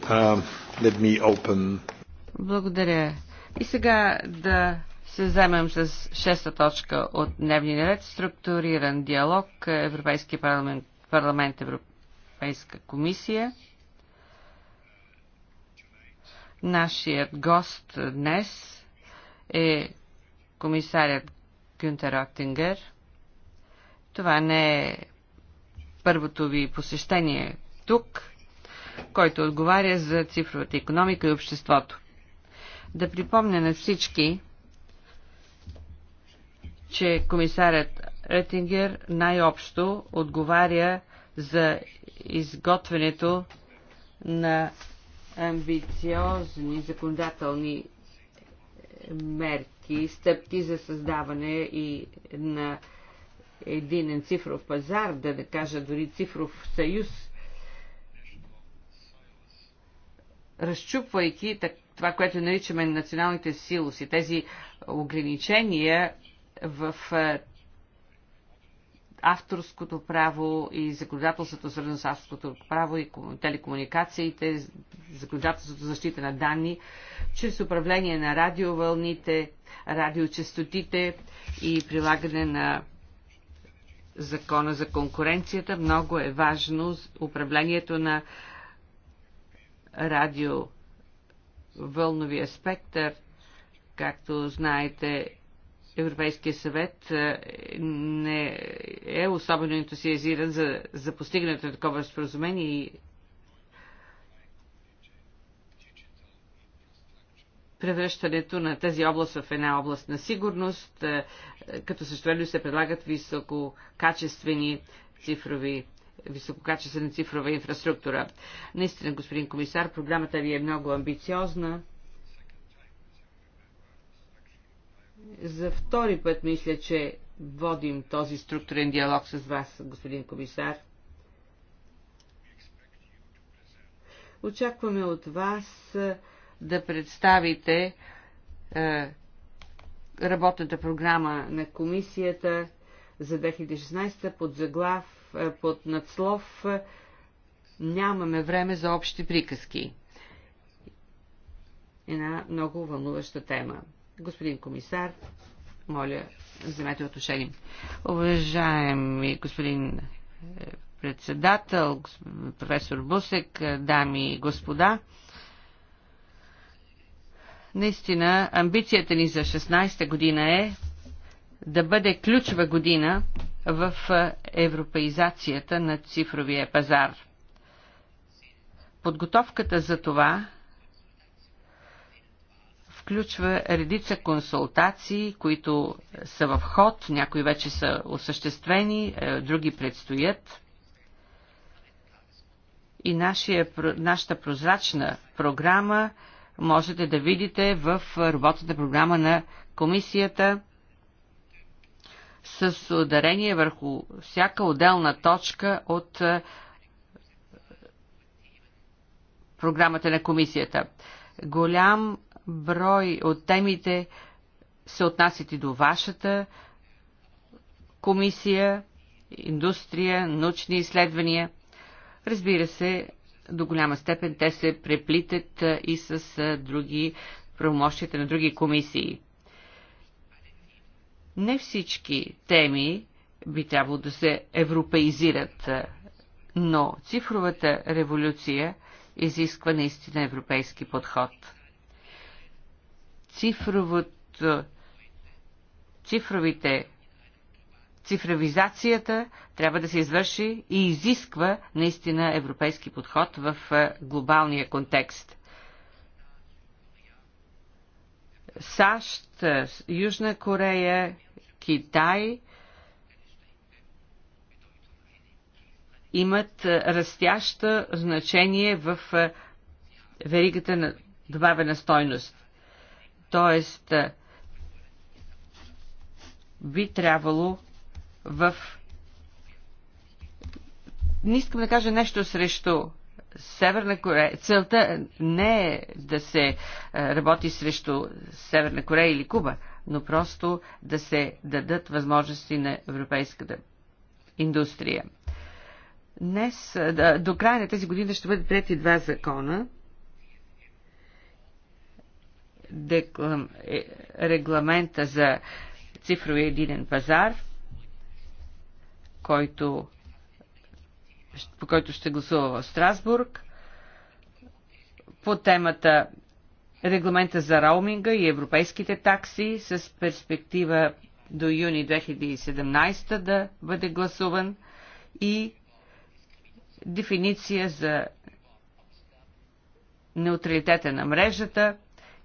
Um, Благодаря. И сега да се вземем с шеста точка от дневния ред. Структуриран диалог Европейския парламент, парламент Европейска комисия. Нашият гост днес е комисарят Гюнтер Оттингер. Това не е първото ви посещение тук който отговаря за цифровата економика и обществото. Да припомня на всички, че комисарят Ретингер най-общо отговаря за изготвянето на амбициозни законодателни мерки, стъпки за създаване и на единен цифров пазар, да не кажа дори цифров съюз разчупвайки това, което наричаме националните силоси, тези ограничения в е, авторското право и законодателството, свързано с авторското право и телекомуникациите, законодателството защита на данни, чрез управление на радиовълните, радиочастотите и прилагане на закона за конкуренцията. Много е важно управлението на радио вълновия спектър. Както знаете, Европейския съвет е, не е особено ентусиазиран за, за постигането на такова споразумение и превръщането на тази област в една област на сигурност, е, като също се предлагат висококачествени цифрови висококачествена цифрова инфраструктура. Наистина, господин комисар, програмата ви е много амбициозна. За втори път мисля, че водим този структурен диалог с вас, господин комисар. Очакваме от вас е, да представите е, работната програма на комисията за 2016 под заглав е, под надслов е, нямаме време за общи приказки. Една много вълнуваща тема. Господин комисар, моля, вземете отношение. Уважаеми господин е, председател, професор Бусек, дами и господа, наистина амбицията ни за 16-та година е да бъде ключова година в европеизацията на цифровия пазар. Подготовката за това включва редица консултации, които са в ход, някои вече са осъществени, е, други предстоят. И нашия, нашата прозрачна програма можете да видите в работната програма на комисията – с ударение върху всяка отделна точка от е, програмата на комисията. Голям брой от темите се отнасят и до вашата комисия, индустрия, научни изследвания. Разбира се, до голяма степен те се преплитат е, и с е, други промощите на други комисии. Не всички теми би трябвало да се европеизират, но цифровата революция изисква наистина европейски подход. Цифровото, цифровите цифровизацията трябва да се извърши и изисква наистина европейски подход в глобалния контекст. САЩ, Южна Корея, Китай имат растящо значение в веригата на добавена стойност. Тоест, би трябвало в... Не искам да кажа нещо срещу Северна Корея. Целта не е да се е, работи срещу Северна Корея или Куба, но просто да се дадат възможности на европейската индустрия. Днес, е, до края на тази година ще бъдат прети два закона. Деклам... Е, регламента за цифрови единен пазар, който по който ще гласува в Страсбург, по темата регламента за роуминга и европейските такси с перспектива до юни 2017 да бъде гласуван и дефиниция за неутралитета на мрежата,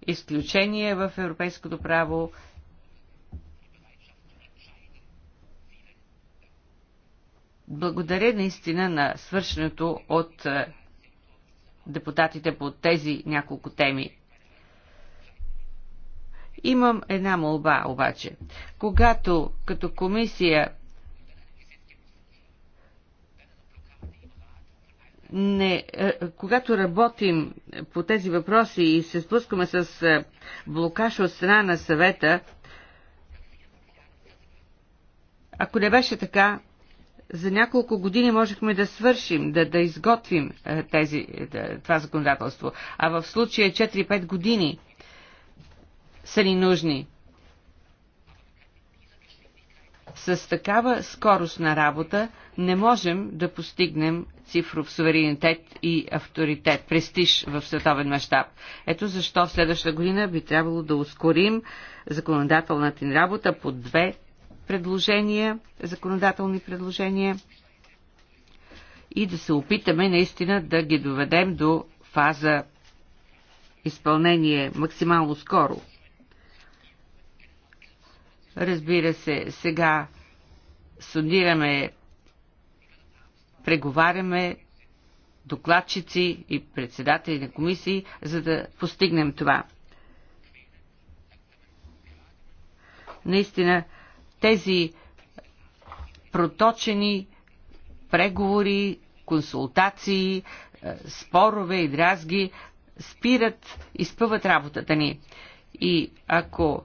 изключение в европейското право Благодаря наистина на свършеното от е, депутатите по тези няколко теми. Имам една молба обаче. Когато като комисия не, е, когато работим по тези въпроси и се спускаме с е, блокаж от страна на съвета, ако не беше така, за няколко години можехме да свършим, да, да изготвим е, тези, е, това законодателство, а в случая 4-5 години са ни нужни. С такава скорост на работа не можем да постигнем цифров суверенитет и авторитет, престиж в световен мащаб. Ето защо в следващата година би трябвало да ускорим законодателната ни работа по две предложения, законодателни предложения и да се опитаме наистина да ги доведем до фаза изпълнение максимално скоро. Разбира се, сега сондираме, преговаряме докладчици и председатели на комисии, за да постигнем това. Наистина, тези проточени преговори, консултации, е, спорове и дразги спират, изпъват работата ни. И ако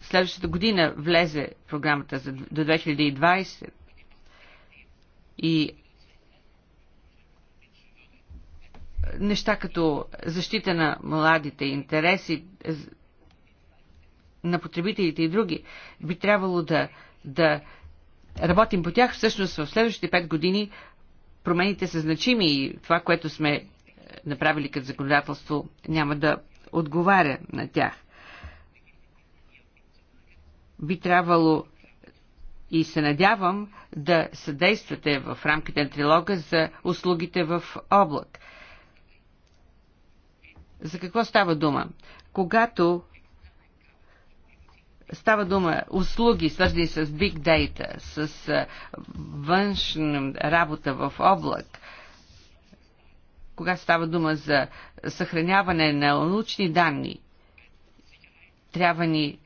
следващата година влезе програмата за, до 2020 и неща като защита на младите интереси, на потребителите и други, би трябвало да, да работим по тях. Всъщност в следващите 5 години промените са значими и това, което сме е, направили като законодателство, няма да отговаря на тях. Би трябвало и се надявам да съдействате в рамките на трилога за услугите в облак. За какво става дума? Когато Става дума услуги, свързани с биг дейта, с външна работа в облак, Кога става дума за съхраняване на научни данни, трябва ни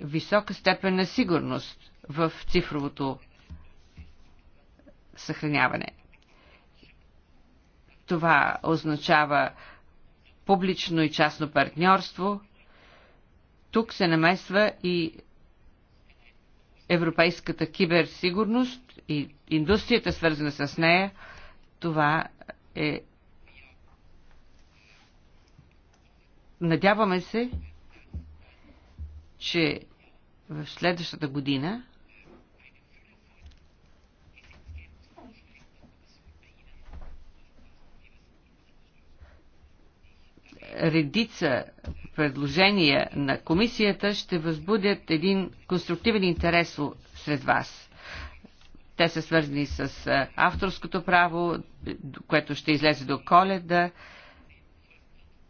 висока степен на сигурност в цифровото съхраняване. Това означава публично и частно партньорство – тук се намесва и европейската киберсигурност и индустрията, свързана с нея. Това е. Надяваме се, че в следващата година редица предложения на комисията ще възбудят един конструктивен интерес сред вас. Те са свързани с авторското право, което ще излезе до коледа,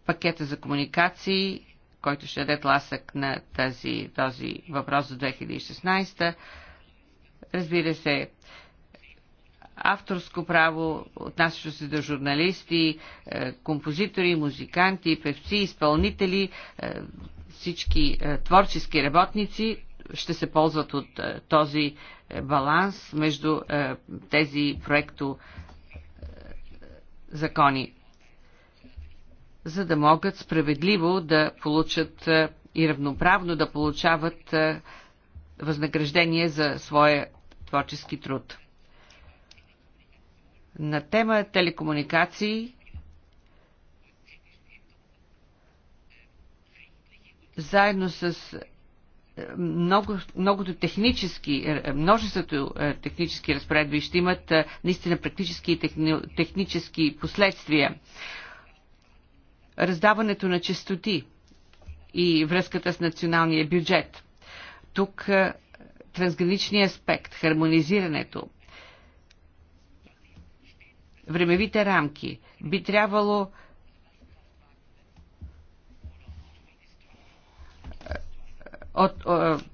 пакета за комуникации, който ще даде тласък на тази, този въпрос за 2016. Разбира се, авторско право, отнасящо се до журналисти, е, композитори, музиканти, певци, изпълнители, е, всички е, творчески работници ще се ползват от този баланс между тези проекто закони, за да могат справедливо да получат и равноправно да получават възнаграждение за своя творчески труд. На тема телекомуникации заедно с е, много, многото технически, е, множеството е, технически разпоредби ще имат наистина практически и техни, технически последствия. Раздаването на частоти и връзката с националния бюджет. Тук трансграничния аспект, хармонизирането, времевите рамки. Би трябвало е, от, е,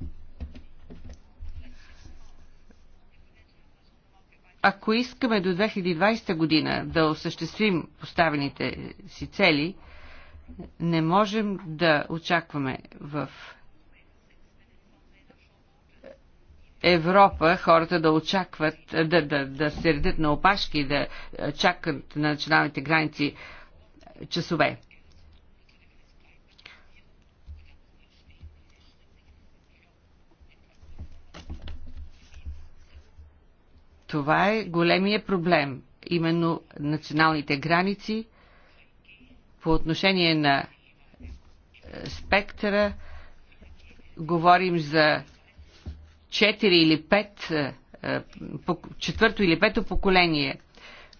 ако искаме до 2020 година да осъществим поставените си цели, не можем да очакваме в Европа хората да очакват, да, да, да се редят на опашки, да чакат на националните граници часове. Това е големия проблем. Именно националните граници по отношение на спектъра говорим за Четири или пет, е, е, четвърто или пето поколение,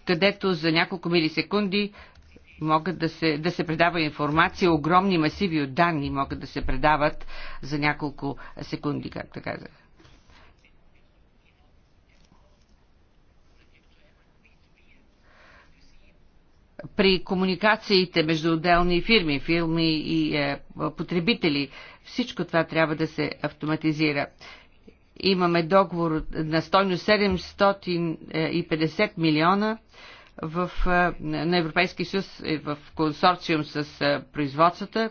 където за няколко милисекунди могат да се, да се предава информация, огромни масиви от данни могат да се предават за няколко секунди, както казах. при комуникациите между отделни фирми, фирми и е, потребители. Всичко това трябва да се автоматизира. Е, Имаме договор на стойност 750 милиона в, на Европейския съюз в консорциум с производствата.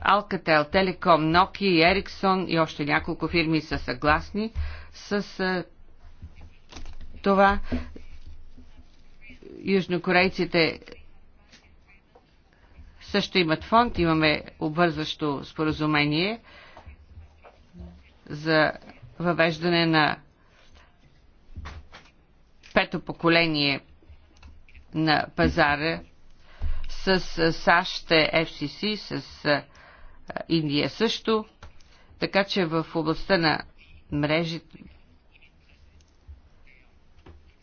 Алкател, Телеком, Nokia, Ериксон и още няколко фирми са съгласни с това южнокорейците също имат фонд, имаме обвързващо споразумение за въвеждане на пето поколение на пазара с САЩ, FCC, с Индия също. Така че в областта на мрежите,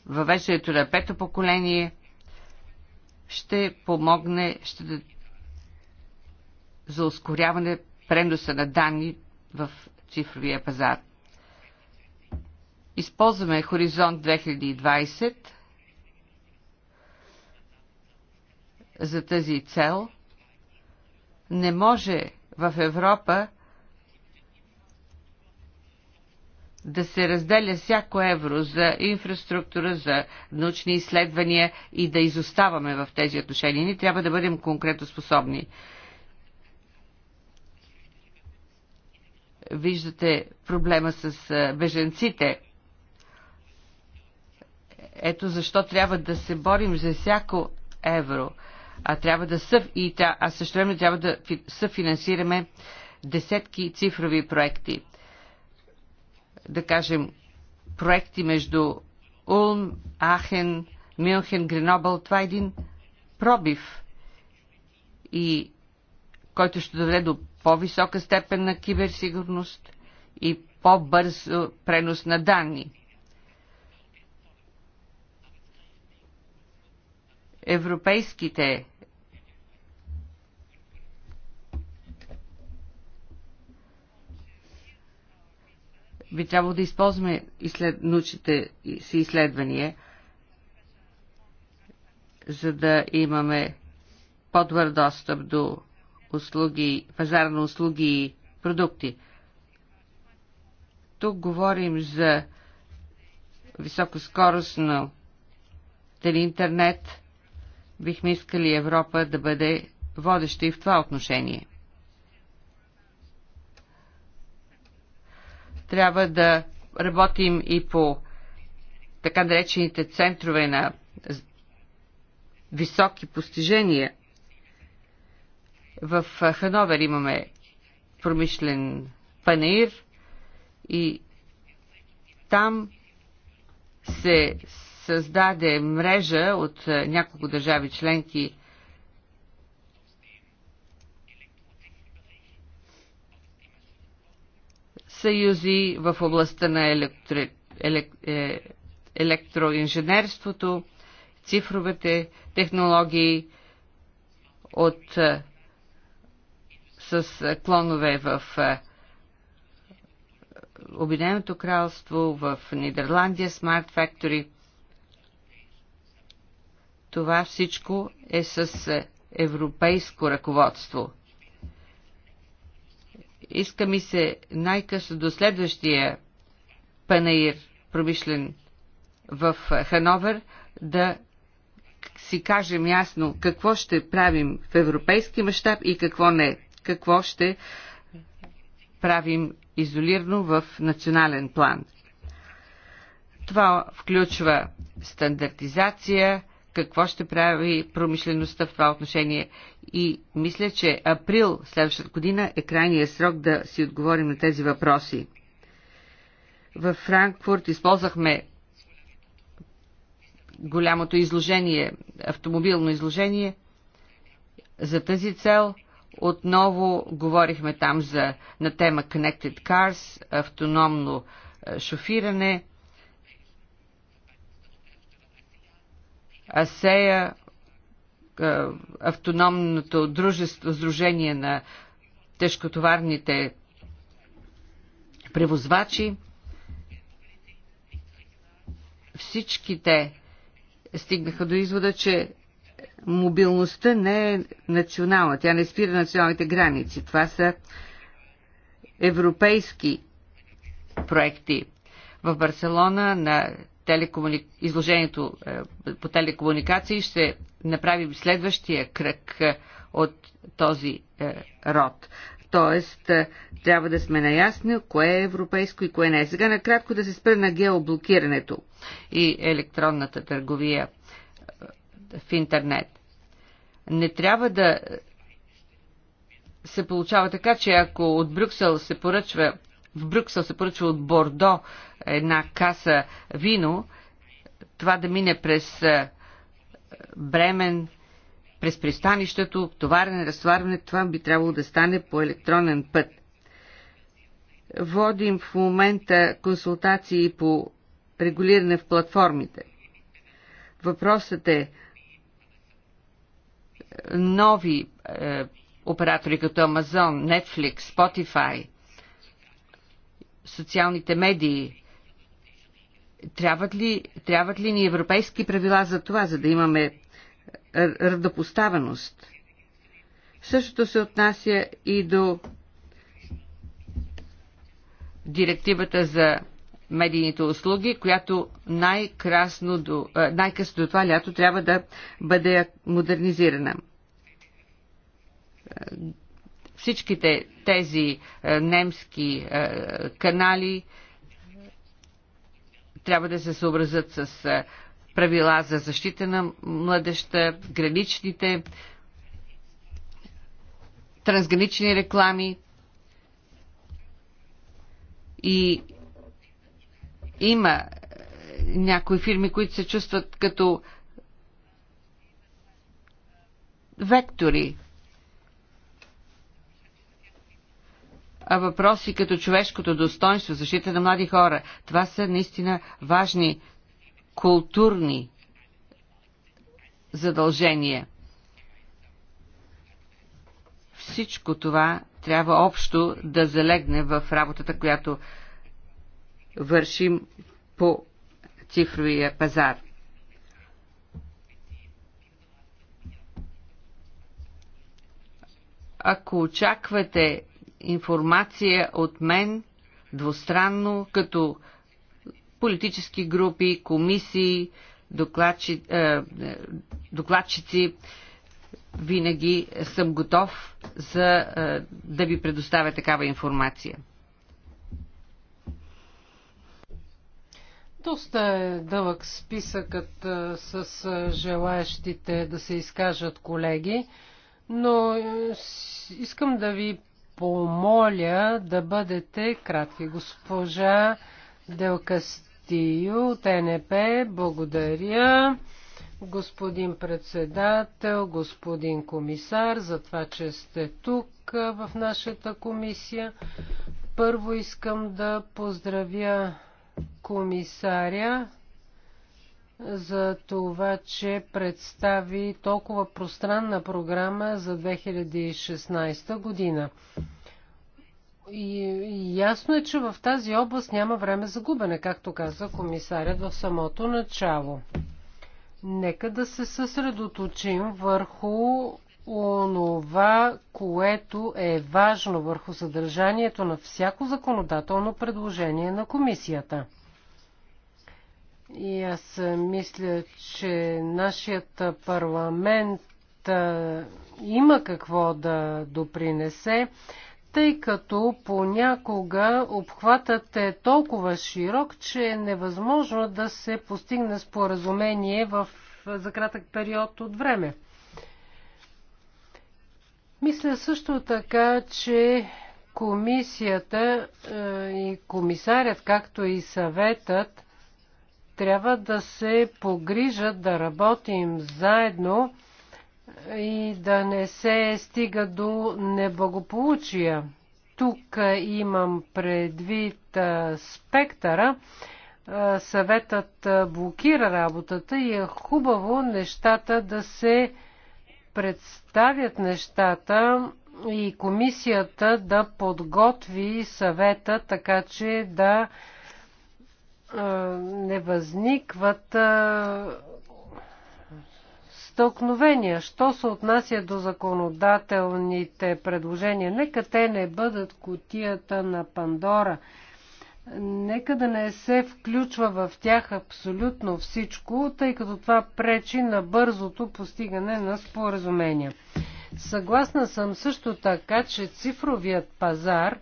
въвеждането на пето поколение ще помогне, ще за ускоряване преноса на данни в цифровия пазар. Използваме Хоризонт 2020 за тази цел. Не може в Европа да се разделя всяко евро за инфраструктура, за научни изследвания и да изоставаме в тези отношения. Ние трябва да бъдем конкретоспособни. способни Виждате проблема с беженците. Ето защо трябва да се борим за всяко евро. А трябва да съв... и тя... а също време трябва да съфинансираме десетки цифрови проекти. Да кажем, проекти между Улм, Ахен, Мюнхен, Гренобъл. Това е един пробив, и който ще доведе до по-висока степен на киберсигурност и по-бърз е, пренос на данни. Европейските би трябвало да използваме изслед... научните си изследвания, за да имаме по-добър достъп до услуги, пазар на услуги и продукти. Тук говорим за високоскоростно интернет. Бихме искали Европа да бъде водеща и в това отношение. Трябва да работим и по така наречените центрове на високи постижения – в Хановер имаме промишлен панаир и там се създаде мрежа от няколко държави членки съюзи в областта на електро, елек, е, електроинженерството, цифровите технологии от с клонове в Обединеното кралство, в Нидерландия, Smart Factory. Това всичко е с европейско ръководство. Иска ми се най-късно до следващия панаир промишлен в Хановер да си кажем ясно какво ще правим в европейски мащаб и какво не какво ще правим изолирано в национален план. Това включва стандартизация, какво ще прави промишлеността в това отношение. И мисля, че април следващата година е крайният срок да си отговорим на тези въпроси. В Франкфурт използвахме голямото изложение, автомобилно изложение за тази цел отново говорихме там за, на тема Connected Cars, автономно е, шофиране, АСЕЯ, е, автономното дружество, сдружение на тежкотоварните превозвачи. всичките стигнаха до извода, че мобилността не е национална, тя не спира националните граници. Това са европейски проекти. В Барселона на телекомуника... изложението е, по телекомуникации ще направим следващия кръг е, от този е, род. Тоест, трябва да сме наясни кое е европейско и кое не е. Сега накратко да се спра на геоблокирането и електронната търговия в интернет. Не трябва да се получава така, че ако от Брюксел се поръчва, в Брюксел се поръчва от Бордо една каса вино, това да мине през Бремен, през пристанището, товарене, разтоварване, това би трябвало да стане по електронен път. Водим в момента консултации по регулиране в платформите. Въпросът е нови е, оператори като Amazon, Netflix, Spotify, социалните медии. Трябват ли, трябват ли ни европейски правила за това, за да имаме равнопоставеност? Същото се отнася и до директивата за медийните услуги, която най-красно до, най-късно до това лято трябва да бъде модернизирана. Всичките тези немски канали трябва да се съобразят с правила за защита на младеща, граничните, трансгранични реклами и има е, някои фирми, които се чувстват като вектори. А въпроси като човешкото достоинство, защита на млади хора, това са наистина важни културни задължения. Всичко това трябва общо да залегне в работата, която вършим по цифровия пазар. Ако очаквате информация от мен двустранно, като политически групи, комисии, докладчи, е, е докладчици, винаги съм готов за, е, да ви предоставя такава информация. Доста е дълъг списъкът с желаящите да се изкажат колеги, но искам да ви помоля да бъдете кратки. Госпожа Делкастио от НП, благодаря. Господин председател, господин комисар, за това, че сте тук в нашата комисия. Първо искам да поздравя комисаря за това, че представи толкова пространна програма за 2016 година. И, и ясно е, че в тази област няма време за губене, както каза комисарят в самото начало. Нека да се съсредоточим върху онова, което е важно върху съдържанието на всяко законодателно предложение на комисията. И аз мисля, че нашият парламент има какво да допринесе, тъй като понякога обхватът е толкова широк, че е невъзможно да се постигне споразумение в, за кратък период от време. Мисля също така, че комисията е, и комисарят, както и съветът, трябва да се погрижат да работим заедно и да не се стига до неблагополучия. Тук е, имам предвид е, спектъра. Съветът блокира работата и е хубаво нещата да се представят нещата и комисията да подготви съвета, така че да не възникват стълкновения. Що се отнася до законодателните предложения? Нека те не бъдат котията на Пандора – Нека да не се включва в тях абсолютно всичко, тъй като това пречи на бързото постигане на споразумения. Съгласна съм също така, че цифровият пазар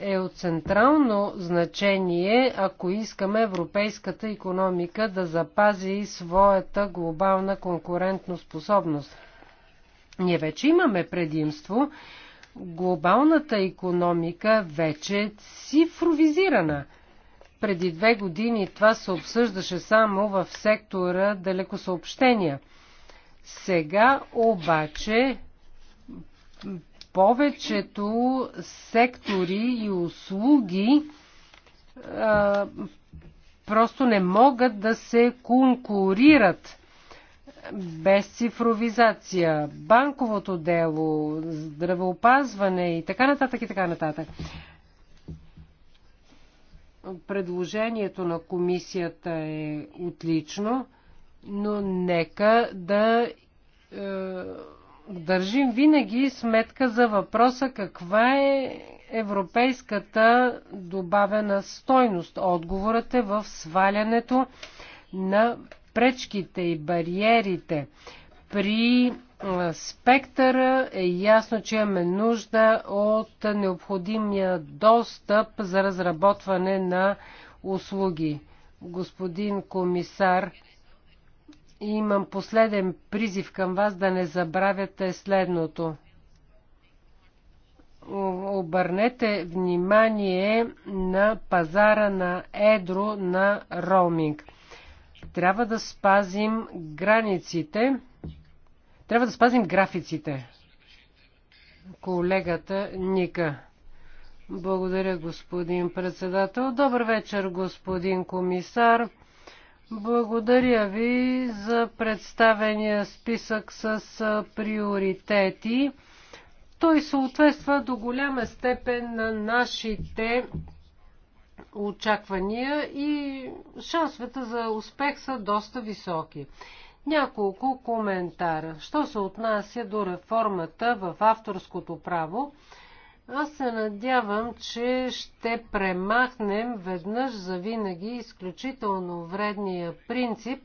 е от централно значение, ако искаме европейската економика да запази и своята глобална конкурентоспособност. Ние вече имаме предимство, глобалната економика вече е цифровизирана. Преди две години това се обсъждаше само в сектора далекосъобщения. Сега обаче повечето сектори и услуги а, просто не могат да се конкурират без цифровизация, банковото дело, здравеопазване и така нататък и така нататък. Предложението на комисията е отлично, но нека да е, държим винаги сметка за въпроса каква е европейската добавена стойност. Отговорът е в свалянето на пречките и бариерите при спектъра е ясно, че имаме нужда от необходимия достъп за разработване на услуги. Господин комисар, имам последен призив към вас да не забравяте следното. Обърнете внимание на пазара на едро на роуминг. Трябва да спазим границите. Трябва да спазим графиците. Колегата Ника. Благодаря, господин председател. Добър вечер, господин комисар. Благодаря ви за представения списък с приоритети. Той съответства до голяма степен на нашите очаквания и шансовете за успех са доста високи. Няколко коментара. Що се отнася до реформата в авторското право, аз се надявам, че ще премахнем веднъж за винаги изключително вредния принцип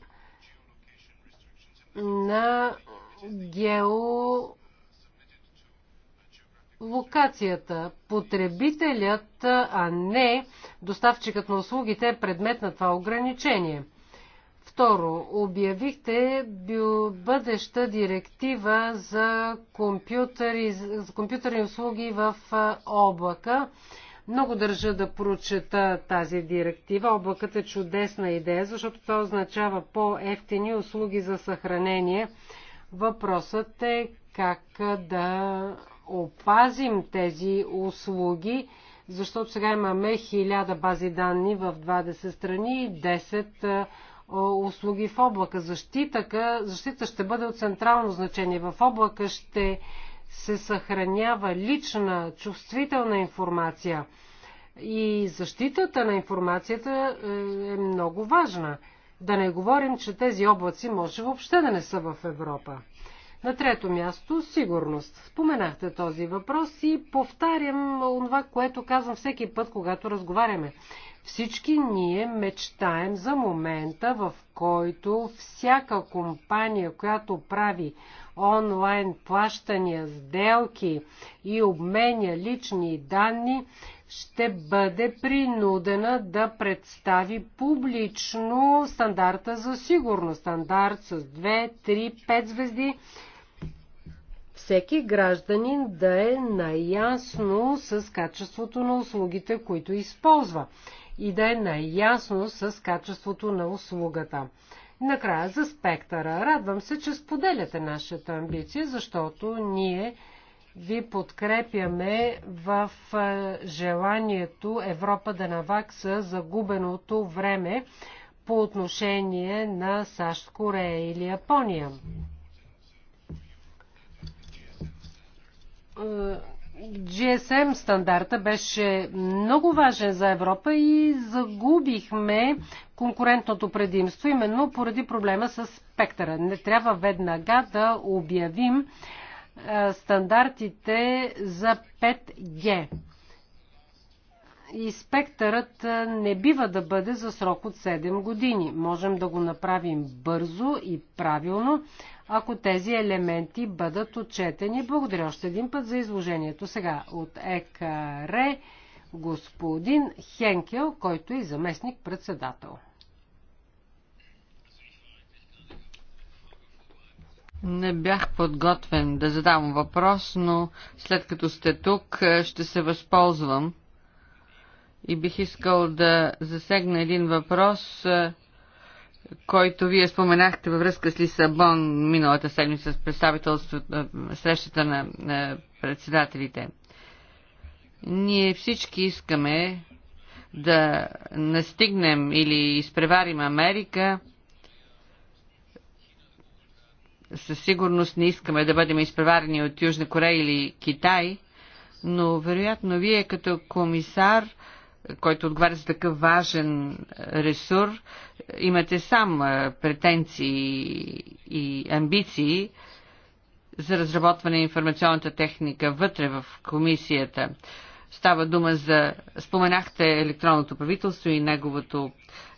на гео локацията. Потребителят, а не доставчикът на услугите е предмет на това ограничение. Второ, обявихте бъдеща директива за компютъри, за компютърни услуги в облака. Много държа да прочета тази директива. Облакът е чудесна идея, защото това означава по-ефтини услуги за съхранение. Въпросът е как да опазим тези услуги, защото сега имаме 1000 бази данни в 20 страни и 10 услуги в облака. Защитъка, защита ще бъде от централно значение. В облака ще се съхранява лична, чувствителна информация. И защитата на информацията е, е много важна. Да не говорим, че тези облаци може въобще да не са в Европа. На трето място, сигурност. Споменахте този въпрос и повтарям това, което казвам всеки път, когато разговаряме. Всички ние мечтаем за момента, в който всяка компания, която прави онлайн плащания, сделки и обменя лични данни, ще бъде принудена да представи публично стандарта за сигурност. Стандарт с 2, 3, 5 звезди всеки гражданин да е наясно с качеството на услугите, които използва и да е наясно с качеството на услугата. Накрая за спектъра. Радвам се, че споделяте нашата амбиция, защото ние ви подкрепяме в е, желанието Европа да навакса загубеното време по отношение на САЩ, Корея или Япония. GSM стандарта беше много важен за Европа и загубихме конкурентното предимство, именно поради проблема с спектъра. Не трябва веднага да обявим стандартите за 5G. И спектърът не бива да бъде за срок от 7 години. Можем да го направим бързо и правилно, ако тези елементи бъдат отчетени. Благодаря още един път за изложението. Сега от ЕКР господин Хенкел, който е заместник председател. Не бях подготвен да задам въпрос, но след като сте тук, е, ще се възползвам и бих искал да засегна един въпрос, е, който вие споменахте във връзка с Лисабон миналата седмица с представителството, на срещата на, на председателите. Ние всички искаме да настигнем или изпреварим Америка. Със сигурност не искаме да бъдем изпреварени от Южна Корея или Китай, но вероятно вие като комисар – който отговаря за такъв важен е, ресур, имате сам е, претенции и амбиции за разработване на информационната техника вътре в комисията. Става дума за... Споменахте електронното правителство и неговото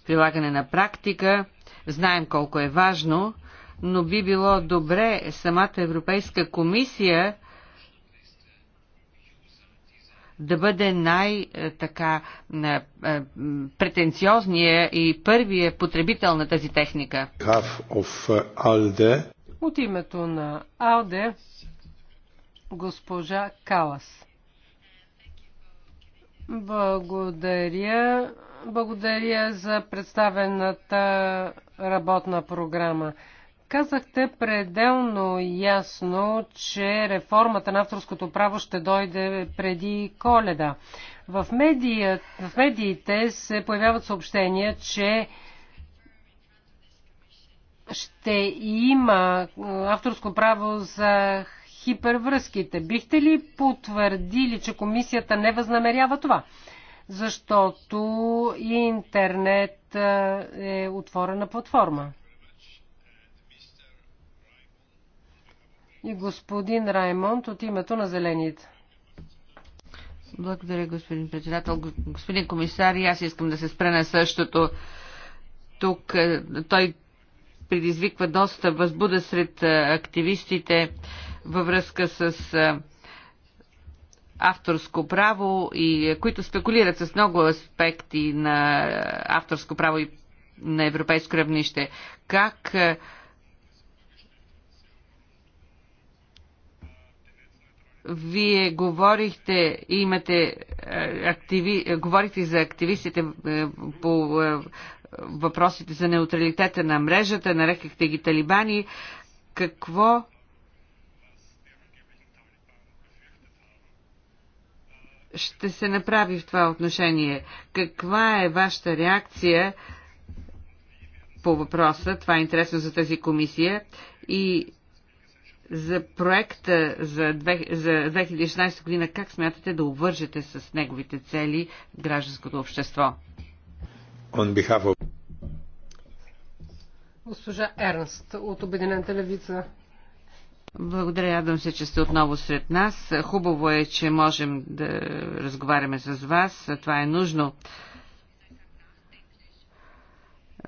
прилагане на практика. Знаем колко е важно, но би било добре самата Европейска комисия да бъде най-така е, е, е, претенциозния и първия потребител на тази техника. От името на Алде, госпожа Калас. Благодаря. Благодаря за представената работна програма. Казахте пределно ясно, че реформата на авторското право ще дойде преди коледа. В, медият, в медиите се появяват съобщения, че ще има авторско право за хипервръзките. Бихте ли потвърдили, че комисията не възнамерява това? Защото интернет е отворена платформа. и господин Раймонд от името на Зелените. Благодаря, господин председател. Господин комисар, аз искам да се спре на същото. Тук е, той предизвиква доста възбуда сред е, активистите във връзка с е, авторско право и които спекулират с много аспекти на авторско право и на европейско равнище. Как Вие говорихте, имате е, активи, е, говорихте за активистите е, по въпросите за неутралитета на мрежата, нарекахте ги талибани. Какво ще се направи в това отношение? Каква е вашата реакция по въпроса? Това е интересно за тази комисия. И за проекта за, две, за 2016 година, как смятате да обвържете с неговите цели гражданското общество? Of... Госпожа Ернст от Обединената левица. Благодаря, радвам се, че сте отново сред нас. Хубаво е, че можем да разговаряме с вас. Това е нужно.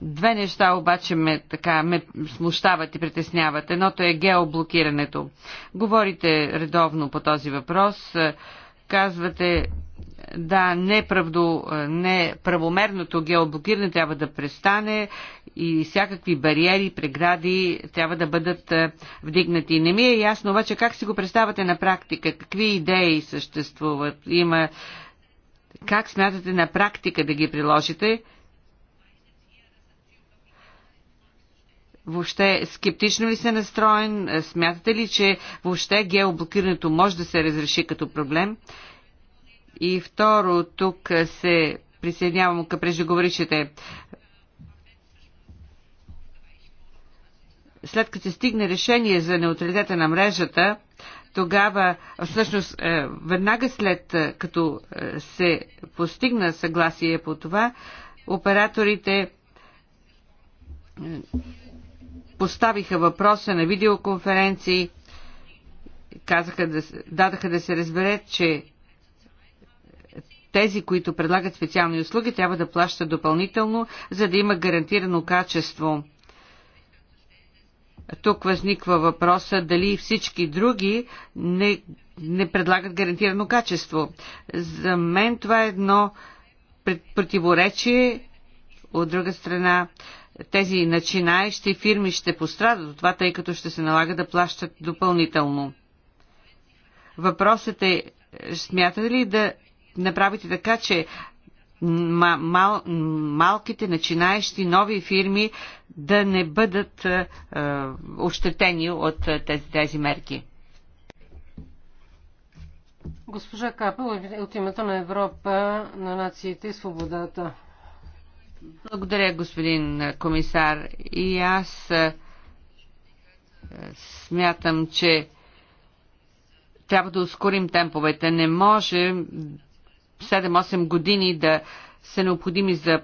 Две неща обаче ме, така, ме смущават и притесняват. Едното е геоблокирането. Говорите редовно по този въпрос. Казвате, да, неправдо, неправомерното геоблокиране трябва да престане и всякакви бариери, прегради трябва да бъдат е, вдигнати. Не ми е ясно обаче как си го представате на практика, какви идеи съществуват, има, как смятате на практика да ги приложите Въобще скептично ли се настроен? Смятате ли, че въобще геоблокирането може да се разреши като проблем? И второ, тук се присъединявам към преждеговорившите. След като се стигне решение за неутралитета на мрежата, тогава, всъщност, е, веднага след е, като е, се постигна съгласие по това, операторите поставиха въпроса на видеоконференции, казаха да, дадаха да се разбере, че тези, които предлагат специални услуги, трябва да плащат допълнително, за да има гарантирано качество. Тук възниква въпроса дали всички други не, не предлагат гарантирано качество. За мен това е едно противоречие. От друга страна, тези начинаещи фирми ще пострадат от това, тъй като ще се налага да плащат допълнително. Въпросът е, смятате ли да направите така, че мал, малките начинаещи нови фирми да не бъдат е, ощетени от тези, тези мерки? Госпожа Капел е от името на Европа на нациите и свободата. Благодаря, господин комисар. И аз смятам, че трябва да ускорим темповете. Не може 7-8 години да са необходими за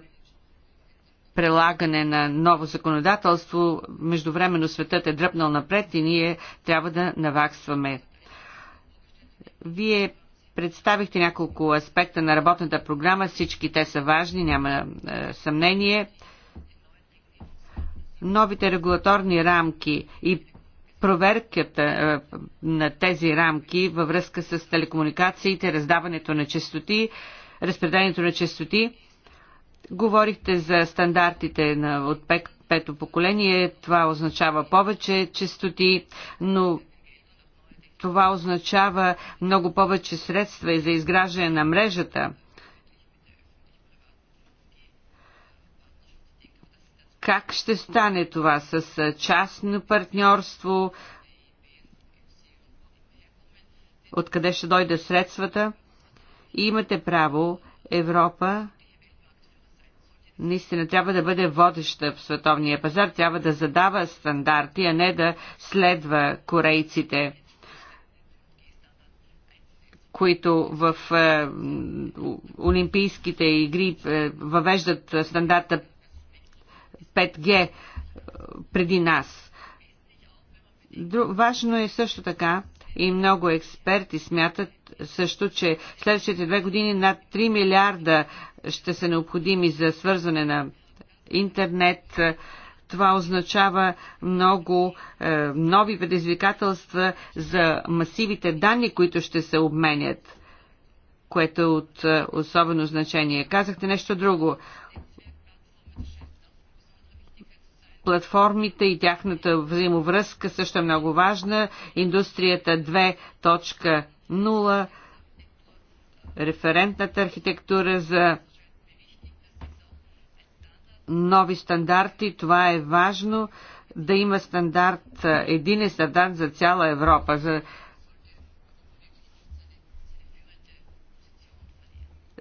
прилагане на ново законодателство. Междувременно светът е дръпнал напред и ние трябва да наваксваме. Вие Представихте няколко аспекта на работната програма, всички те са важни, няма е, съмнение. Новите регулаторни рамки и проверката е, на тези рамки във връзка с телекомуникациите, раздаването на частоти, разпределението на частоти. Говорихте за стандартите на, от пет, пето поколение, това означава повече частоти, но това означава много повече средства и за изграждане на мрежата. Как ще стане това с частно партньорство? Откъде ще дойдат средствата? И имате право, Европа наистина трябва да бъде водеща в световния пазар, трябва да задава стандарти, а не да следва корейците които в е, Олимпийските игри е, въвеждат стандарта 5G е, преди нас. Друг, важно е също така и много експерти смятат също, че следващите две години над 3 милиарда ще са необходими за свързване на интернет. Е, това означава много е, нови предизвикателства за масивите данни, които ще се обменят, което е от е, особено значение. Казахте нещо друго. Платформите и тяхната взаимовръзка също е много важна. Индустрията 2.0 референтната архитектура за нови стандарти. Това е важно да има стандарт, един е стандарт за цяла Европа. За,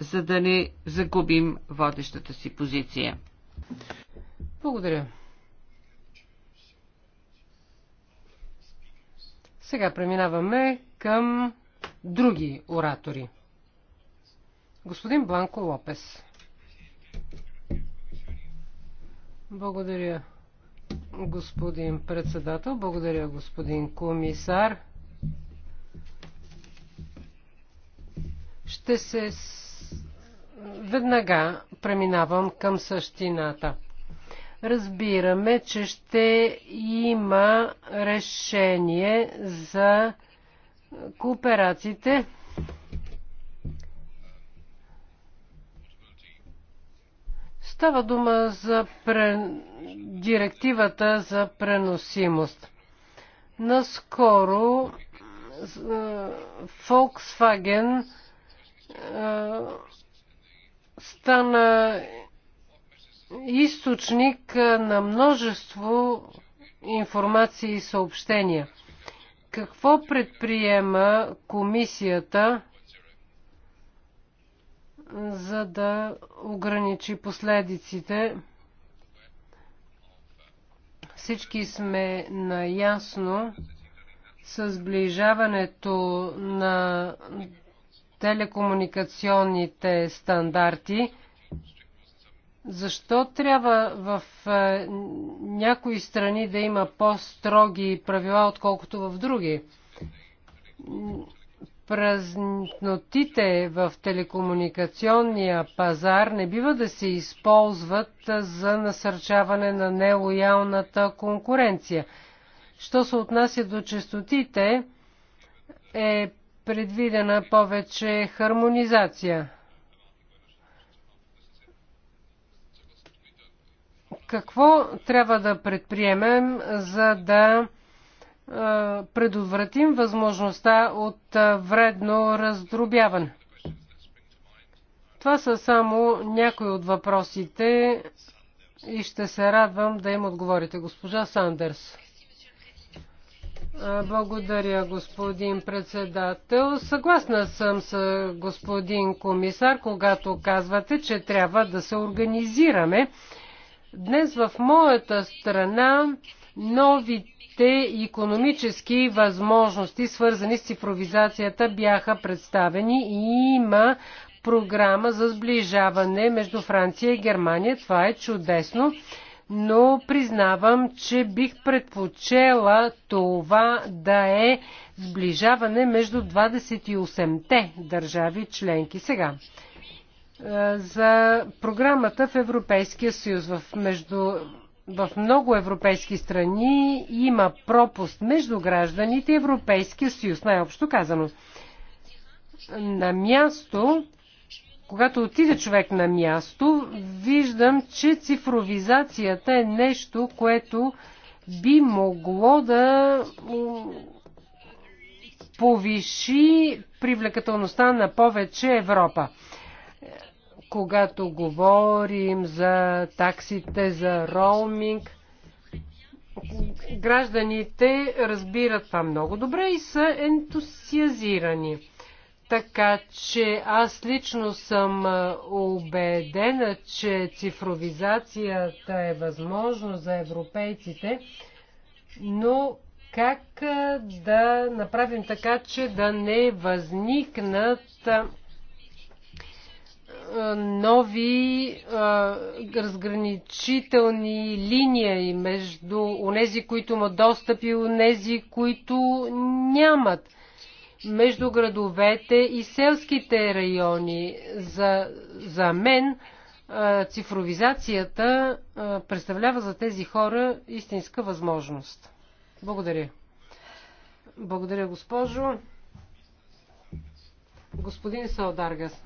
за да не загубим водещата си позиция. Благодаря. Сега преминаваме към други оратори. Господин Бланко Лопес. Благодаря, господин председател. Благодаря, господин комисар. Ще се... Веднага преминавам към същината. Разбираме, че ще има решение за кооперациите. Става дума за пре... директивата за преносимост. Наскоро Volkswagen стана източник на множество информации и съобщения. Какво предприема комисията за да ограничи последиците. Всички сме наясно с сближаването на телекомуникационните стандарти. Защо трябва в е, някои страни да има по-строги правила, отколкото в други? празнотите в телекомуникационния пазар не бива да се използват за насърчаване на нелоялната конкуренция. Що се отнася до частотите, е предвидена повече хармонизация. Какво трябва да предприемем, за да е, предотвратим възможността от е, вредно раздробяване. Това са само някои от въпросите и ще се радвам да им отговорите. Госпожа Сандърс. Е, благодаря, господин председател. Съгласна съм с господин комисар, когато казвате, че трябва да се организираме. Днес в моята страна Новите економически възможности, свързани с цифровизацията, бяха представени и има програма за сближаване между Франция и Германия. Това е чудесно, но признавам, че бих предпочела това да е сближаване между 28-те държави членки. Сега, е, за програмата в Европейския съюз в между в много европейски страни има пропуст между гражданите и Европейския съюз, най-общо казано. На място, когато отиде човек на място, виждам, че цифровизацията е нещо, което би могло да повиши привлекателността на повече Европа когато говорим за таксите, за роуминг. Гражданите разбират това много добре и са ентусиазирани. Така че аз лично съм убедена, че цифровизацията е възможно за европейците, но как да направим така, че да не възникнат е, нови е, разграничителни линии между онези, които имат достъп и онези, които нямат между градовете и селските райони. За, за мен е, цифровизацията представлява за тези хора истинска възможност. Благодаря. Благодаря, госпожо. Господин Салдаргас.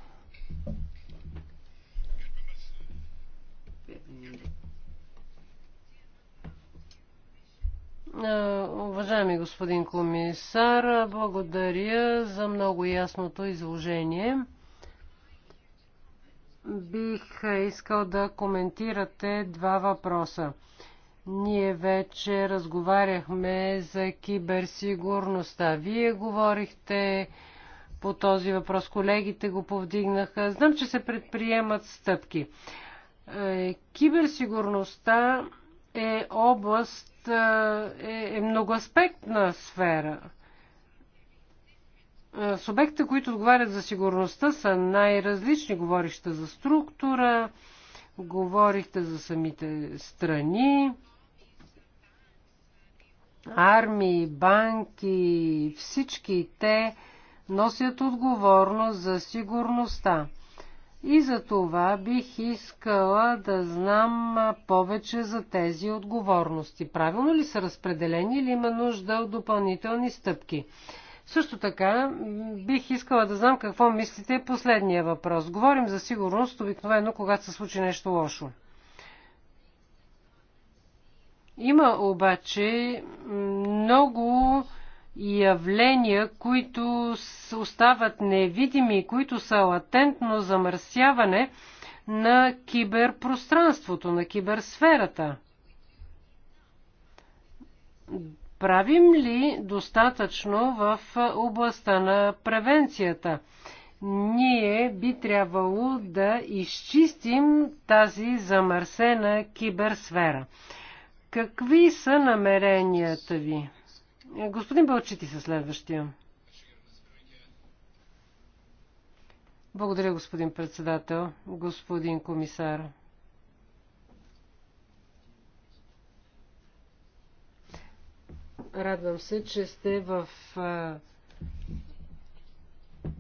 Е, уважаеми господин комисар, благодаря за много ясното изложение. Бих искал да коментирате два въпроса. Ние вече разговаряхме за киберсигурността. Вие говорихте по този въпрос, колегите го повдигнаха. Знам, че се предприемат стъпки. Е, киберсигурността е област, е, е, е многоаспектна сфера. Е, субектите, които отговарят за сигурността, са най-различни. Говорихте за структура, говорихте за самите страни, армии, банки, всички те носят отговорност за сигурността. И за това бих искала да знам повече за тези отговорности. Правилно ли са разпределени или има нужда от допълнителни стъпки? Също така, бих искала да знам какво мислите е последния въпрос. Говорим за сигурност, обикновено когато се случи нещо лошо. Има обаче много явления, които остават невидими, които са латентно замърсяване на киберпространството, на киберсферата. Правим ли достатъчно в областта на превенцията? Ние би трябвало да изчистим тази замърсена киберсфера. Какви са намеренията ви? Господин Бълчити със следващия. Благодаря, господин председател, господин комисар. Радвам се, че сте в.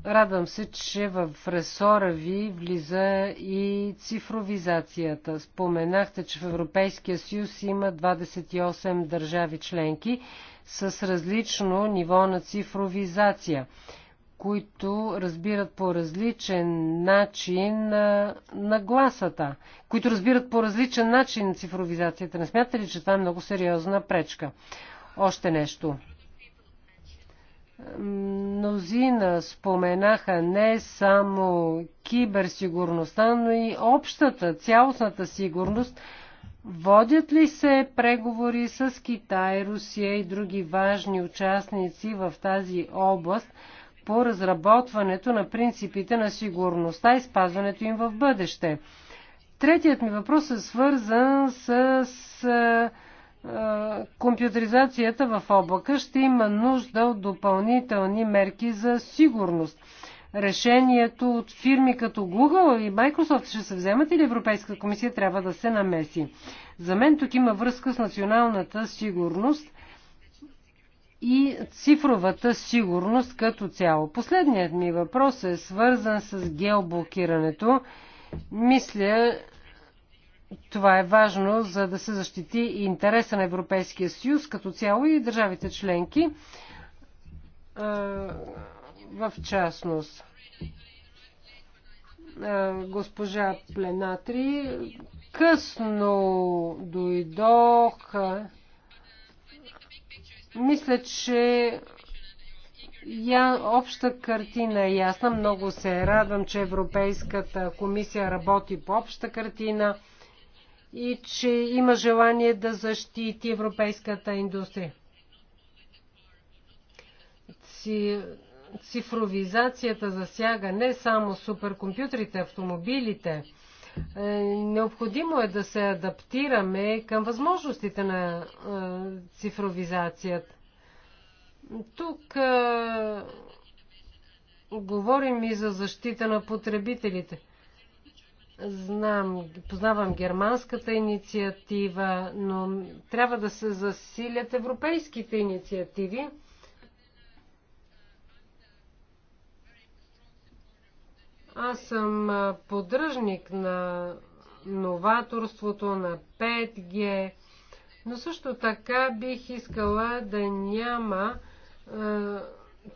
Радвам се, че в ресора ви влиза и цифровизацията. Споменахте, че в Европейския съюз има 28 държави членки с различно ниво на цифровизация, които разбират по различен начин на гласата, които разбират по различен начин цифровизацията. Не смятате ли, че това е много сериозна пречка? Още нещо. Мнозина споменаха не само киберсигурността, но и общата, цялостната сигурност – Водят ли се преговори с Китай, Русия и други важни участници в тази област по разработването на принципите на сигурността и спазването им в бъдеще? Третият ми въпрос е свързан с, с е, компютризацията в облака ще има нужда от допълнителни мерки за сигурност решението от фирми като Google и Microsoft ще се вземат или Европейска комисия трябва да се намеси. За мен тук има връзка с националната сигурност и цифровата сигурност като цяло. Последният ми въпрос е свързан с геоблокирането. Мисля, това е важно, за да се защити интереса на Европейския съюз като цяло и държавите членки в частност. Госпожа Пленатри, късно дойдох. Мисля, че я, обща картина е ясна. Много се радвам, че Европейската комисия работи по обща картина и че има желание да защити европейската индустрия цифровизацията засяга не само суперкомпютрите, автомобилите. Е, необходимо е да се адаптираме към възможностите на е, цифровизацията. Тук а, е, говорим и за защита на потребителите. Знам, познавам германската инициатива, но трябва да се засилят европейските инициативи. Аз съм поддръжник на новаторството, на 5G, но също така бих искала да няма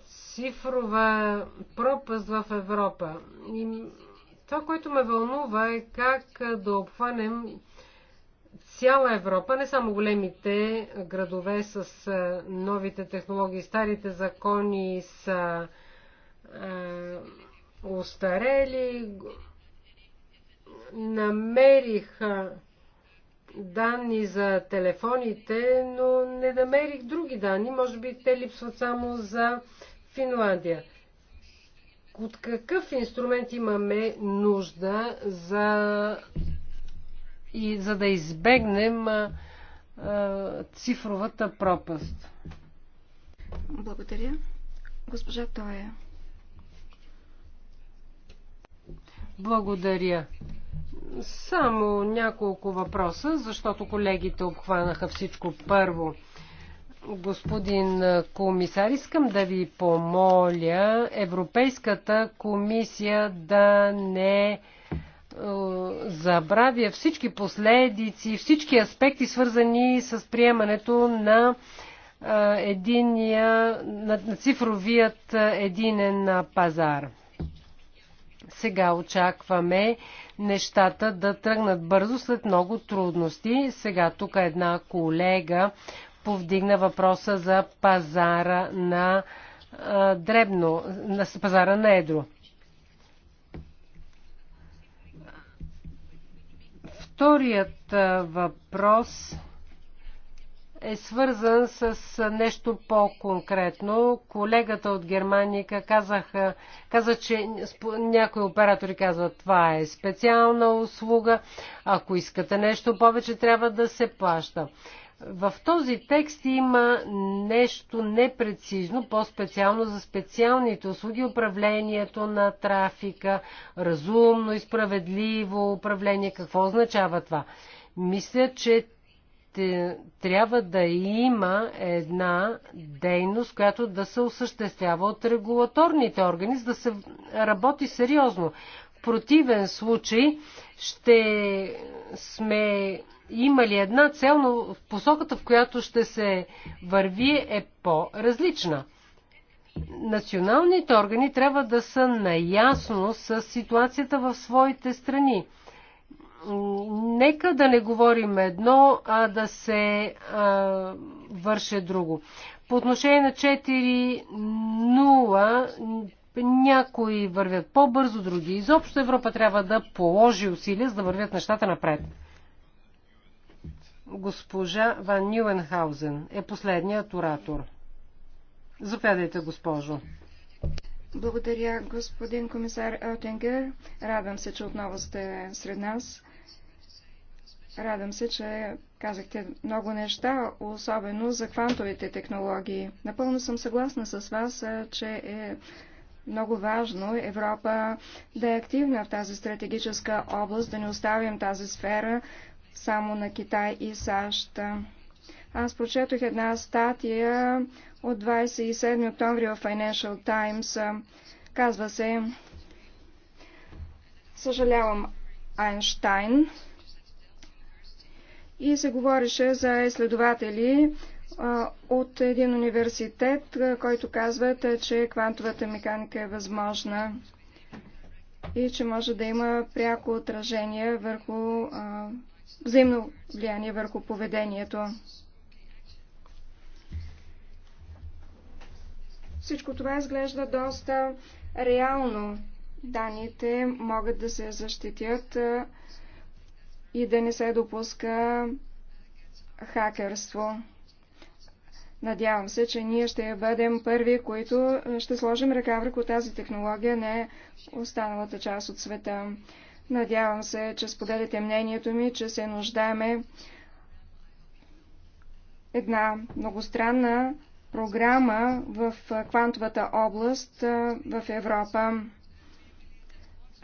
цифрова пропаст в Европа. И това, което ме вълнува е как да обхванем цяла Европа, не само големите градове с новите технологии. Старите закони с остарели, намериха данни за телефоните, но не намерих други данни. Може би те липсват само за Финландия. От какъв инструмент имаме нужда за, и, за да избегнем а, а, цифровата пропаст? Благодаря. Госпожа Тоя. Благодаря. Само няколко въпроса, защото колегите обхванаха всичко първо. Господин комисар, искам да ви помоля Европейската комисия да не е, забравя всички последици, всички аспекти, свързани с приемането на е, единия, на цифровият е, единен пазар. Сега очакваме нещата да тръгнат бързо след много трудности. Сега тук една колега повдигна въпроса за пазара на а, дребно, на пазара на едро. Вторият въпрос е свързан с нещо по-конкретно. Колегата от Германика казаха, каза, че някои оператори казват, това е специална услуга, ако искате нещо повече, трябва да се плаща. В този текст има нещо непрецизно, по-специално за специалните услуги, управлението на трафика, разумно и справедливо управление. Какво означава това? Мисля, че трябва да има една дейност, която да се осъществява от регулаторните органи, за да се работи сериозно. В противен случай ще сме имали една цел, но в посоката, в която ще се върви е по-различна. Националните органи трябва да са наясно с ситуацията в своите страни нека да не говорим едно, а да се а, върше друго. По отношение на 4.0, някои вървят по-бързо, други изобщо. Европа трябва да положи усилия, за да вървят нещата напред. Госпожа Ван Нюенхаузен е последният оратор. Заповядайте, госпожо. Благодаря, господин комисар Елтенгер. Радвам се, че отново сте сред нас. Радвам се, че казахте много неща, особено за квантовите технологии. Напълно съм съгласна с вас, че е много важно Европа да е активна в тази стратегическа област, да не оставим тази сфера само на Китай и САЩ. Аз прочетох една статия от 27 октомври в Financial Times. Казва се Съжалявам, Айнштайн и се говореше за изследователи от един университет, който казват, че квантовата механика е възможна и че може да има пряко отражение върху взаимно влияние върху поведението. Всичко това изглежда доста реално. Даните могат да се защитят и да не се допуска хакерство. Надявам се, че ние ще бъдем първи, които ще сложим ръка върху тази технология, не останалата част от света. Надявам се, че споделите мнението ми, че се нуждаеме една многостранна програма в квантовата област в Европа.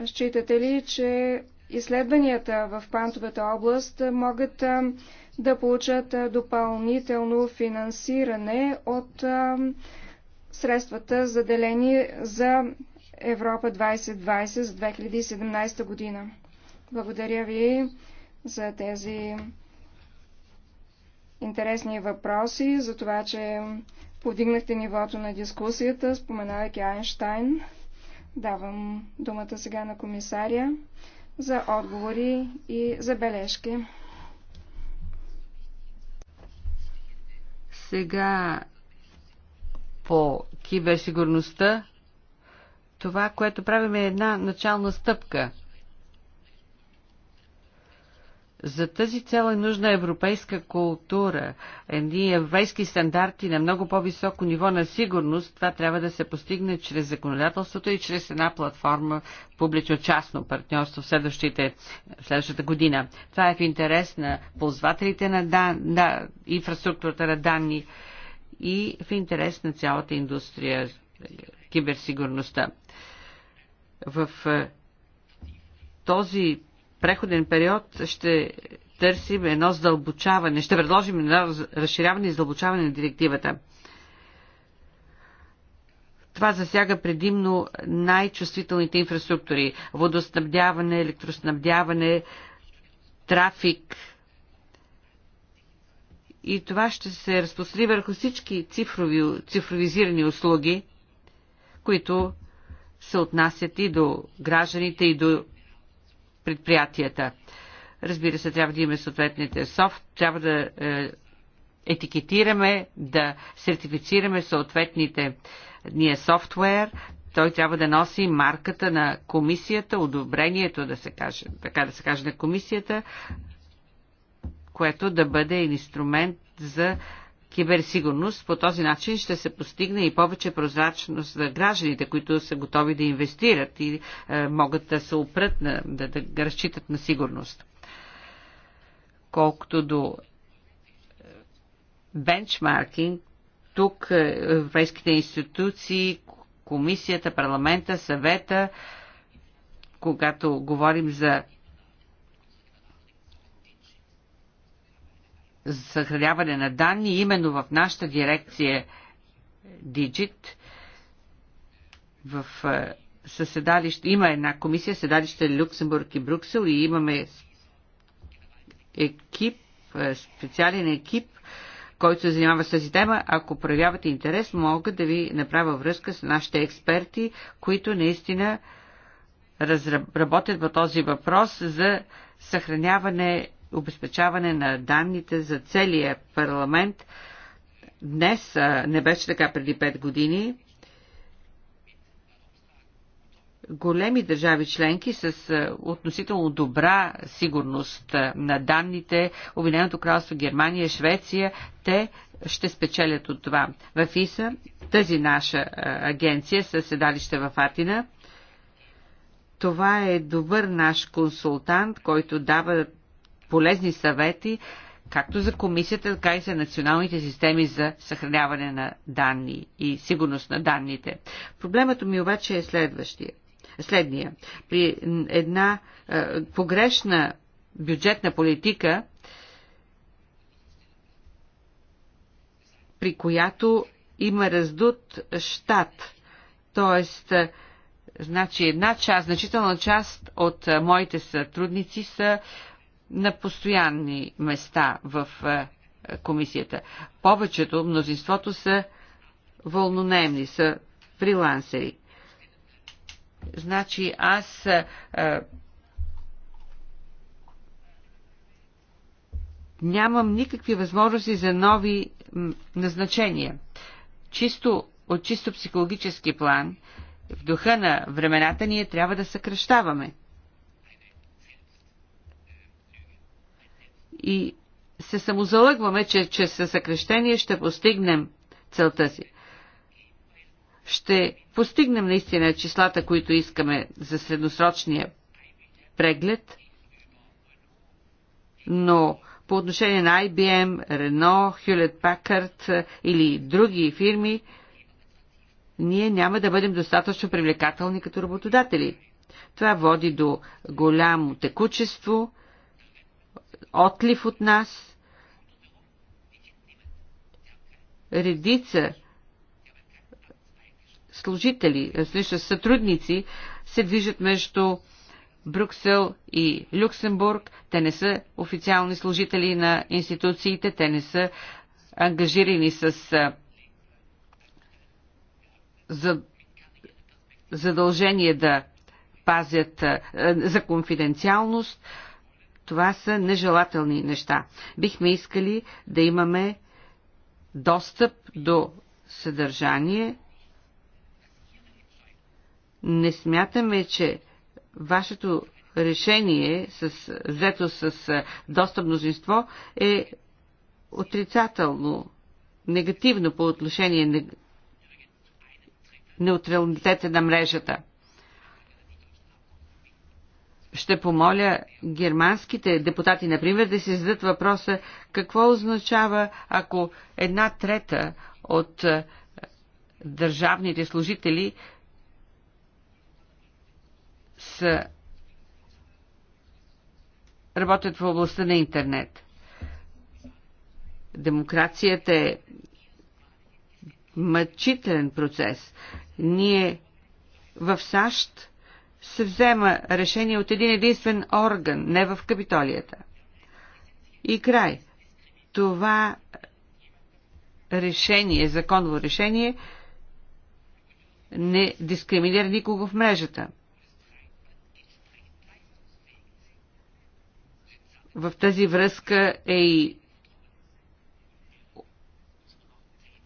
Считате ли, че изследванията в пантовата област могат да получат допълнително финансиране от средствата заделени за Европа 2020 за 2017 година. Благодаря ви за тези интересни въпроси, за това, че повдигнахте нивото на дискусията, споменавайки Айнштайн. Давам думата сега на комисария за отговори и забележки. Сега по киберсигурността, това, което правим е една начална стъпка – за тази цел е нужна европейска култура, едни европейски стандарти на много по-високо ниво на сигурност. Това трябва да се постигне чрез законодателството и чрез една платформа публично-частно партньорство в, следващите, в следващата година. Това е в интерес на ползвателите на, дан, на инфраструктурата на данни и в интерес на цялата индустрия киберсигурността. В е, този преходен период ще търсим едно задълбочаване, ще предложим едно разширяване и задълбочаване на директивата. Това засяга предимно най-чувствителните инфраструктури – водоснабдяване, електроснабдяване, трафик. И това ще се разпростри върху всички цифрови, цифровизирани услуги, които се отнасят и до гражданите, и до предприятията. Разбира се, трябва да имаме съответните софт, трябва да е, етикетираме, да сертифицираме съответните ние софтуер, той трябва да носи марката на комисията, одобрението, да се каже, така да се каже, на комисията, което да бъде инструмент за киберсигурност. По този начин ще се постигне и повече прозрачност за гражданите, които са готови да инвестират и е, могат да се опрат, на, да, да разчитат на сигурност. Колкото до е, бенчмаркинг, тук е, европейските институции, комисията, парламента, съвета, когато говорим за за съхраняване на данни, именно в нашата дирекция Digit, в е, съседалище, има една комисия, съседалище Люксембург и Брюксел и имаме екип, е, специален екип, който се занимава с тази тема. Ако проявявате интерес, мога да ви направя връзка с нашите експерти, които наистина разработят по този въпрос за съхраняване обезпечаване на данните за целия парламент днес не беше така преди 5 години. Големи държави членки с относително добра сигурност на данните, Обединеното кралство Германия, Швеция, те ще спечелят от това. В ИСА, тази наша агенция със седалище в Атина, това е добър наш консултант, който дава полезни съвети, както за комисията, така и за националните системи за съхраняване на данни и сигурност на данните. Проблемът ми обаче е следващия. Следния. При една е, погрешна бюджетна политика, при която има раздут щат, т.е. значи една част, значителна част от е, моите сътрудници са на постоянни места в е, комисията. Повечето, мнозинството са вълнонемни, са фрилансери. Значи аз а, е, е, нямам никакви възможности за нови назначения. Чисто, от чисто психологически план, в духа на времената ние трябва да съкръщаваме. и се самозалъгваме, че, че съкрещение ще постигнем целта си. Ще постигнем наистина числата, които искаме за средносрочния преглед, но по отношение на IBM, Renault, Hewlett Packard или други фирми, ние няма да бъдем достатъчно привлекателни като работодатели. Това води до голямо текучество – отлив от нас. Редица служители, различни сътрудници, се движат между Брюксел и Люксембург. Те не са официални служители на институциите, те не са ангажирани с задължение да пазят за конфиденциалност. Това са нежелателни неща. Бихме искали да имаме достъп до съдържание. Не смятаме, че вашето решение, с, взето с достъп мнозинство, е отрицателно, негативно по отношение на неутралитета на мрежата. Ще помоля германските депутати, например, да си зададат въпроса какво означава, ако една трета от е, държавните служители са работят в областта на интернет. Демокрацията е мъчителен процес. Ние в САЩ се взема решение от един единствен орган, не в капитолията. И край. Това решение, законово решение, не дискриминира никого в мрежата. В тази връзка е и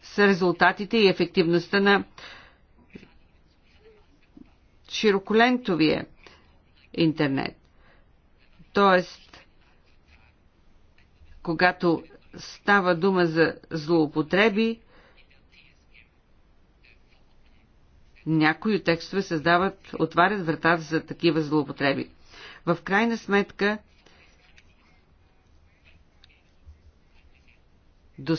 с резултатите и ефективността на широколентовия интернет. Тоест, когато става дума за злоупотреби, някои от текстове създават, отварят вратата за такива злоупотреби. В крайна сметка, до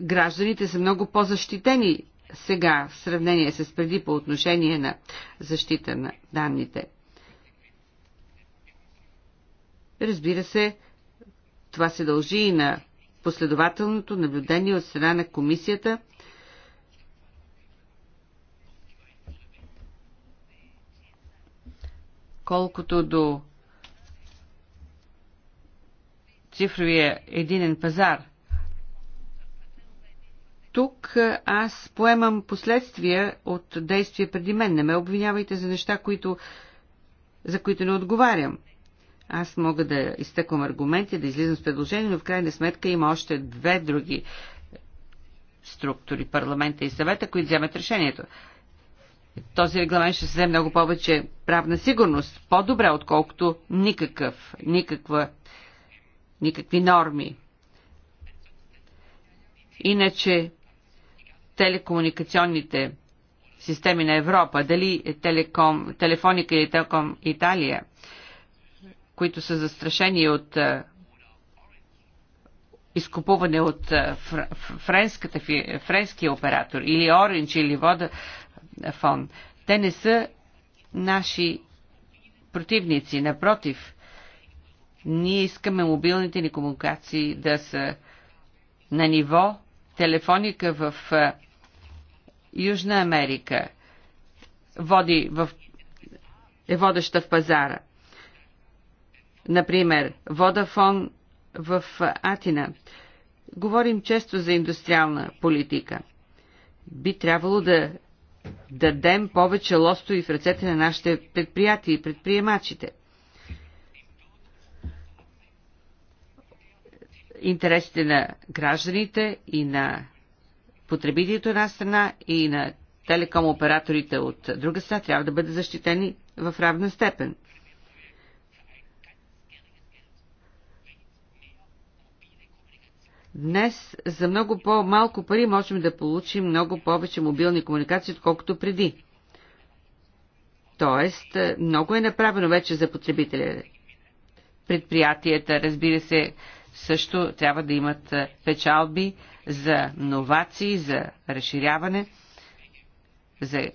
гражданите са много по-защитени сега в сравнение с преди по отношение на защита на данните. Разбира се, това се дължи и на последователното наблюдение от страна на комисията колкото до цифровия единен пазар тук аз поемам последствия от действия преди мен. Не ме обвинявайте за неща, които, за които не отговарям. Аз мога да изтъквам аргументи, да излизам с предложения, но в крайна сметка има още две други структури, парламента и съвета, които вземат решението. Този регламент ще създаде много повече правна сигурност, по-добре, отколкото никакъв, никаква, никакви норми. Иначе телекомуникационните системи на Европа, дали е телеком, Телефоника или Телеком Италия, които са застрашени от изкупуване от е, френската, френския оператор или Оранж или Водафон. Те не са наши противници. Напротив, ние искаме мобилните ни комуникации да са на ниво телефоника в Южна Америка води в, е водеща в пазара. Например, Водафон в Атина. Говорим често за индустриална политика. Би трябвало да дадем повече лостови в ръцете на нашите предприятия и предприемачите. Интересите на гражданите и на потребителите от една страна и на телеком операторите от друга страна трябва да бъдат защитени в равна степен. Днес за много по-малко пари можем да получим много повече мобилни комуникации, отколкото преди. Тоест, много е направено вече за потребителя. Предприятията, разбира се, също трябва да имат печалби, за новации, за разширяване, за...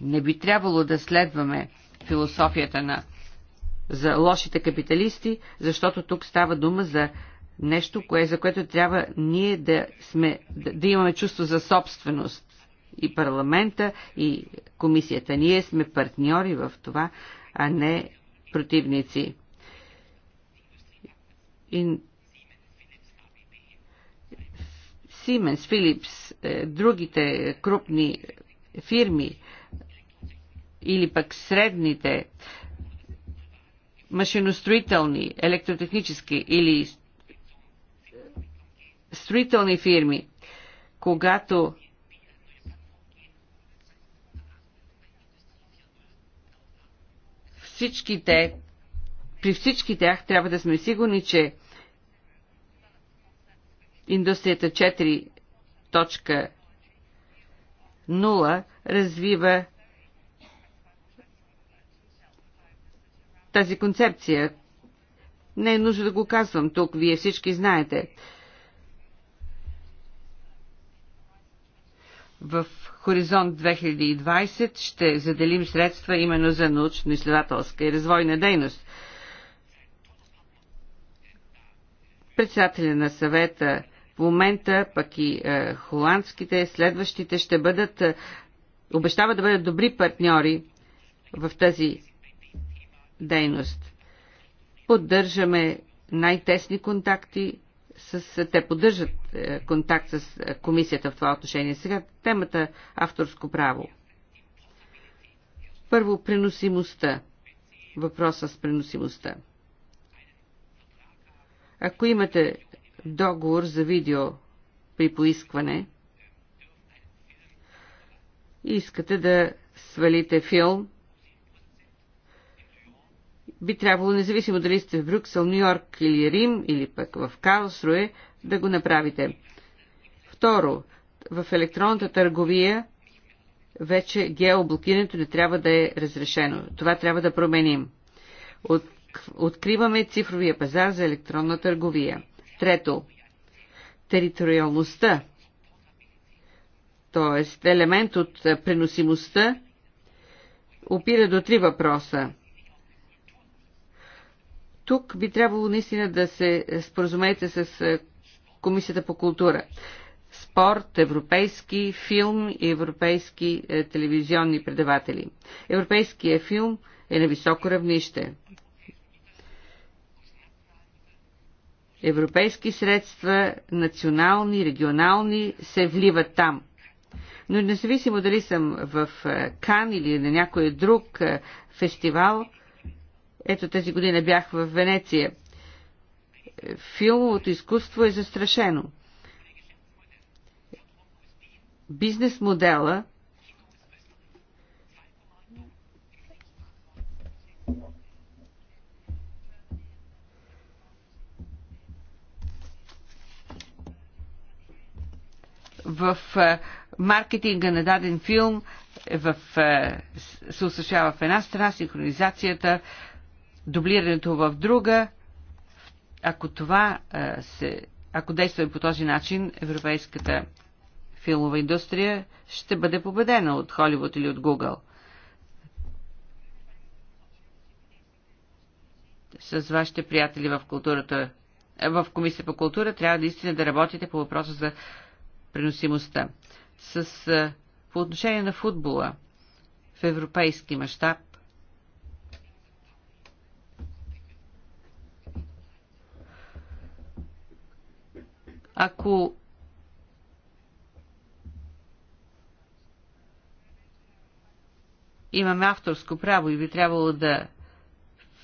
Не би трябвало да следваме философията на за лошите капиталисти, защото тук става дума за нещо, кое, за което трябва ние да, сме, да, да имаме чувство за собственост. И парламента, и комисията. Ние сме партньори в това, а не противници. И Siemens, Филипс, е, другите крупни фирми или пък средните машиностроителни, електротехнически или строителни фирми, когато всичките, при всички тях трябва да сме сигурни, че Индустрията 4.0 развива тази концепция. Не е нужно да го казвам тук, вие всички знаете. В Хоризонт 2020 ще заделим средства именно за научно-изследователска и развойна дейност. Председателя на съвета в момента пък и е, холандските, следващите ще бъдат, е, обещава да бъдат добри партньори в тази дейност. Поддържаме най-тесни контакти с, те поддържат е, контакт с е, комисията в това отношение. Сега темата авторско право. Първо, преносимостта. Въпроса с преносимостта. Ако имате договор за видео при поискване и искате да свалите филм, би трябвало, независимо дали сте в Брюксел, Нью Йорк или Рим, или пък в Карлсруе, да го направите. Второ, в електронната търговия вече геоблокирането не трябва да е разрешено. Това трябва да променим. От, откриваме цифровия пазар за електронна търговия. Трето, териториалността, т.е. елемент от преносимостта, опира до три въпроса. Тук би трябвало наистина да се споразумеете с Комисията по култура. Спорт, европейски филм и европейски е, телевизионни предаватели. Европейският филм е на високо равнище – европейски средства, национални, регионални, се вливат там. Но независимо дали съм в е, Кан или на някой друг е, фестивал, ето тази година бях в Венеция. Филмовото изкуство е застрашено. Бизнес модела – в е, маркетинга на даден филм е, в, е, се осъществява в една страна, синхронизацията, дублирането в друга. Ако това се, ако действаме по този начин, европейската филмова индустрия ще бъде победена от Холивуд или от Google. С вашите приятели в културата в Комисия по култура трябва наистина да работите по въпроса за преносимостта. С, по отношение на футбола в европейски мащаб, ако имаме авторско право и би трябвало да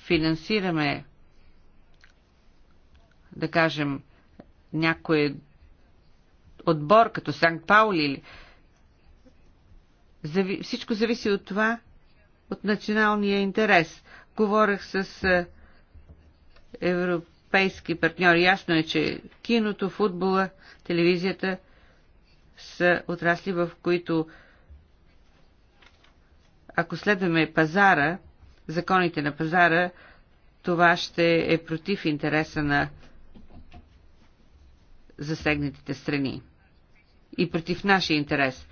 финансираме, да кажем, някое отбор като Санкт Паули или... Зави... Всичко зависи от това, от националния интерес. Говорех с е, европейски партньори. Ясно е, че киното, футбола, телевизията са отрасли, в които ако следваме пазара, законите на пазара, това ще е против интереса на засегнатите страни и против нашия интерес.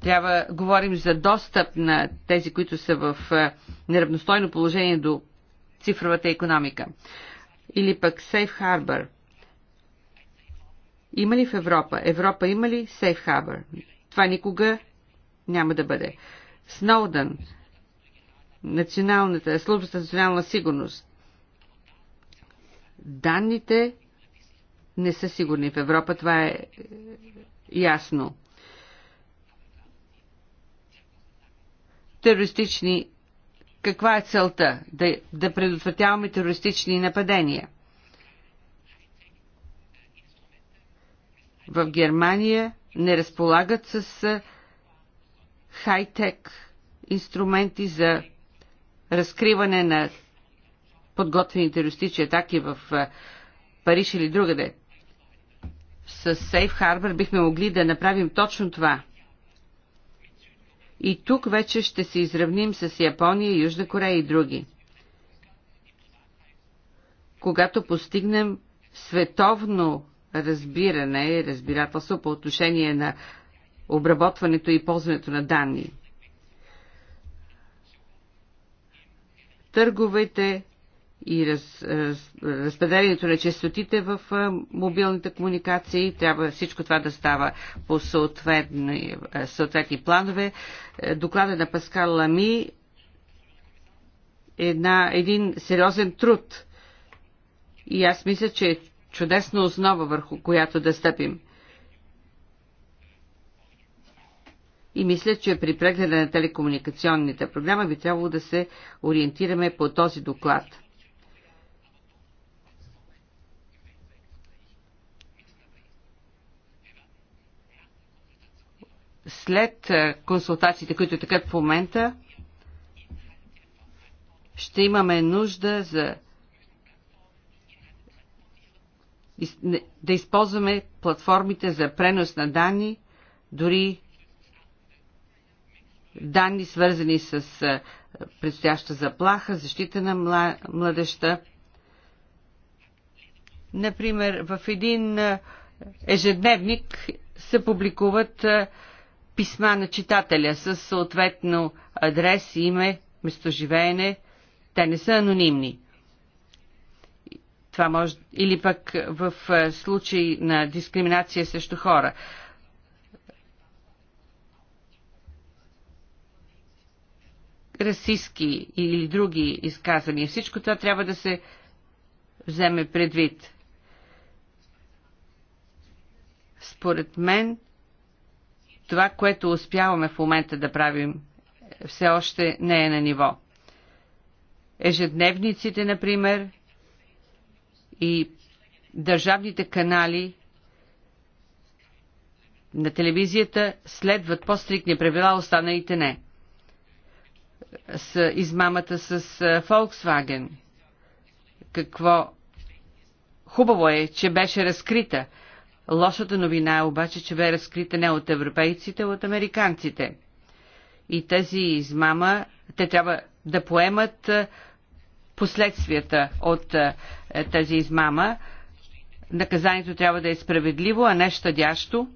Трябва говорим за достъп на тези, които са в е, неравностойно положение до цифровата економика. Или пък Safe Harbor. Има ли в Европа? Европа има ли Safe Harbor? Това никога няма да бъде. Сноудън, националната, службата за национална сигурност. Данните не са сигурни в Европа, това е ясно. Терористични. Каква е целта? Да, да предотвратяваме терористични нападения. В Германия не разполагат с хай-тек инструменти за разкриване на подготвени терористични атаки в Париж или другаде с Сейф Harbor бихме могли да направим точно това. И тук вече ще се изравним с Япония, Южна Корея и други. Когато постигнем световно разбиране и разбирателство по отношение на обработването и ползването на данни. Търговете и раз, раз, разпределението на частотите в мобилните комуникации. Трябва всичко това да става по съответни, съответни планове. Е, доклада на Паскал Лами е една, един сериозен труд. И аз мисля, че е чудесна основа върху която да стъпим. И мисля, че при прегледа на телекомуникационните програма би трябвало да се ориентираме по този доклад. след е, консултациите, които така в момента, ще имаме нужда за да използваме платформите за пренос на данни, дори данни свързани с е, предстояща заплаха, защита на младеща. Например, в един е, ежедневник се публикуват писма на читателя с съответно адрес, име, местоживеене. Те не са анонимни. Това може... Или пък в случай на дискриминация срещу хора. Расистски или други изказания. Всичко това трябва да се вземе предвид. Според мен, това, което успяваме в момента да правим, все още не е на ниво. Ежедневниците, например, и държавните канали на телевизията следват по-стрикни правила, останалите не. С измамата с Volkswagen. Какво хубаво е, че беше разкрита Лошата новина е обаче, че бе разкрита не от европейците, а от американците. И тази измама, те трябва да поемат последствията от тази измама. Наказанието трябва да е справедливо, а не щадящо,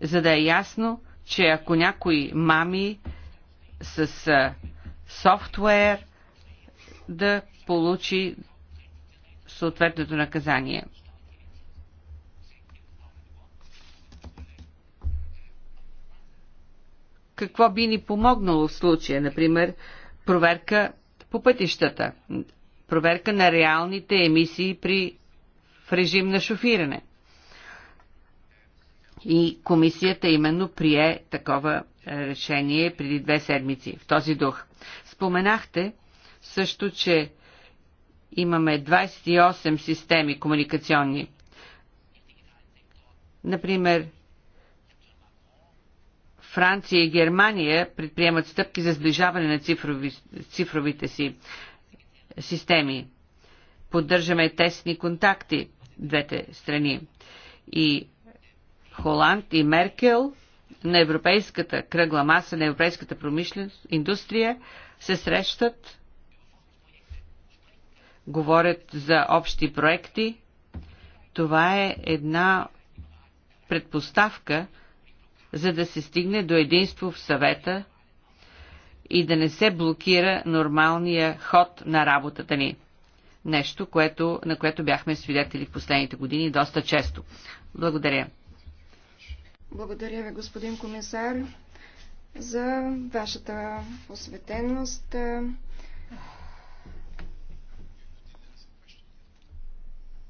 за да е ясно, че ако някой мами с софтуер, да получи съответното наказание. какво би ни помогнало в случая, например, проверка по пътищата, проверка на реалните емисии при, в режим на шофиране. И комисията именно прие такова е, решение преди две седмици в този дух. Споменахте също, че имаме 28 системи комуникационни. Например, Франция и Германия предприемат стъпки за сближаване на цифрови, цифровите си системи. Поддържаме тесни контакти двете страни. И Холанд и Меркел на европейската кръгла маса, на европейската промишленост, индустрия се срещат, говорят за общи проекти. Това е една предпоставка за да се стигне до единство в съвета и да не се блокира нормалния ход на работата ни. Нещо, което, на което бяхме свидетели в последните години доста често. Благодаря. Благодаря ви, господин комисар, за вашата осветеност.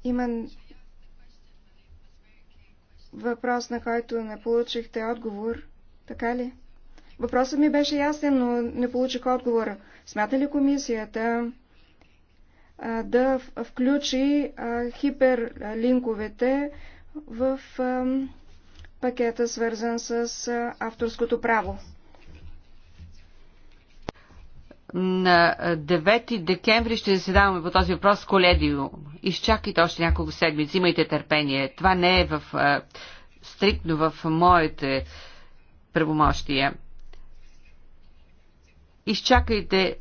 Има въпрос, на който не получихте отговор, така ли? Въпросът ми беше ясен, но не получих отговора. Смята ли комисията а, да включи а, хиперлинковете в а, пакета, свързан с авторското право? На 9 декември ще заседаваме по този въпрос с Коледио. Изчакайте още няколко седмици, имайте търпение. Това не е в, а, стриктно в моите правомощия. Изчакайте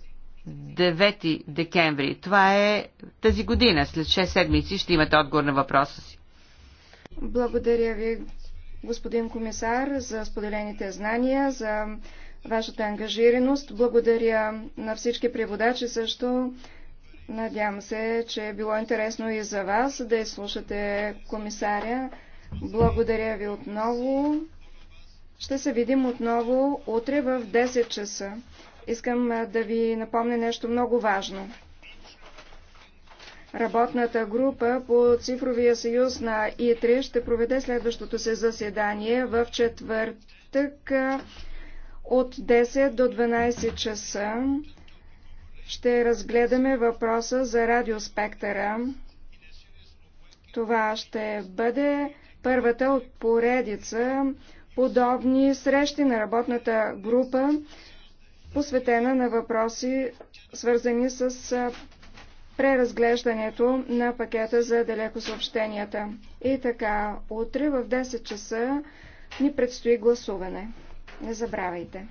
9 декември. Това е тази година. След 6 седмици ще имате отговор на въпроса си. Благодаря ви, господин комисар, за споделените знания, за вашата ангажираност. Благодаря на всички преводачи също. Надявам се, че е било интересно и за вас да изслушате комисаря. Благодаря ви отново. Ще се видим отново утре в 10 часа. Искам да ви напомня нещо много важно. Работната група по цифровия съюз на ИТРИ ще проведе следващото се заседание в четвъртък. От 10 до 12 часа ще разгледаме въпроса за радиоспектъра. Това ще бъде първата от поредица подобни срещи на работната група, посветена на въпроси, свързани с преразглеждането на пакета за далеко съобщенията. И така, утре в 10 часа ни предстои гласуване. Не забравяйте.